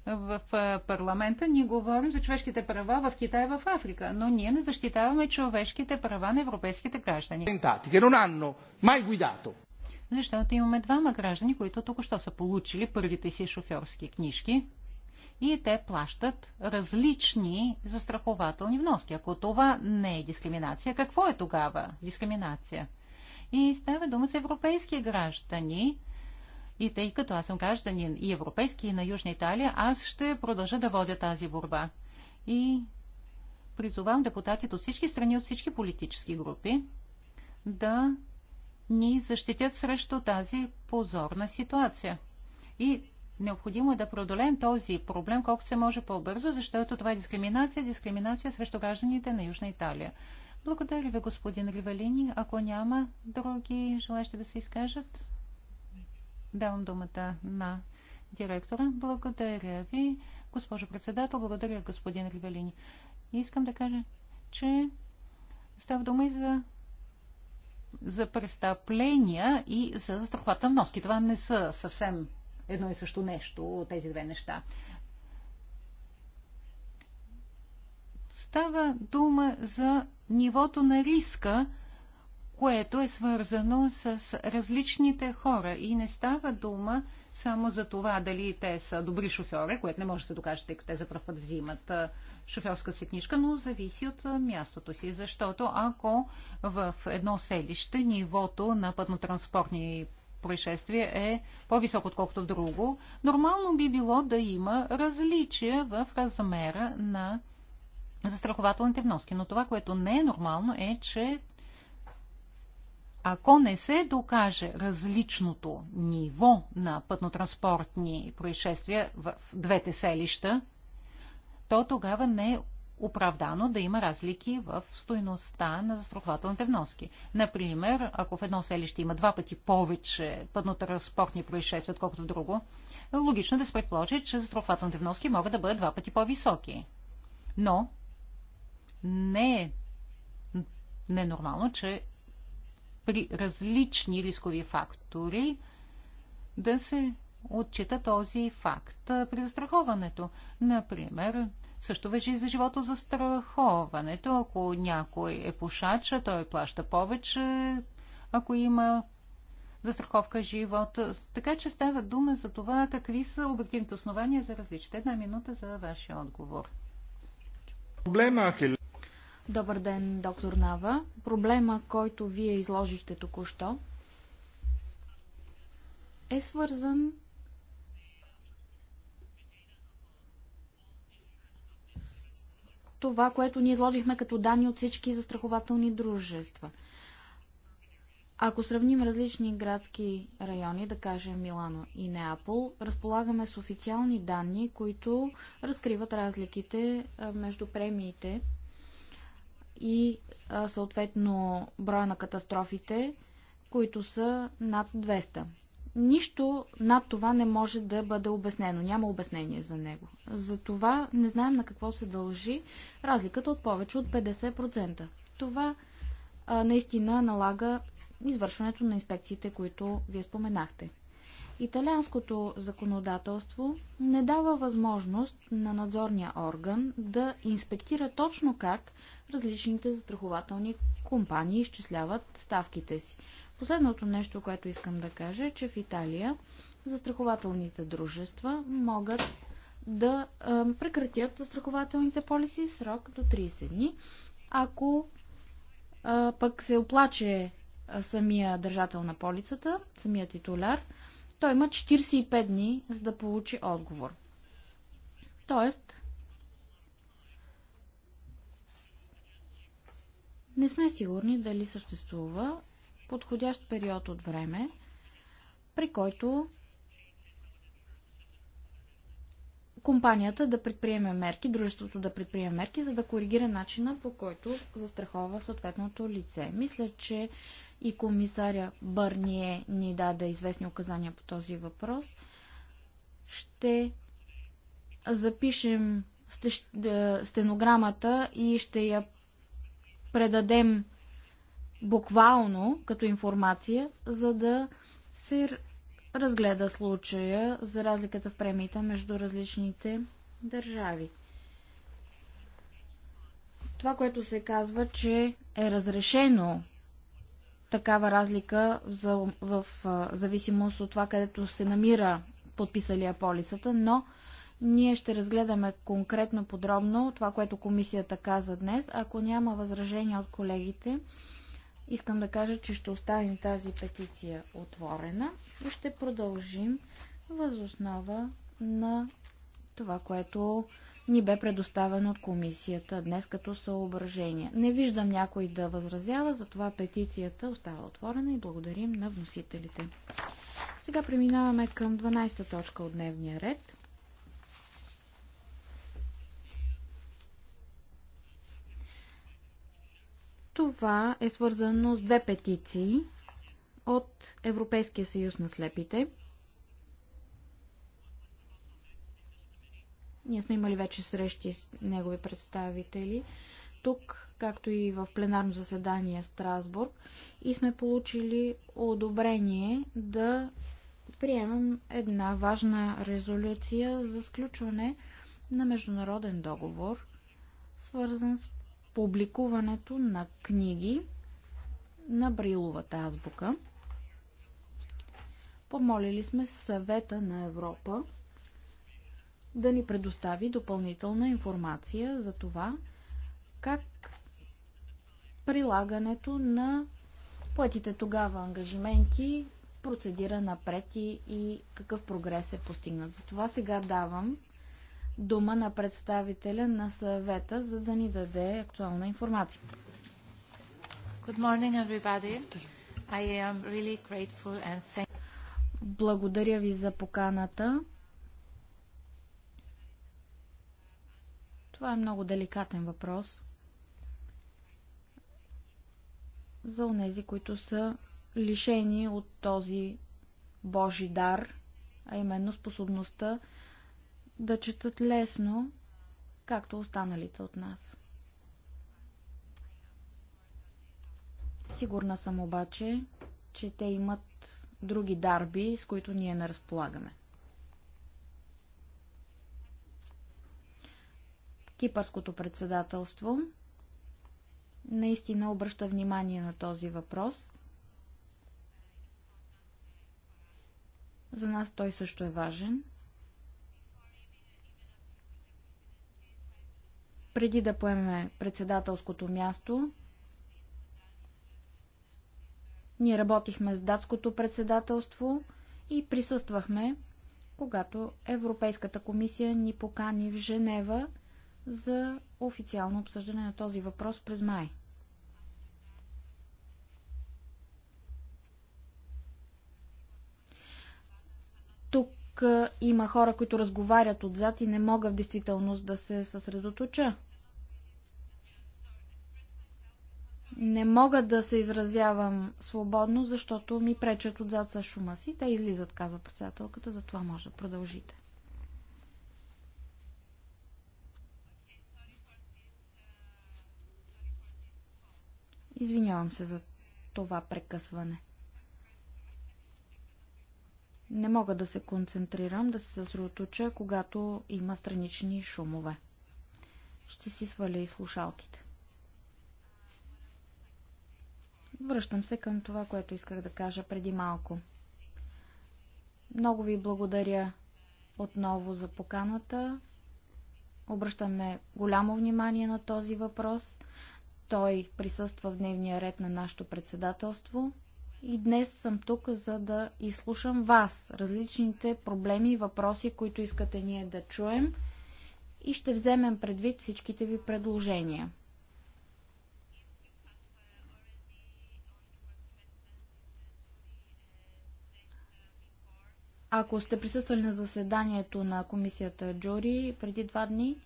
в парламента ние говорим за човешките права в Китай и в Африка, но ние не защитаваме човешките права на европейските граждани. Защото имаме двама граждани, които току-що са получили първите си шофьорски книжки и те плащат различни застрахователни вноски. Ако това не е дискриминация, какво е тогава дискриминация? И става дума за европейски граждани, и тъй като аз съм гражданин и европейски, и на Южна Италия, аз ще продължа да водя тази борба. И призовам депутатите от всички страни, от всички политически групи да ни защитят срещу тази позорна ситуация. И необходимо е да преодолеем този проблем колкото се може по-бързо, защото това е дискриминация, дискриминация срещу гражданите на Южна Италия. Благодаря ви, господин Ривелини. Ако няма други желащи да се изкажат, Давам думата на директора. Благодаря ви, госпожо председател. Благодаря, господин Ривелини. Искам да кажа, че става дума и за за престъпления и за застрахователни вноски. Това не са съвсем едно и също нещо, тези две неща. Става дума за нивото на риска, което е свързано с различните хора и не става дума само за това дали те са добри шофьори, което не може да се докаже, тъй като те за първ път взимат шофьорска си книжка, но зависи от мястото си. Защото ако в едно селище нивото на пътно-транспортни происшествия е по високо отколкото в друго, нормално би било да има различия в размера на застрахователните вноски. Но това, което не е нормално е, че ако не се докаже различното ниво на пътнотранспортни происшествия в двете селища, то тогава не е оправдано да има разлики в стоеността на застрахователните вноски. Например, ако в едно селище има два пъти повече пътнотранспортни происшествия, отколкото в друго, логично е да се предположи, че застрахователните вноски могат да бъдат два пъти по-високи. Но не е ненормално, че при различни рискови фактори да се отчита този факт при застраховането. Например, също въжи и за живото застраховането. Ако някой е пушач, той плаща повече, ако има застраховка живота. Така че става дума за това какви са обективните основания за различите. Една минута за вашия отговор. Проблема, е, Добър ден, доктор Нава. Проблема, който вие изложихте току-що, е свързан с това, което ние изложихме като данни от всички застрахователни дружества. Ако сравним различни градски райони, да кажем Милано и Неапол, разполагаме с официални данни, които разкриват разликите между премиите и съответно броя на катастрофите, които са над 200. Нищо над това не може да бъде обяснено. Няма обяснение за него. Затова не знаем на какво се дължи разликата от повече от 50%. Това а, наистина налага извършването на инспекциите, които вие споменахте. Италианското законодателство не дава възможност на надзорния орган да инспектира точно как различните застрахователни компании изчисляват ставките си. Последното нещо, което искам да кажа е, че в Италия застрахователните дружества могат да прекратят застрахователните полиси срок до 30 дни, ако пък се оплаче самия държател на полицата, самия титуляр – той има 45 дни, за да получи отговор. Тоест, не сме сигурни дали съществува подходящ период от време, при който компанията да предприеме мерки, дружеството да предприеме мерки, за да коригира начина по който застрахова съответното лице. Мисля, че и комисаря Бърние ни даде известни указания по този въпрос. Ще запишем стенограмата и ще я предадем буквално като информация, за да се разгледа случая за разликата в премиите между различните държави. Това, което се казва, че е разрешено такава разлика в, в, в зависимост от това, където се намира подписалия полисата, но ние ще разгледаме конкретно подробно това, което комисията каза днес. Ако няма възражения от колегите, Искам да кажа, че ще оставим тази петиция отворена и ще продължим възоснова на това, което ни бе предоставено от комисията днес като съображение. Не виждам някой да възразява, затова петицията остава отворена и благодарим на вносителите. Сега преминаваме към 12 та точка от дневния ред. Това е свързано с две петиции от Европейския съюз на слепите. Ние сме имали вече срещи с негови представители тук, както и в пленарно заседание Страсбург и сме получили одобрение да приемем една важна резолюция за сключване на международен договор, свързан с публикуването на книги на Бриловата азбука. Помолили сме съвета на Европа да ни предостави допълнителна информация за това как прилагането на поетите тогава ангажименти процедира напред и, и какъв прогрес е постигнат. Затова сега давам дума на представителя на съвета, за да ни даде актуална информация. Good morning, everybody. I am really grateful and thank... Благодаря ви за поканата. Това е много деликатен въпрос за онези, които са лишени от този Божи дар, а именно способността да четат лесно, както останалите от нас. Сигурна съм обаче, че те имат други дарби, с които ние не разполагаме. Кипърското председателство наистина обръща внимание на този въпрос. За нас той също е важен – преди да поеме председателското място, ние работихме с датското председателство и присъствахме, когато Европейската комисия ни покани в Женева за официално обсъждане на този въпрос през май. тук има хора, които разговарят отзад и не мога в действителност да се съсредоточа. Не мога да се изразявам свободно, защото ми пречат отзад с шума си. Те излизат, казва председателката, затова може да продължите. Извинявам се за това прекъсване. Не мога да се концентрирам, да се съсредоточа, когато има странични шумове. Ще си сваля и слушалките. Връщам се към това, което исках да кажа преди малко. Много ви благодаря отново за поканата. Обръщаме голямо внимание на този въпрос. Той присъства в дневния ред на нашето председателство и днес съм тук, за да изслушам вас, различните проблеми и въпроси, които искате ние да чуем и ще вземем предвид всичките ви предложения. Ако сте присъствали на заседанието на комисията Джури преди два дни,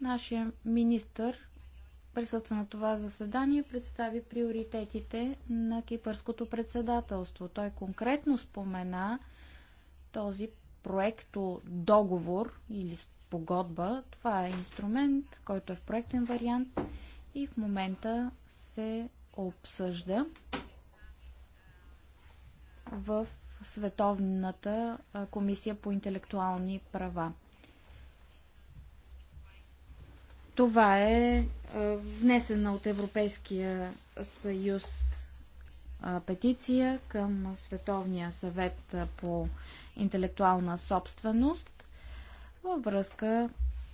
нашия министър присъства на това заседание, представи приоритетите на кипърското председателство. Той конкретно спомена този проекто договор или погодба. Това е инструмент, който е в проектен вариант и в момента се обсъжда в Световната комисия по интелектуални права. Това е внесена от Европейския съюз петиция към Световния съвет по интелектуална собственост във връзка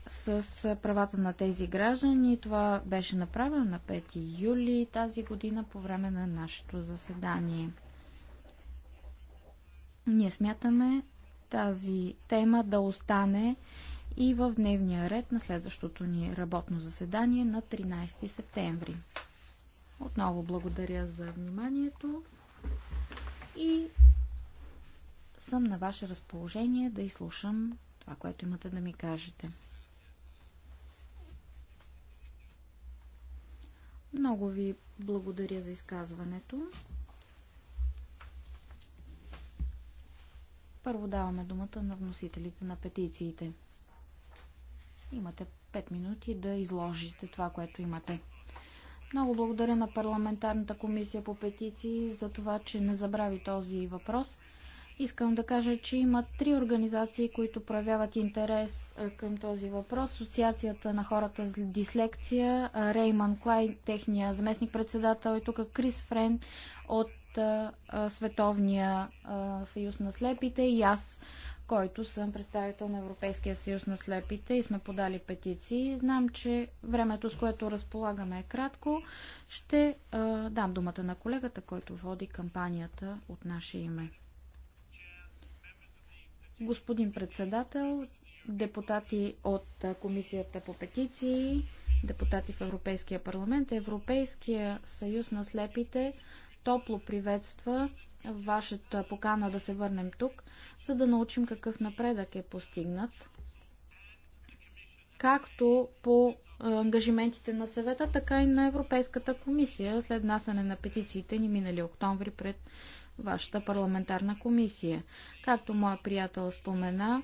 с правата на тези граждани. Това беше направено на 5 юли тази година по време на нашето заседание. Ние смятаме тази тема да остане и в дневния ред на следващото ни работно заседание на 13 септември. Отново благодаря за вниманието и съм на ваше разположение да изслушам това, което имате да ми кажете. Много ви благодаря за изказването. Първо даваме думата на вносителите на петициите. Имате 5 минути да изложите това, което имате. Много благодаря на парламентарната комисия по петиции за това, че не забрави този въпрос. Искам да кажа, че има три организации, които проявяват интерес е, към този въпрос. Асоциацията на хората с дислекция, е, Рейман Клай, техния заместник-председател и е тук Крис Френ от Световния съюз на слепите и аз който съм представител на Европейския съюз на слепите и сме подали петиции. Знам, че времето, с което разполагаме е кратко. Ще а, дам думата на колегата, който води кампанията от наше име. Господин председател, депутати от Комисията по петиции, депутати в Европейския парламент, Европейския съюз на слепите топло приветства вашата покана да се върнем тук, за да научим какъв напредък е постигнат, както по е, ангажиментите на съвета, така и на Европейската комисия след насане на петициите ни минали октомври пред вашата парламентарна комисия. Както моя приятел спомена,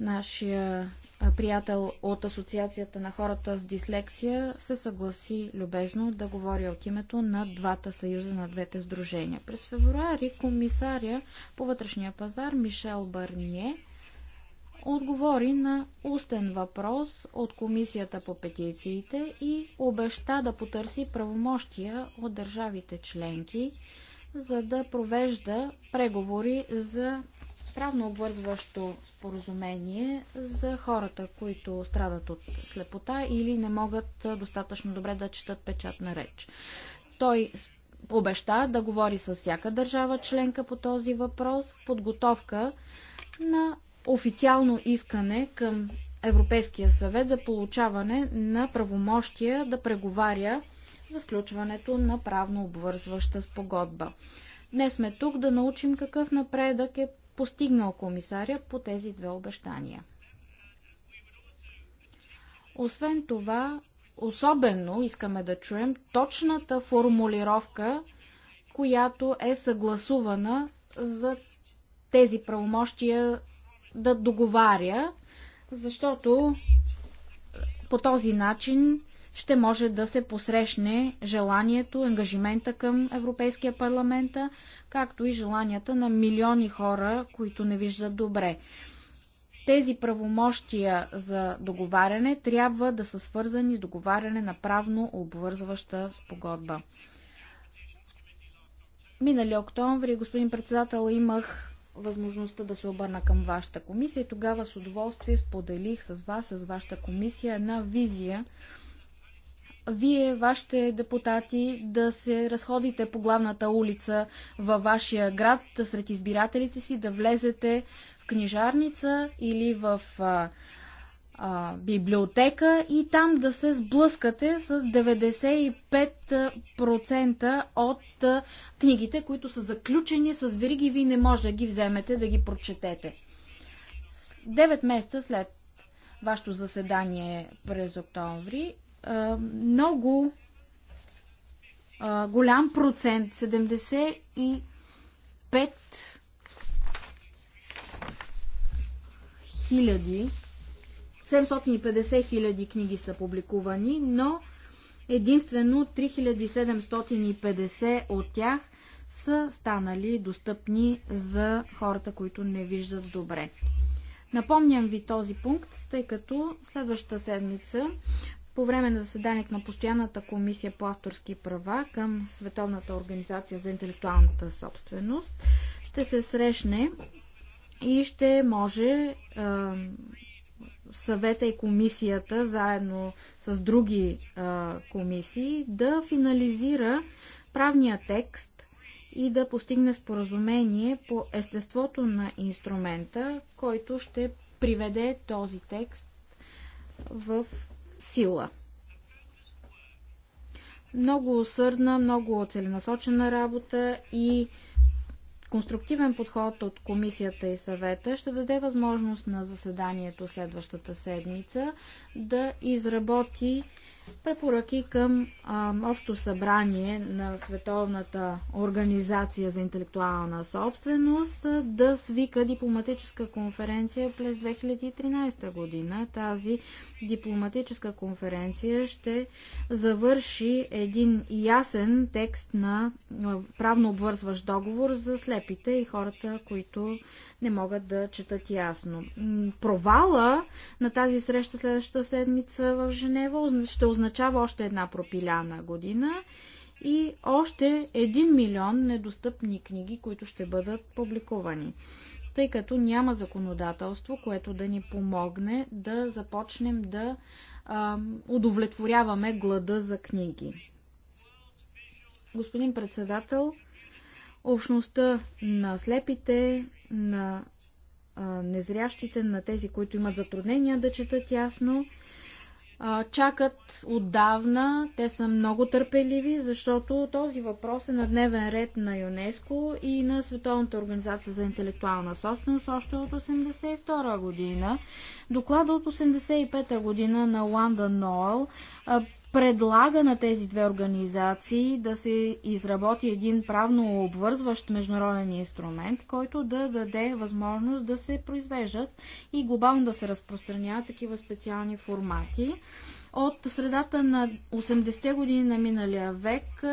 нашия приятел от Асоциацията на хората с дислексия се съгласи любезно да говори от името на двата съюза, на двете сдружения. През февруари комисаря по вътрешния пазар Мишел Барние отговори на устен въпрос от Комисията по петициите и обеща да потърси правомощия от държавите членки, за да провежда преговори за правно обвързващо споразумение за хората, които страдат от слепота или не могат достатъчно добре да четат печатна реч. Той обеща да говори с всяка държава членка по този въпрос в подготовка на официално искане към Европейския съвет за получаване на правомощия да преговаря за сключването на правно обвързваща спогодба. Днес сме тук да научим какъв напредък е постигнал комисаря по тези две обещания. Освен това, особено искаме да чуем точната формулировка, която е съгласувана за тези правомощия да договаря, защото по този начин ще може да се посрещне желанието, ангажимента към Европейския парламент, както и желанията на милиони хора, които не виждат добре. Тези правомощия за договаряне трябва да са свързани с договаряне на правно обвързваща спогодба. Минали октомври, господин председател, имах възможността да се обърна към вашата комисия и тогава с удоволствие споделих с вас, с вашата комисия, една визия вие, вашите депутати, да се разходите по главната улица във вашия град, сред избирателите си, да влезете в книжарница или в а, а, библиотека и там да се сблъскате с 95% от книгите, които са заключени с вериги, вие не може да ги вземете да ги прочетете. 9 месеца след вашето заседание през октомври, много голям процент, 75 хиляди, 750 хиляди книги са публикувани, но единствено 3750 от тях са станали достъпни за хората, които не виждат добре. Напомням ви този пункт, тъй като следващата седмица по време на заседанието на постоянната комисия по авторски права към Световната организация за интелектуалната собственост ще се срещне и ще може а, съвета и комисията, заедно с други а, комисии, да финализира правния текст и да постигне споразумение по естеството на инструмента, който ще приведе този текст в сила. Много усърдна, много целенасочена работа и конструктивен подход от комисията и съвета ще даде възможност на заседанието следващата седмица да изработи препоръки към а, общо събрание на Световната организация за интелектуална собственост да свика дипломатическа конференция през 2013 година. Тази дипломатическа конференция ще завърши един ясен текст на правно обвързващ договор за слепите и хората, които не могат да четат ясно. Провала на тази среща следващата седмица в Женева ще означава още една пропиляна година и още един милион недостъпни книги, които ще бъдат публикувани тъй като няма законодателство, което да ни помогне да започнем да а, удовлетворяваме глада за книги. Господин председател, общността на слепите на незрящите, на тези, които имат затруднения да четат ясно, чакат отдавна, те са много търпеливи, защото този въпрос е на дневен ред на ЮНЕСКО и на Световната организация за интелектуална собственост още от 1982 година. Доклада от 1985 година на Ланда Ноел предлага на тези две организации да се изработи един правно обвързващ международен инструмент, който да даде възможност да се произвеждат и глобално да се разпространяват такива специални формати. От средата на 80-те години на миналия век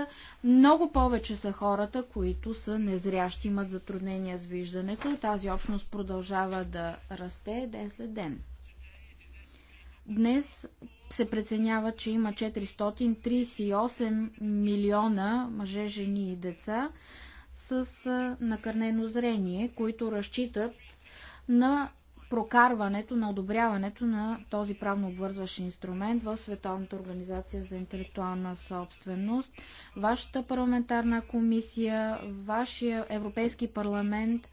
много повече са хората, които са незрящи, имат затруднения с виждането. Тази общност продължава да расте ден след ден. Днес се преценява, че има 438 милиона мъже, жени и деца с накърнено зрение, които разчитат на прокарването, на одобряването на този правно обвързващ инструмент в Световната организация за интелектуална собственост. Вашата парламентарна комисия, вашия Европейски парламент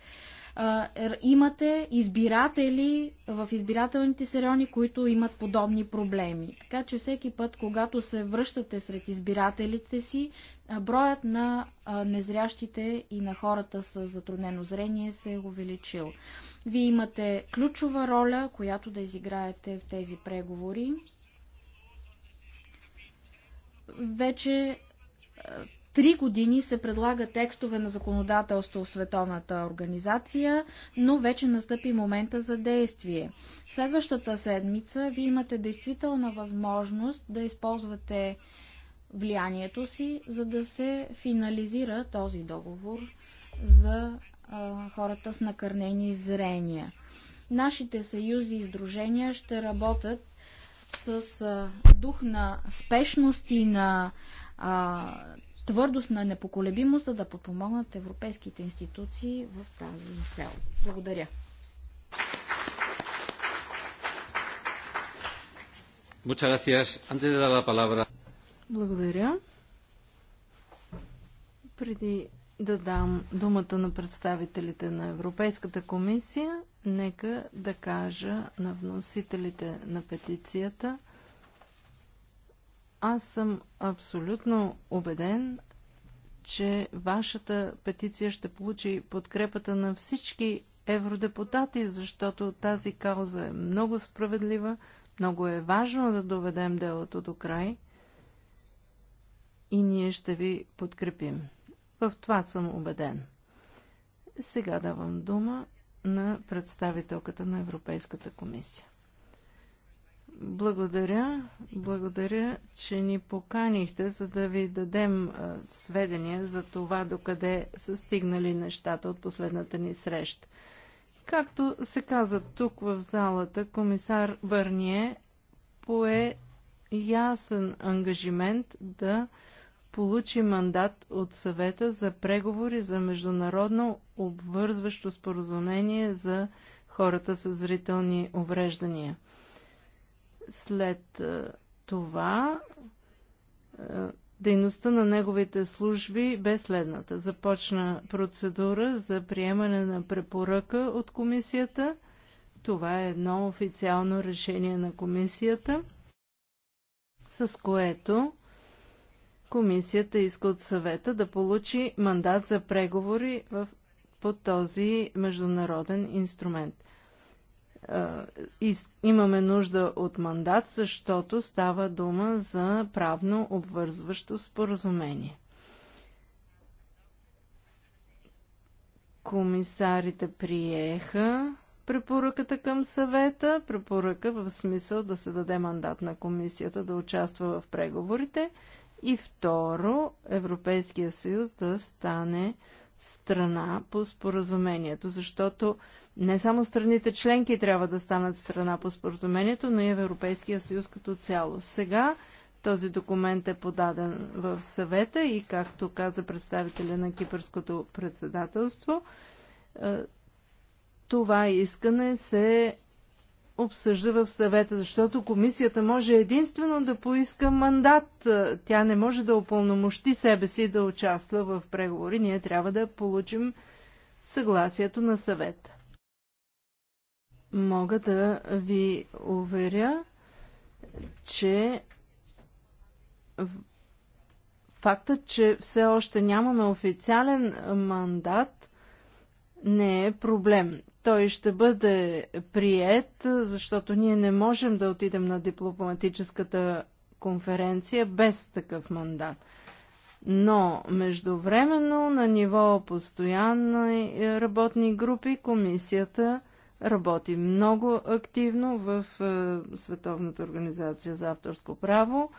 имате избиратели в избирателните си райони, които имат подобни проблеми. Така че всеки път, когато се връщате сред избирателите си, броят на незрящите и на хората с затруднено зрение се е увеличил. Вие имате ключова роля, която да изиграете в тези преговори. Вече Три години се предлага текстове на законодателство в Световната организация, но вече настъпи момента за действие. Следващата седмица вие имате действителна възможност да използвате влиянието си, за да се финализира този договор за а, хората с накърнени зрения. Нашите съюзи и издружения ще работят с а, дух на спешност и на а, твърдост на непоколебимост, за да подпомогнат европейските институции в тази цел. Благодаря. Благодаря. Преди да дам думата на представителите на Европейската комисия, нека да кажа на вносителите на петицията – аз съм абсолютно убеден, че вашата петиция ще получи подкрепата на всички евродепутати, защото тази кауза е много справедлива, много е важно да доведем делото до край и ние ще ви подкрепим. В това съм убеден. Сега давам дума на представителката на Европейската комисия. Благодаря. Благодаря, че ни поканихте, за да ви дадем сведения за това, докъде са стигнали нещата от последната ни среща. Както се каза тук в залата, комисар Бърние пое ясен ангажимент да получи мандат от съвета за преговори за международно обвързващо споразумение за хората с зрителни увреждания – след е, това е, дейността на неговите служби бе следната. Започна процедура за приемане на препоръка от комисията. Това е едно официално решение на комисията, с което комисията иска от съвета да получи мандат за преговори в, по този международен инструмент. Е, имаме нужда от мандат, защото става дума за правно обвързващо споразумение. Комисарите приеха препоръката към съвета, препоръка в смисъл да се даде мандат на комисията да участва в преговорите и второ, Европейския съюз да стане страна по споразумението, защото не само страните членки трябва да станат страна по споразумението, но и Европейския съюз като цяло. Сега този документ е подаден в съвета и, както каза представителя на кипърското председателство, е, това искане се обсъжда в съвета, защото комисията може единствено да поиска мандат. Е, тя не може да опълномощи себе си да участва в преговори. Ние трябва да получим съгласието на съвета мога да ви уверя, че фактът, че все още нямаме официален мандат, не е проблем. Той ще бъде прият, защото ние не можем да отидем на дипломатическата конференция без такъв мандат. Но междувременно на ниво постоянни работни групи комисията работи много активно в е, Световната организация за авторско право.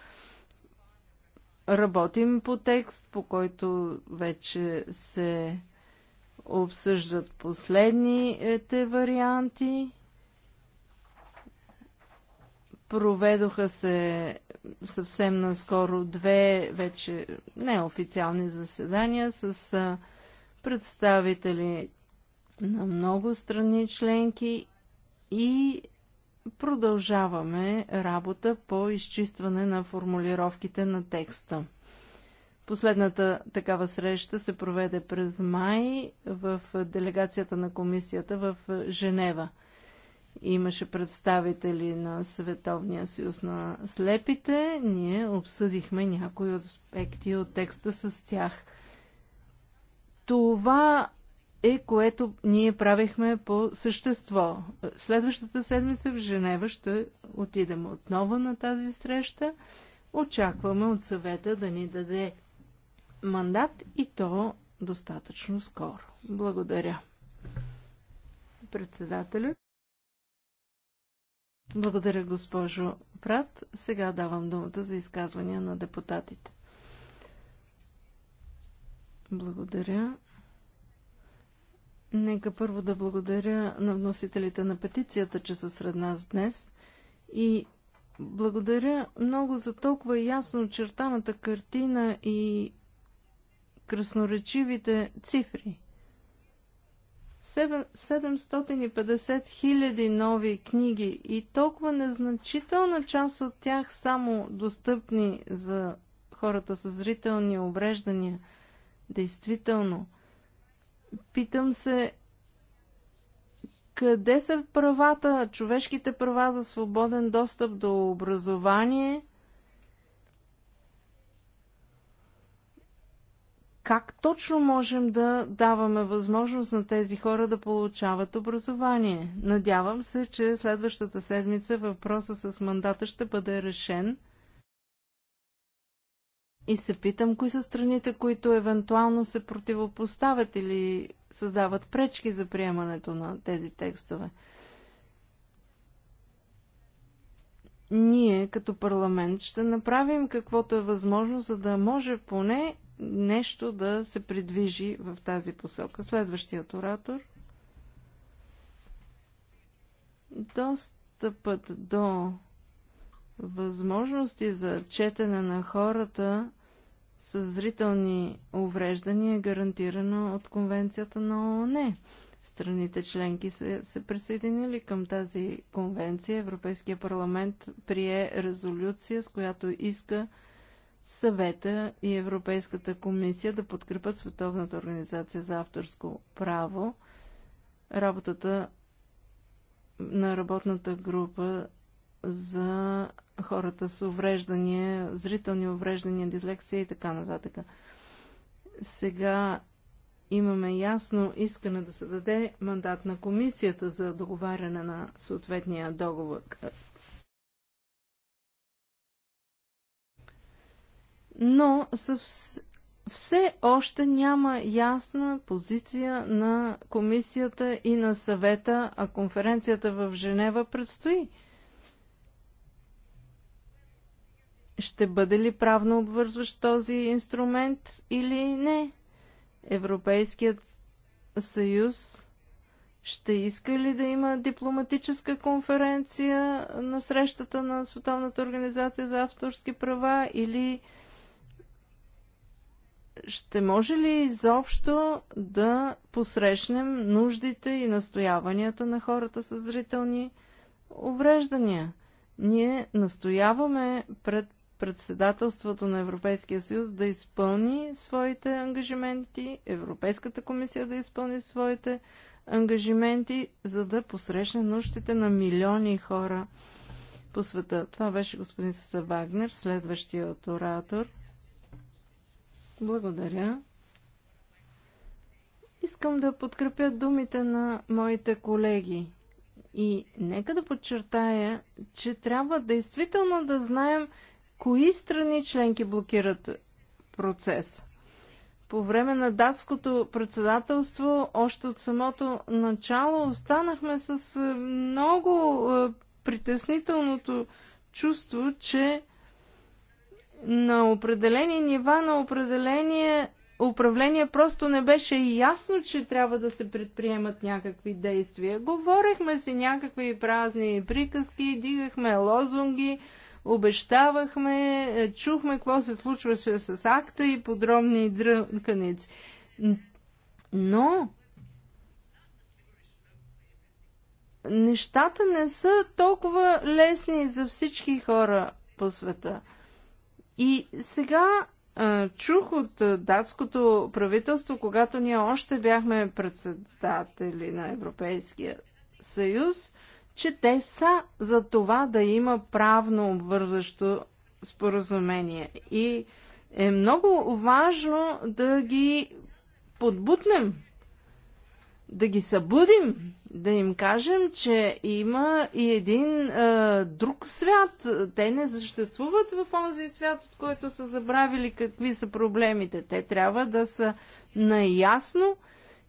Работим по текст, по който вече се обсъждат последните е, варианти. Проведоха се съвсем наскоро две вече неофициални заседания с е, представители на много страни членки и продължаваме работа по изчистване на формулировките на текста. Последната такава среща се проведе през май в делегацията на комисията в Женева. Имаше представители на Световния съюз на слепите. Ние обсъдихме някои аспекти от текста с тях. Това е което ние правихме по същество. Следващата седмица в Женева ще отидем отново на тази среща. Очакваме от съвета да ни даде мандат и то достатъчно скоро. Благодаря. Председателят. Благодаря, госпожо Прат. Сега давам думата за изказвания на депутатите. Благодаря. Нека първо да благодаря на вносителите на петицията, че са сред нас днес и благодаря много за толкова ясно очертаната картина и красноречивите цифри. 750 хиляди нови книги и толкова незначителна част от тях само достъпни за хората с зрителни обреждания. Действително – Питам се, къде са правата, човешките права за свободен достъп до образование? Как точно можем да даваме възможност на тези хора да получават образование? Надявам се, че следващата седмица въпроса с мандата ще бъде решен – и се питам, кои са страните, които евентуално се противопоставят или създават пречки за приемането на тези текстове. Ние, като парламент, ще направим каквото е възможно, за да може поне нещо да се придвижи в тази посока. Следващият оратор. Достъпът до възможности за четене на хората с зрителни увреждания е гарантирано от Конвенцията на ООН. Страните членки се, се присъединили към тази конвенция. Европейския парламент прие резолюция, с която иска съвета и Европейската комисия да подкрепят Световната организация за авторско право. Работата на работната група за хората с увреждания, зрителни увреждания, дислексия и така нататък. Сега имаме ясно искане да се даде мандат на комисията за договаряне на съответния договор. Но все още няма ясна позиция на комисията и на съвета, а конференцията в Женева предстои. Ще бъде ли правно обвързващ този инструмент или не? Европейският съюз ще иска ли да има дипломатическа конференция на срещата на Световната организация за авторски права или ще може ли изобщо да посрещнем нуждите и настояванията на хората с зрителни увреждания? Ние настояваме пред председателството на Европейския съюз да изпълни своите ангажименти, Европейската комисия да изпълни своите ангажименти, за да посрещне нуждите на милиони хора по света. Това беше господин Суса Вагнер, следващият оратор. Благодаря. Искам да подкрепя думите на моите колеги. И нека да подчертая, че трябва действително да знаем кои страни членки блокират процес. По време на датското председателство, още от самото начало, останахме с е, много е, притеснителното чувство, че на определени нива, на определение управление просто не беше ясно, че трябва да се предприемат някакви действия. Говорехме си някакви празни приказки, дигахме лозунги, обещавахме, е, чухме какво се случваше с акта и подробни дрънканици. Но нещата не са толкова лесни за всички хора по света. И сега е, чух от е, датското правителство, когато ние още бяхме председатели на Европейския съюз, че те са за това да има правно обвързващо споразумение. И е много важно да ги подбутнем, да ги събудим, да им кажем, че има и един е, друг свят. Те не съществуват в онзи свят, от който са забравили какви са проблемите. Те трябва да са наясно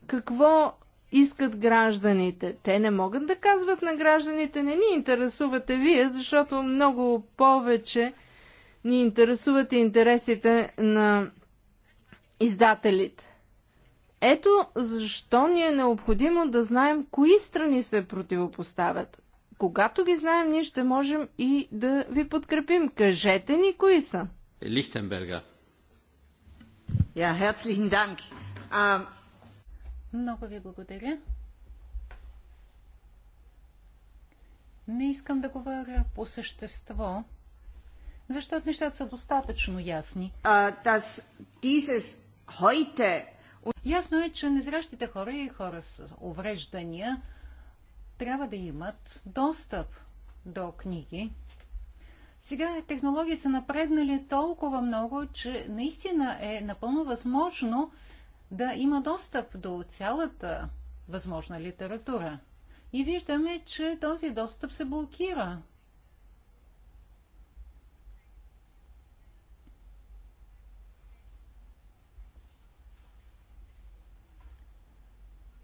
какво искат гражданите. Те не могат да казват на гражданите, не ни интересувате вие, защото много повече ни интересуват и интересите на издателите. Ето защо ни е необходимо да знаем кои страни се противопоставят. Когато ги знаем, ние ще можем и да ви подкрепим. Кажете ни кои са. Е, Лихтенберга. Ja, yeah, herzlichen Dank. Uh... Много ви благодаря. Не искам да говоря по същество, защото нещата са достатъчно ясни. Ясно е, че незрящите хора и хора с увреждания трябва да имат достъп до книги. Сега технологии са напреднали толкова много, че наистина е напълно възможно да има достъп до цялата възможна литература. И виждаме, че този достъп се блокира.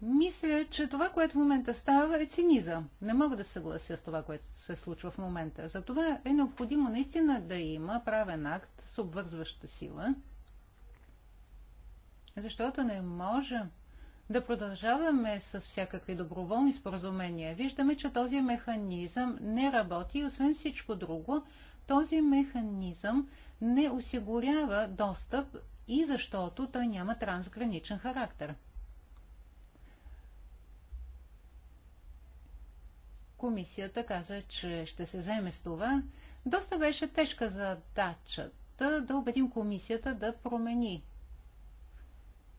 Мисля, че това, което в момента става, е цинизъм. Не мога да съглася с това, което се случва в момента. Затова е необходимо наистина да има правен акт с обвързваща сила – защото не можем да продължаваме с всякакви доброволни споразумения. Виждаме, че този механизъм не работи и освен всичко друго, този механизъм не осигурява достъп и защото той няма трансграничен характер. Комисията каза, че ще се заеме с това. Доста беше тежка задачата да убедим комисията да промени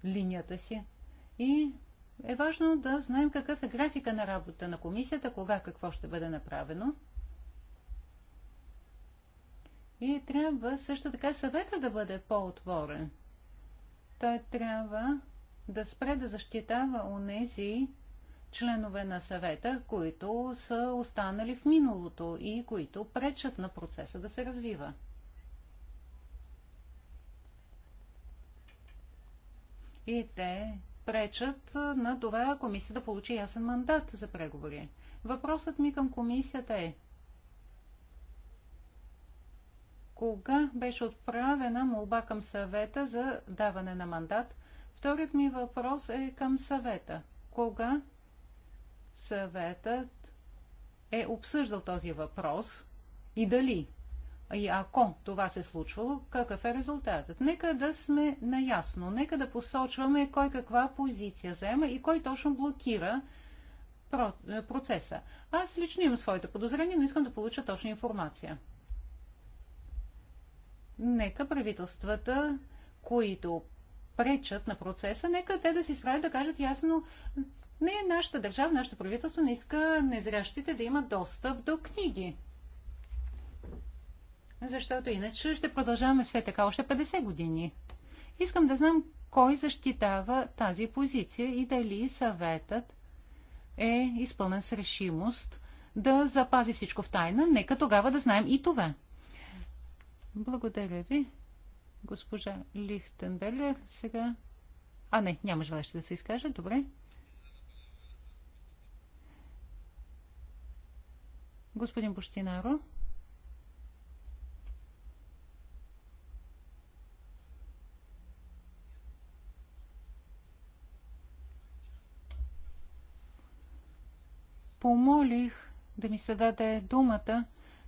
линията си. И е важно да знаем какъв е графика на работа на комисията, кога какво ще бъде направено. И трябва също така съвета да бъде по-отворен. Той трябва да спре да защитава онези членове на съвета, които са останали в миналото и които пречат на процеса да се развива. И те пречат на това комисия да получи ясен мандат за преговори. Въпросът ми към комисията е кога беше отправена молба към съвета за даване на мандат? Вторият ми въпрос е към съвета. Кога съветът е обсъждал този въпрос и дали и ако това се е случвало, какъв е резултатът? Нека да сме наясно, нека да посочваме кой каква позиция заема и кой точно блокира е, процеса. Аз лично имам своите подозрения, но искам да получа точна информация. Нека правителствата, които пречат на процеса, нека те да си справят да кажат ясно, не е нашата държава, нашето правителство не иска незрящите да имат достъп до книги защото иначе ще продължаваме все така още 50 години. Искам да знам кой защитава тази позиция и дали съветът е изпълнен с решимост да запази всичко в тайна. Нека тогава да знаем и това. Благодаря ви, госпожа Лихтенбергер. Сега... А, не, няма желаще да се изкаже. Добре. Господин Буштинаро. помолих да ми се даде думата,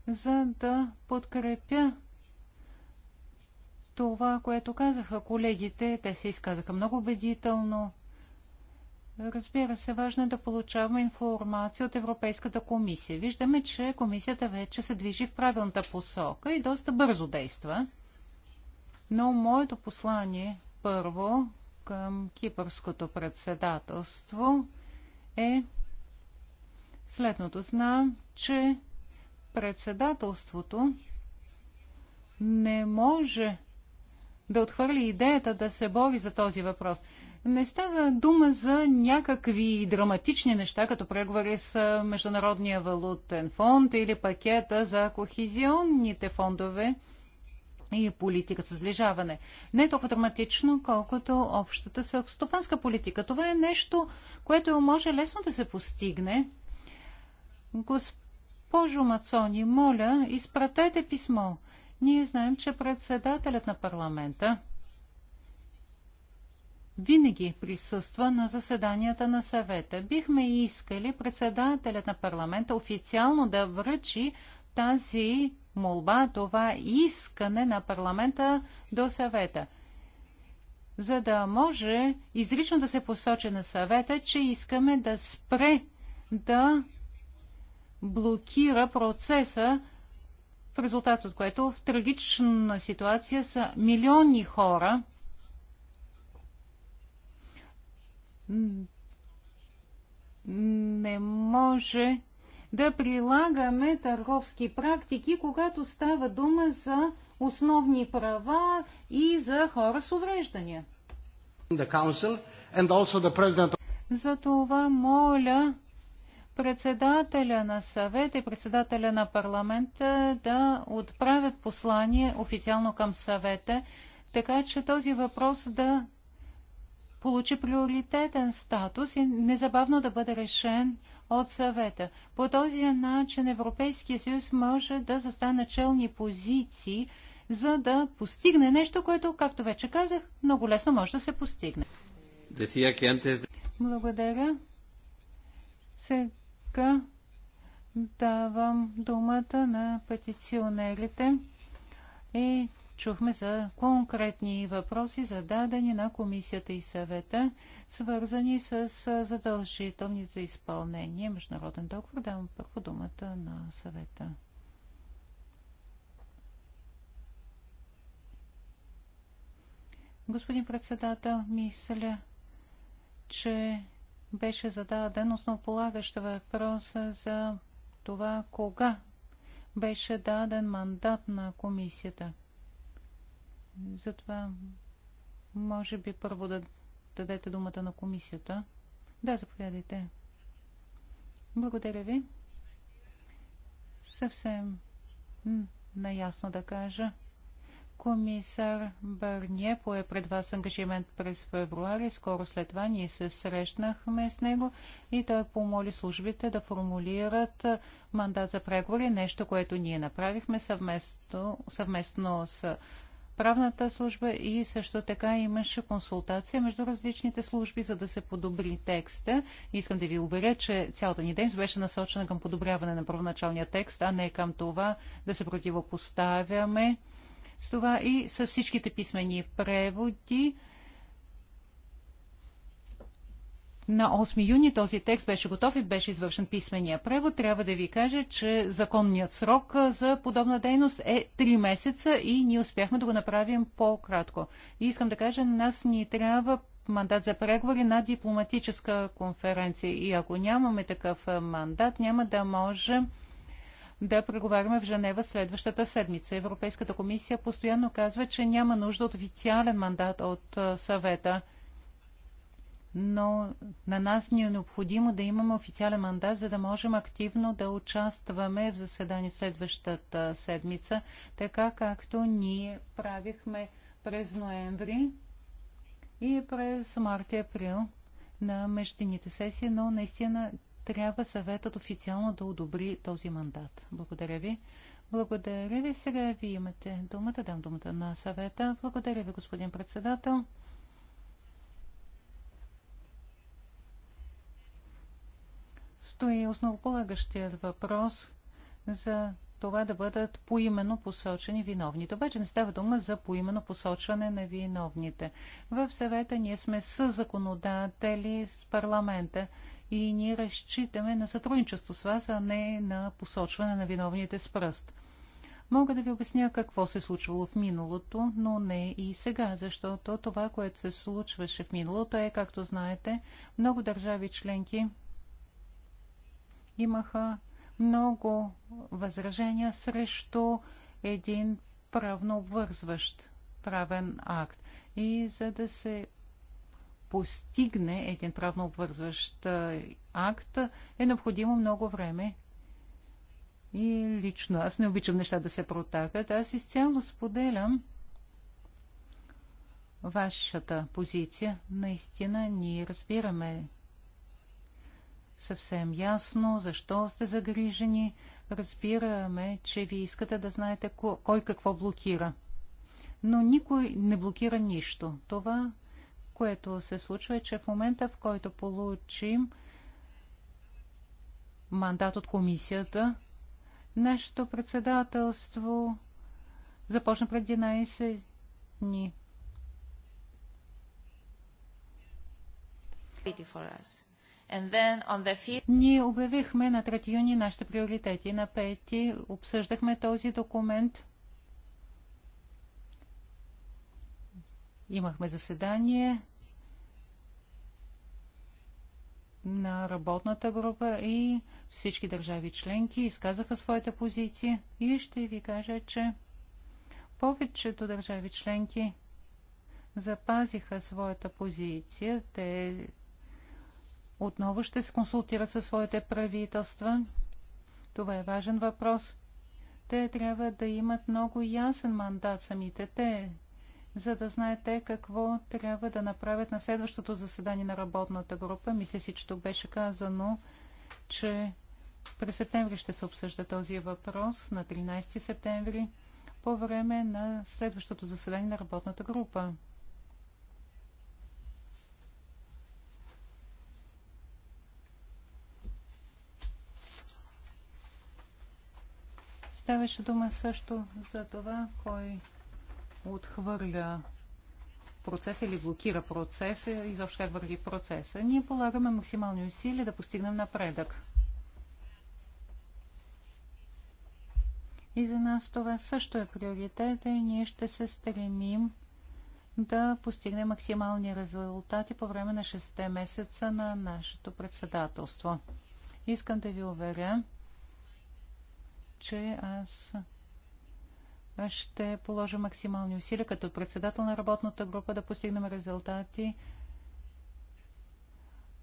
за да подкрепя това, което казаха колегите. Те се изказаха много убедително. Разбира се, важно е да получаваме информация от Европейската комисия. Виждаме, че комисията вече се движи в правилната посока и доста бързо действа. Но моето послание първо към кипърското председателство е следното. Знам, че председателството не може да отхвърли идеята да се бори за този въпрос. Не става дума за някакви драматични неща, като преговори с Международния валутен фонд или пакета за кохизионните фондове и политиката за сближаване. Не е толкова драматично, колкото общата селскостопанска политика. Това е нещо, което може лесно да се постигне Госпожо Мацони, моля, изпратете писмо. Ние знаем, че председателят на парламента винаги присъства на заседанията на съвета. Бихме искали председателят на парламента официално да връчи тази молба, това искане на парламента до съвета, за да може изрично да се посочи на съвета, че искаме да спре да блокира процеса, в резултат от което в трагична ситуация са милиони хора. Не може да прилагаме търговски практики, когато става дума за основни права и за хора с увреждания. За това моля председателя на съвет и председателя на парламента да отправят послание официално към съвета, така че този въпрос да получи приоритетен статус и незабавно да бъде решен от съвета. По този начин Европейския съюз може да застане челни позиции, за да постигне нещо, което, както вече казах, много лесно може да се постигне. Благодаря. Сега точка давам думата на петиционерите и чухме за конкретни въпроси, зададени на комисията и съвета, свързани с задължителни за изпълнение международен договор. Давам първо думата на съвета. Господин председател, мисля, че беше зададен основополагащ въпрос за това кога беше даден мандат на комисията. Затова може би първо да дадете думата на комисията. Да, заповядайте. Благодаря ви. Съвсем наясно да кажа, Комисар Барния пое пред вас ангажимент през февруари. Скоро след това ние се срещнахме с него и той помоли службите да формулират мандат за преговори, нещо, което ние направихме съвместно, съвместно с правната служба и също така имаше консултация между различните служби, за да се подобри текста. Искам да ви уверя, че цялата ни дейност беше насочена към подобряване на първоначалния текст, а не към това да се противопоставяме с това и с всичките писмени преводи. На 8 юни този текст беше готов и беше извършен писмения превод. Трябва да ви кажа, че законният срок за подобна дейност е 3 месеца и ние успяхме да го направим по-кратко. И искам да кажа, нас ни трябва мандат за преговори на дипломатическа конференция. И ако нямаме такъв мандат, няма да можем да преговаряме в Женева следващата седмица. Европейската комисия постоянно казва, че няма нужда от официален мандат от съвета. Но на нас ни е необходимо да имаме официален мандат, за да можем активно да участваме в заседание следващата седмица, така както ние правихме през ноември и през март и април на междините сесии, но наистина трябва съветът официално да одобри този мандат. Благодаря ви. Благодаря ви. Сега ви имате думата. Дам думата на съвета. Благодаря ви, господин председател. Стои основополагащият въпрос за това да бъдат поименно посочени виновните. Обаче не става дума за поименно посочване на виновните. В съвета ние сме съзаконодатели с парламента и ние разчитаме на сътрудничество с вас, а не на посочване на виновните с пръст. Мога да ви обясня какво се случвало в миналото, но не и сега, защото това, което се случваше в миналото е, както знаете, много държави членки имаха много възражения срещу един правно обвързващ правен акт. И за да се постигне един правно обвързващ акт, е необходимо много време. И лично аз не обичам неща да се протакат. Аз изцяло споделям вашата позиция. Наистина ние разбираме съвсем ясно защо сте загрижени. Разбираме, че ви искате да знаете кой какво блокира. Но никой не блокира нищо. Това което се случва е, че в момента, в който получим мандат от комисията, нашето председателство започна пред 11 дни. Ние обявихме на 3 юни нашите приоритети. На 5 обсъждахме този документ Имахме заседание на работната група и всички държави членки изказаха своята позиция и ще ви кажа, че повечето държави членки запазиха своята позиция. Те отново ще се консултират със своите правителства. Това е важен въпрос. Те трябва да имат много ясен мандат самите те за да знаете какво трябва да направят на следващото заседание на работната група. Мисля си, че тук беше казано, че през септември ще се обсъжда този въпрос на 13 септември по време на следващото заседание на работната група. Ставаше дума също за това, кой отхвърля процеса или блокира процеса е, и защо как върви процеса. Ние полагаме максимални усилия да постигнем напредък. И за нас това също е приоритет и ние ще се стремим да постигнем максимални резултати по време на 6 месеца на нашето председателство. Искам да ви уверя, че аз ще положа максимални усилия като председател на работната група да постигнем резултати.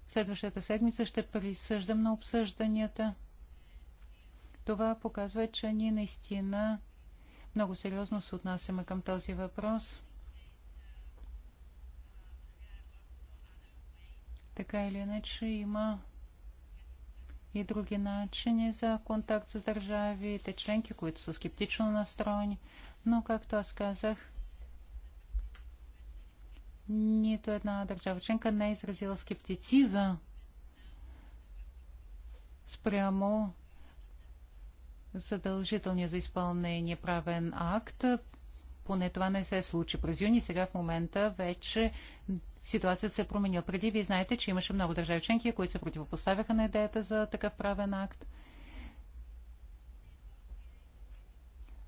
Следващата седмица ще присъждам на обсъжданията. Това показва, че ние наистина много сериозно се отнасяме към този въпрос. Така или иначе има и други начини за контакт с държавите, членки, които са скептично настроени. Но, както аз казах, нито една държава членка не е изразила скептицизъм спрямо задължителния за изпълнение правен акт. Поне това не се случи през юни. Сега в момента вече ситуацията се е променила. Преди вие знаете, че имаше много държави членки, които се противопоставяха на идеята за такъв правен акт.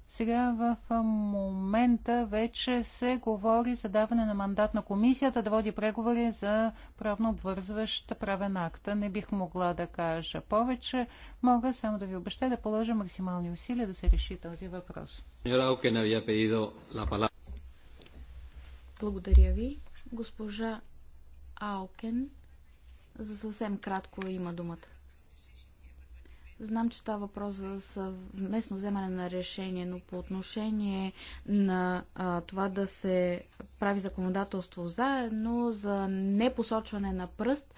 Сега в момента вече се говори за даване на мандат на комисията да води преговори за правно обвързващ правен акт. Не бих могла да кажа повече. Мога само да ви обеща да положа максимални усилия да се реши този въпрос. Благодаря ви. Госпожа Алкен за съвсем кратко има думата. Знам, че става въпрос за съвместно вземане на решение, но по отношение на а, това да се прави законодателство заедно, за непосочване на пръст,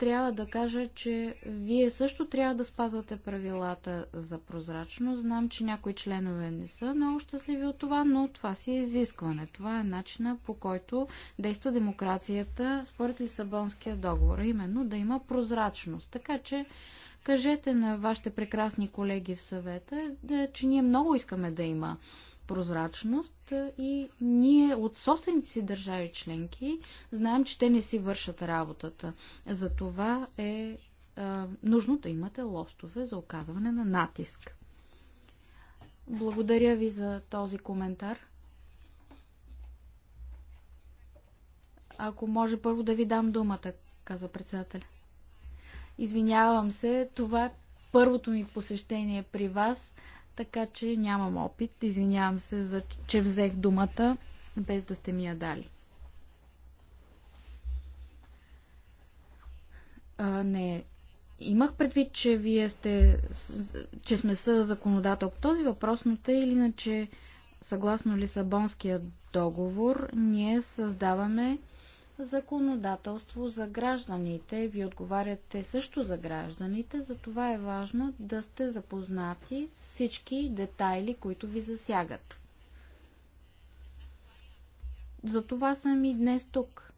трябва да кажа, че вие също трябва да спазвате правилата за прозрачност. Знам, че някои членове не са много щастливи от това, но това си е изискване. Това е начина по който действа демокрацията според Лисабонския договор, именно да има прозрачност. Така че кажете на вашите прекрасни колеги в съвета, да, че ние много искаме да има прозрачност и ние от собствените си държави членки знаем, че те не си вършат работата. За това е а, нужно да имате лостове за оказване на натиск. Благодаря ви за този коментар. Ако може първо да ви дам думата, каза председателя. Извинявам се, това е първото ми посещение при вас така че нямам опит. Извинявам се, за, че взех думата, без да сте ми я дали. А, не, имах предвид, че вие сте, че сме са законодател по този въпрос, но те или иначе, съгласно Лисабонския договор, ние създаваме законодателство за гражданите. Вие отговаряте също за гражданите, затова е важно да сте запознати с всички детайли, които ви засягат. Затова съм и днес тук.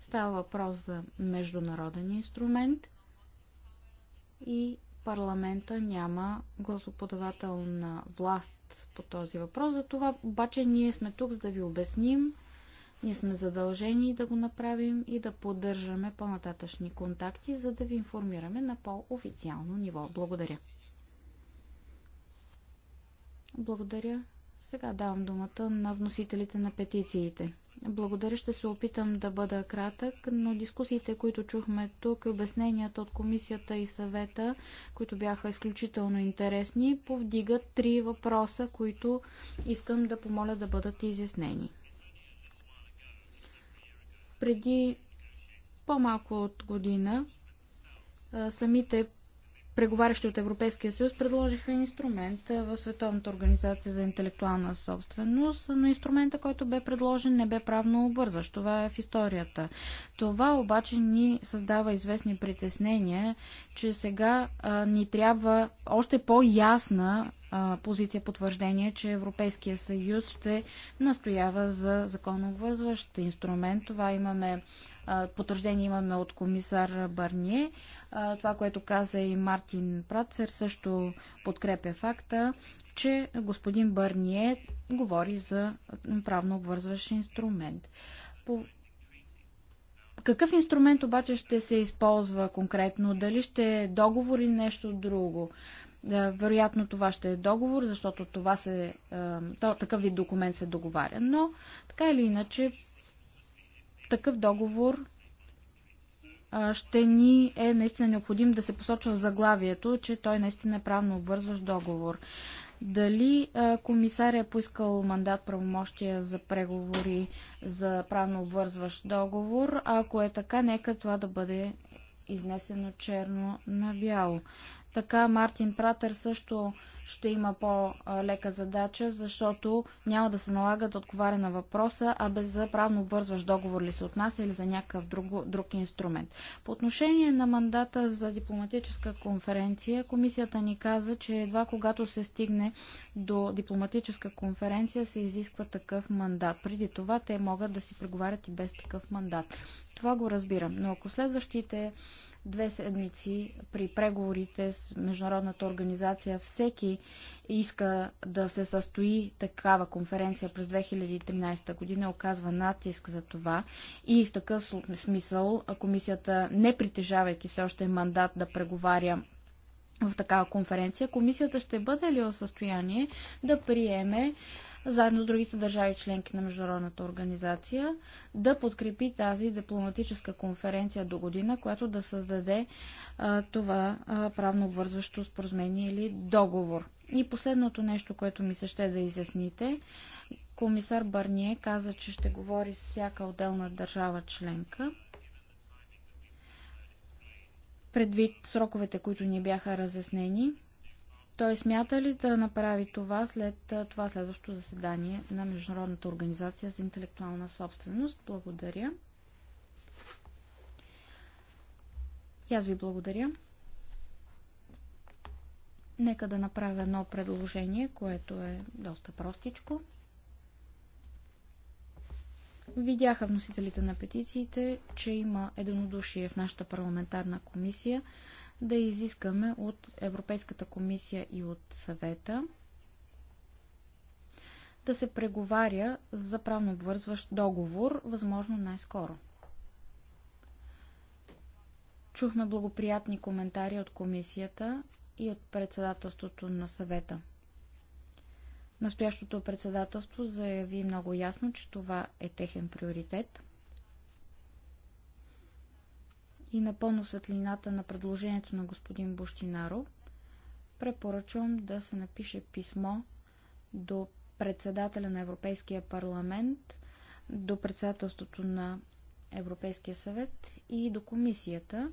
Става въпрос за международен инструмент и парламента няма гласоподавателна власт по този въпрос. Затова обаче ние сме тук, за да ви обясним ние сме задължени да го направим и да поддържаме по-нататъчни контакти, за да ви информираме на по-официално ниво. Благодаря. Благодаря. Сега давам думата на вносителите на петициите. Благодаря, ще се опитам да бъда кратък, но дискусиите, които чухме тук, обясненията от комисията и съвета, които бяха изключително интересни, повдигат три въпроса, които искам да помоля да бъдат изяснени. Преди по-малко от година самите преговарящи от Европейския съюз предложиха инструмент в Световната организация за интелектуална собственост, но инструмента, който бе предложен, не бе правно обвързващ. Това е в историята. Това обаче ни създава известни притеснения, че сега а, ни трябва още по-ясна позиция потвърждение, че Европейския съюз ще настоява за законообвързващ инструмент. Това имаме потвърждение имаме от комисар Барние. Това, което каза и Мартин Працер, също подкрепя факта, че господин Барние говори за правно обвързващ инструмент. По какъв инструмент обаче ще се използва конкретно? Дали ще е договор или нещо друго? Вероятно това ще е договор, защото това се, то, такъв вид документ се договаря. Но така или иначе такъв договор ще ни е наистина необходим да се посочва в заглавието, че той наистина е правно обвързващ договор. Дали комисаря е поискал мандат правомощия за преговори за правно обвързващ договор? Ако е така, нека това да бъде изнесено черно на бяло. Така Мартин Пратер също ще има по-лека задача, защото няма да се налага да отговаря на въпроса, а без за правно обвързващ договор ли се отнася или за някакъв друг, друг инструмент. По отношение на мандата за дипломатическа конференция, комисията ни каза, че едва когато се стигне до дипломатическа конференция се изисква такъв мандат. Преди това те могат да си преговарят и без такъв мандат. Това го разбирам. Но ако следващите две седмици при преговорите с Международната организация всеки иска да се състои такава конференция през 2013 година, оказва натиск за това и в такъв смисъл комисията, не притежавайки все още мандат да преговаря в такава конференция, комисията ще бъде ли в състояние да приеме заедно с другите държави членки на Международната организация, да подкрепи тази дипломатическа конференция до година, която да създаде а, това а, правно обвързващо споразумение или договор. И последното нещо, което ми се ще да изясните, комисар Барние каза, че ще говори с всяка отделна държава членка предвид сроковете, които ни бяха разяснени, той смята ли да направи това след това следващо заседание на Международната организация за интелектуална собственост? Благодаря. И аз ви благодаря. Нека да направя едно предложение, което е доста простичко. Видяха вносителите на петициите, че има единодушие в нашата парламентарна комисия да изискаме от Европейската комисия и от съвета да се преговаря за правно обвързващ договор, възможно най-скоро. Чухме благоприятни коментари от комисията и от председателството на съвета. Настоящото председателство заяви много ясно, че това е техен приоритет. И напълно светлината на предложението на господин Буштинаро препоръчвам да се напише писмо до председателя на Европейския парламент, до председателството на Европейския съвет и до комисията,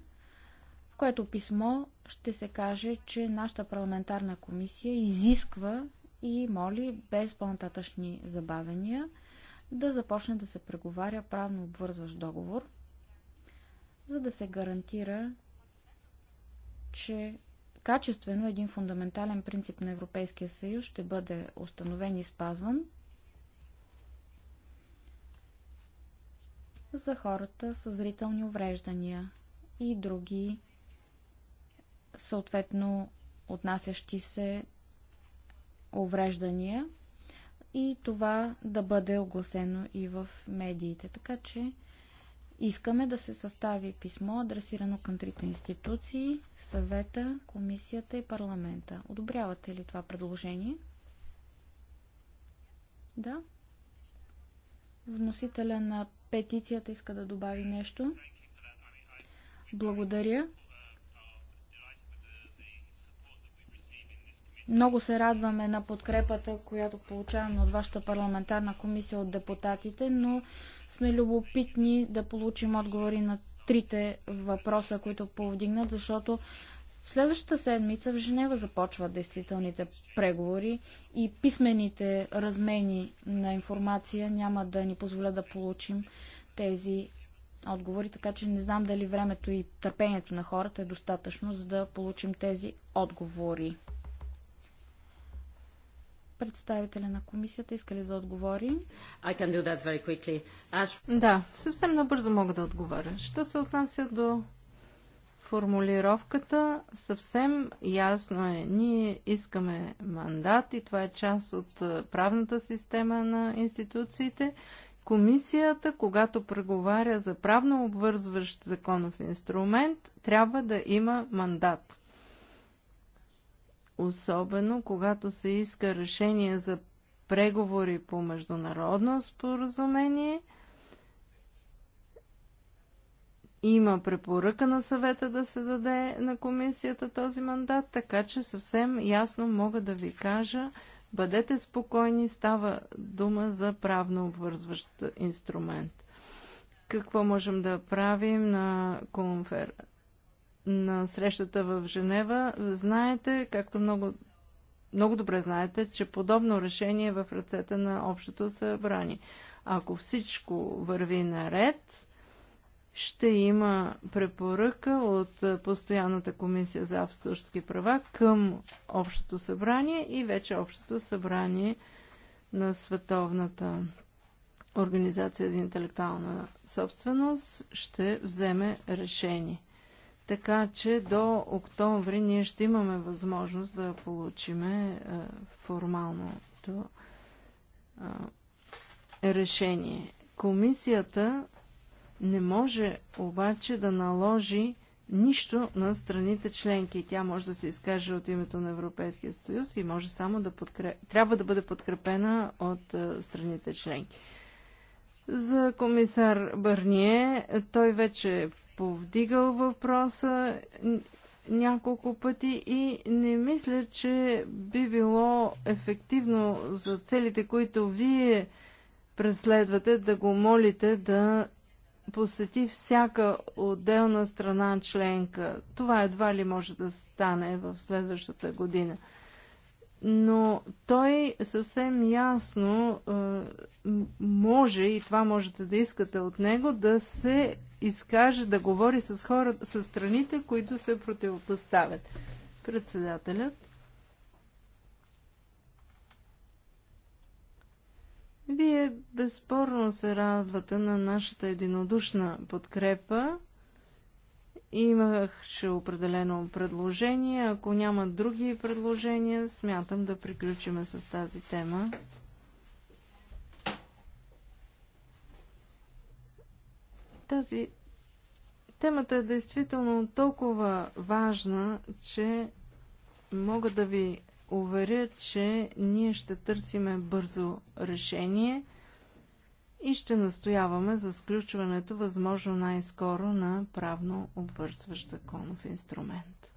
в което писмо ще се каже, че нашата парламентарна комисия изисква и моли без по-нататъчни забавения да започне да се преговаря правно обвързващ договор, за да се гарантира, че качествено един фундаментален принцип на Европейския съюз ще бъде установен и спазван за хората с зрителни увреждания и други съответно отнасящи се увреждания и това да бъде огласено и в медиите. Така че искаме да се състави писмо, адресирано към трите институции съвета, комисията и парламента. Одобрявате ли това предложение? Да. Вносителя на петицията иска да добави нещо. Благодаря. Много се радваме на подкрепата, която получаваме от вашата парламентарна комисия от депутатите, но сме любопитни да получим отговори на трите въпроса, които повдигнат, защото в следващата седмица в Женева започват действителните преговори и писмените размени на информация няма да ни позволя да получим тези отговори, така че не знам дали времето и търпението на хората е достатъчно, за да получим тези отговори. Представителя на комисията иска ли да отговори? I can do that very quickly. As... Да, съвсем набързо мога да отговоря. Що се отнася до формулировката, съвсем ясно е. Ние искаме мандат и това е част от правната система на институциите. Комисията, когато преговаря за правно обвързващ законов инструмент, трябва да има мандат особено когато се иска решение за преговори по международно споразумение. Има препоръка на съвета да се даде на комисията този мандат, така че съвсем ясно мога да ви кажа, бъдете спокойни, става дума за правно обвързващ инструмент. Какво можем да правим на конференция? на срещата в Женева, знаете, както много, много добре знаете, че подобно решение е в ръцете на Общото събрание. Ако всичко върви наред, ще има препоръка от Постоянната комисия за авторски права към Общото събрание и вече Общото събрание на Световната Организация за интелектуална собственост ще вземе решение. Така че до октомври ние ще имаме възможност да получиме е, формалното е, решение. Комисията не може обаче да наложи нищо на страните членки. Тя може да се изкаже от името на Европейския съюз и може само да подкреп... трябва да бъде подкрепена от е, страните членки. За комисар Бърние, той вече повдигал въпроса няколко пъти и не мисля, че би било ефективно за целите, които вие преследвате, да го молите да посети всяка отделна страна членка. Това едва ли може да стане в следващата година. Но той съвсем ясно е, може, и това можете да искате от него, да се изкаже, да говори с хора, с страните, които се противопоставят. Председателят. Вие безспорно се радвате на нашата единодушна подкрепа. имахше определено предложение. Ако няма други предложения, смятам да приключиме с тази тема. Тази темата е действително толкова важна, че мога да ви уверя, че ние ще търсиме бързо решение и ще настояваме за сключването възможно най-скоро на правно обвързващ законов инструмент.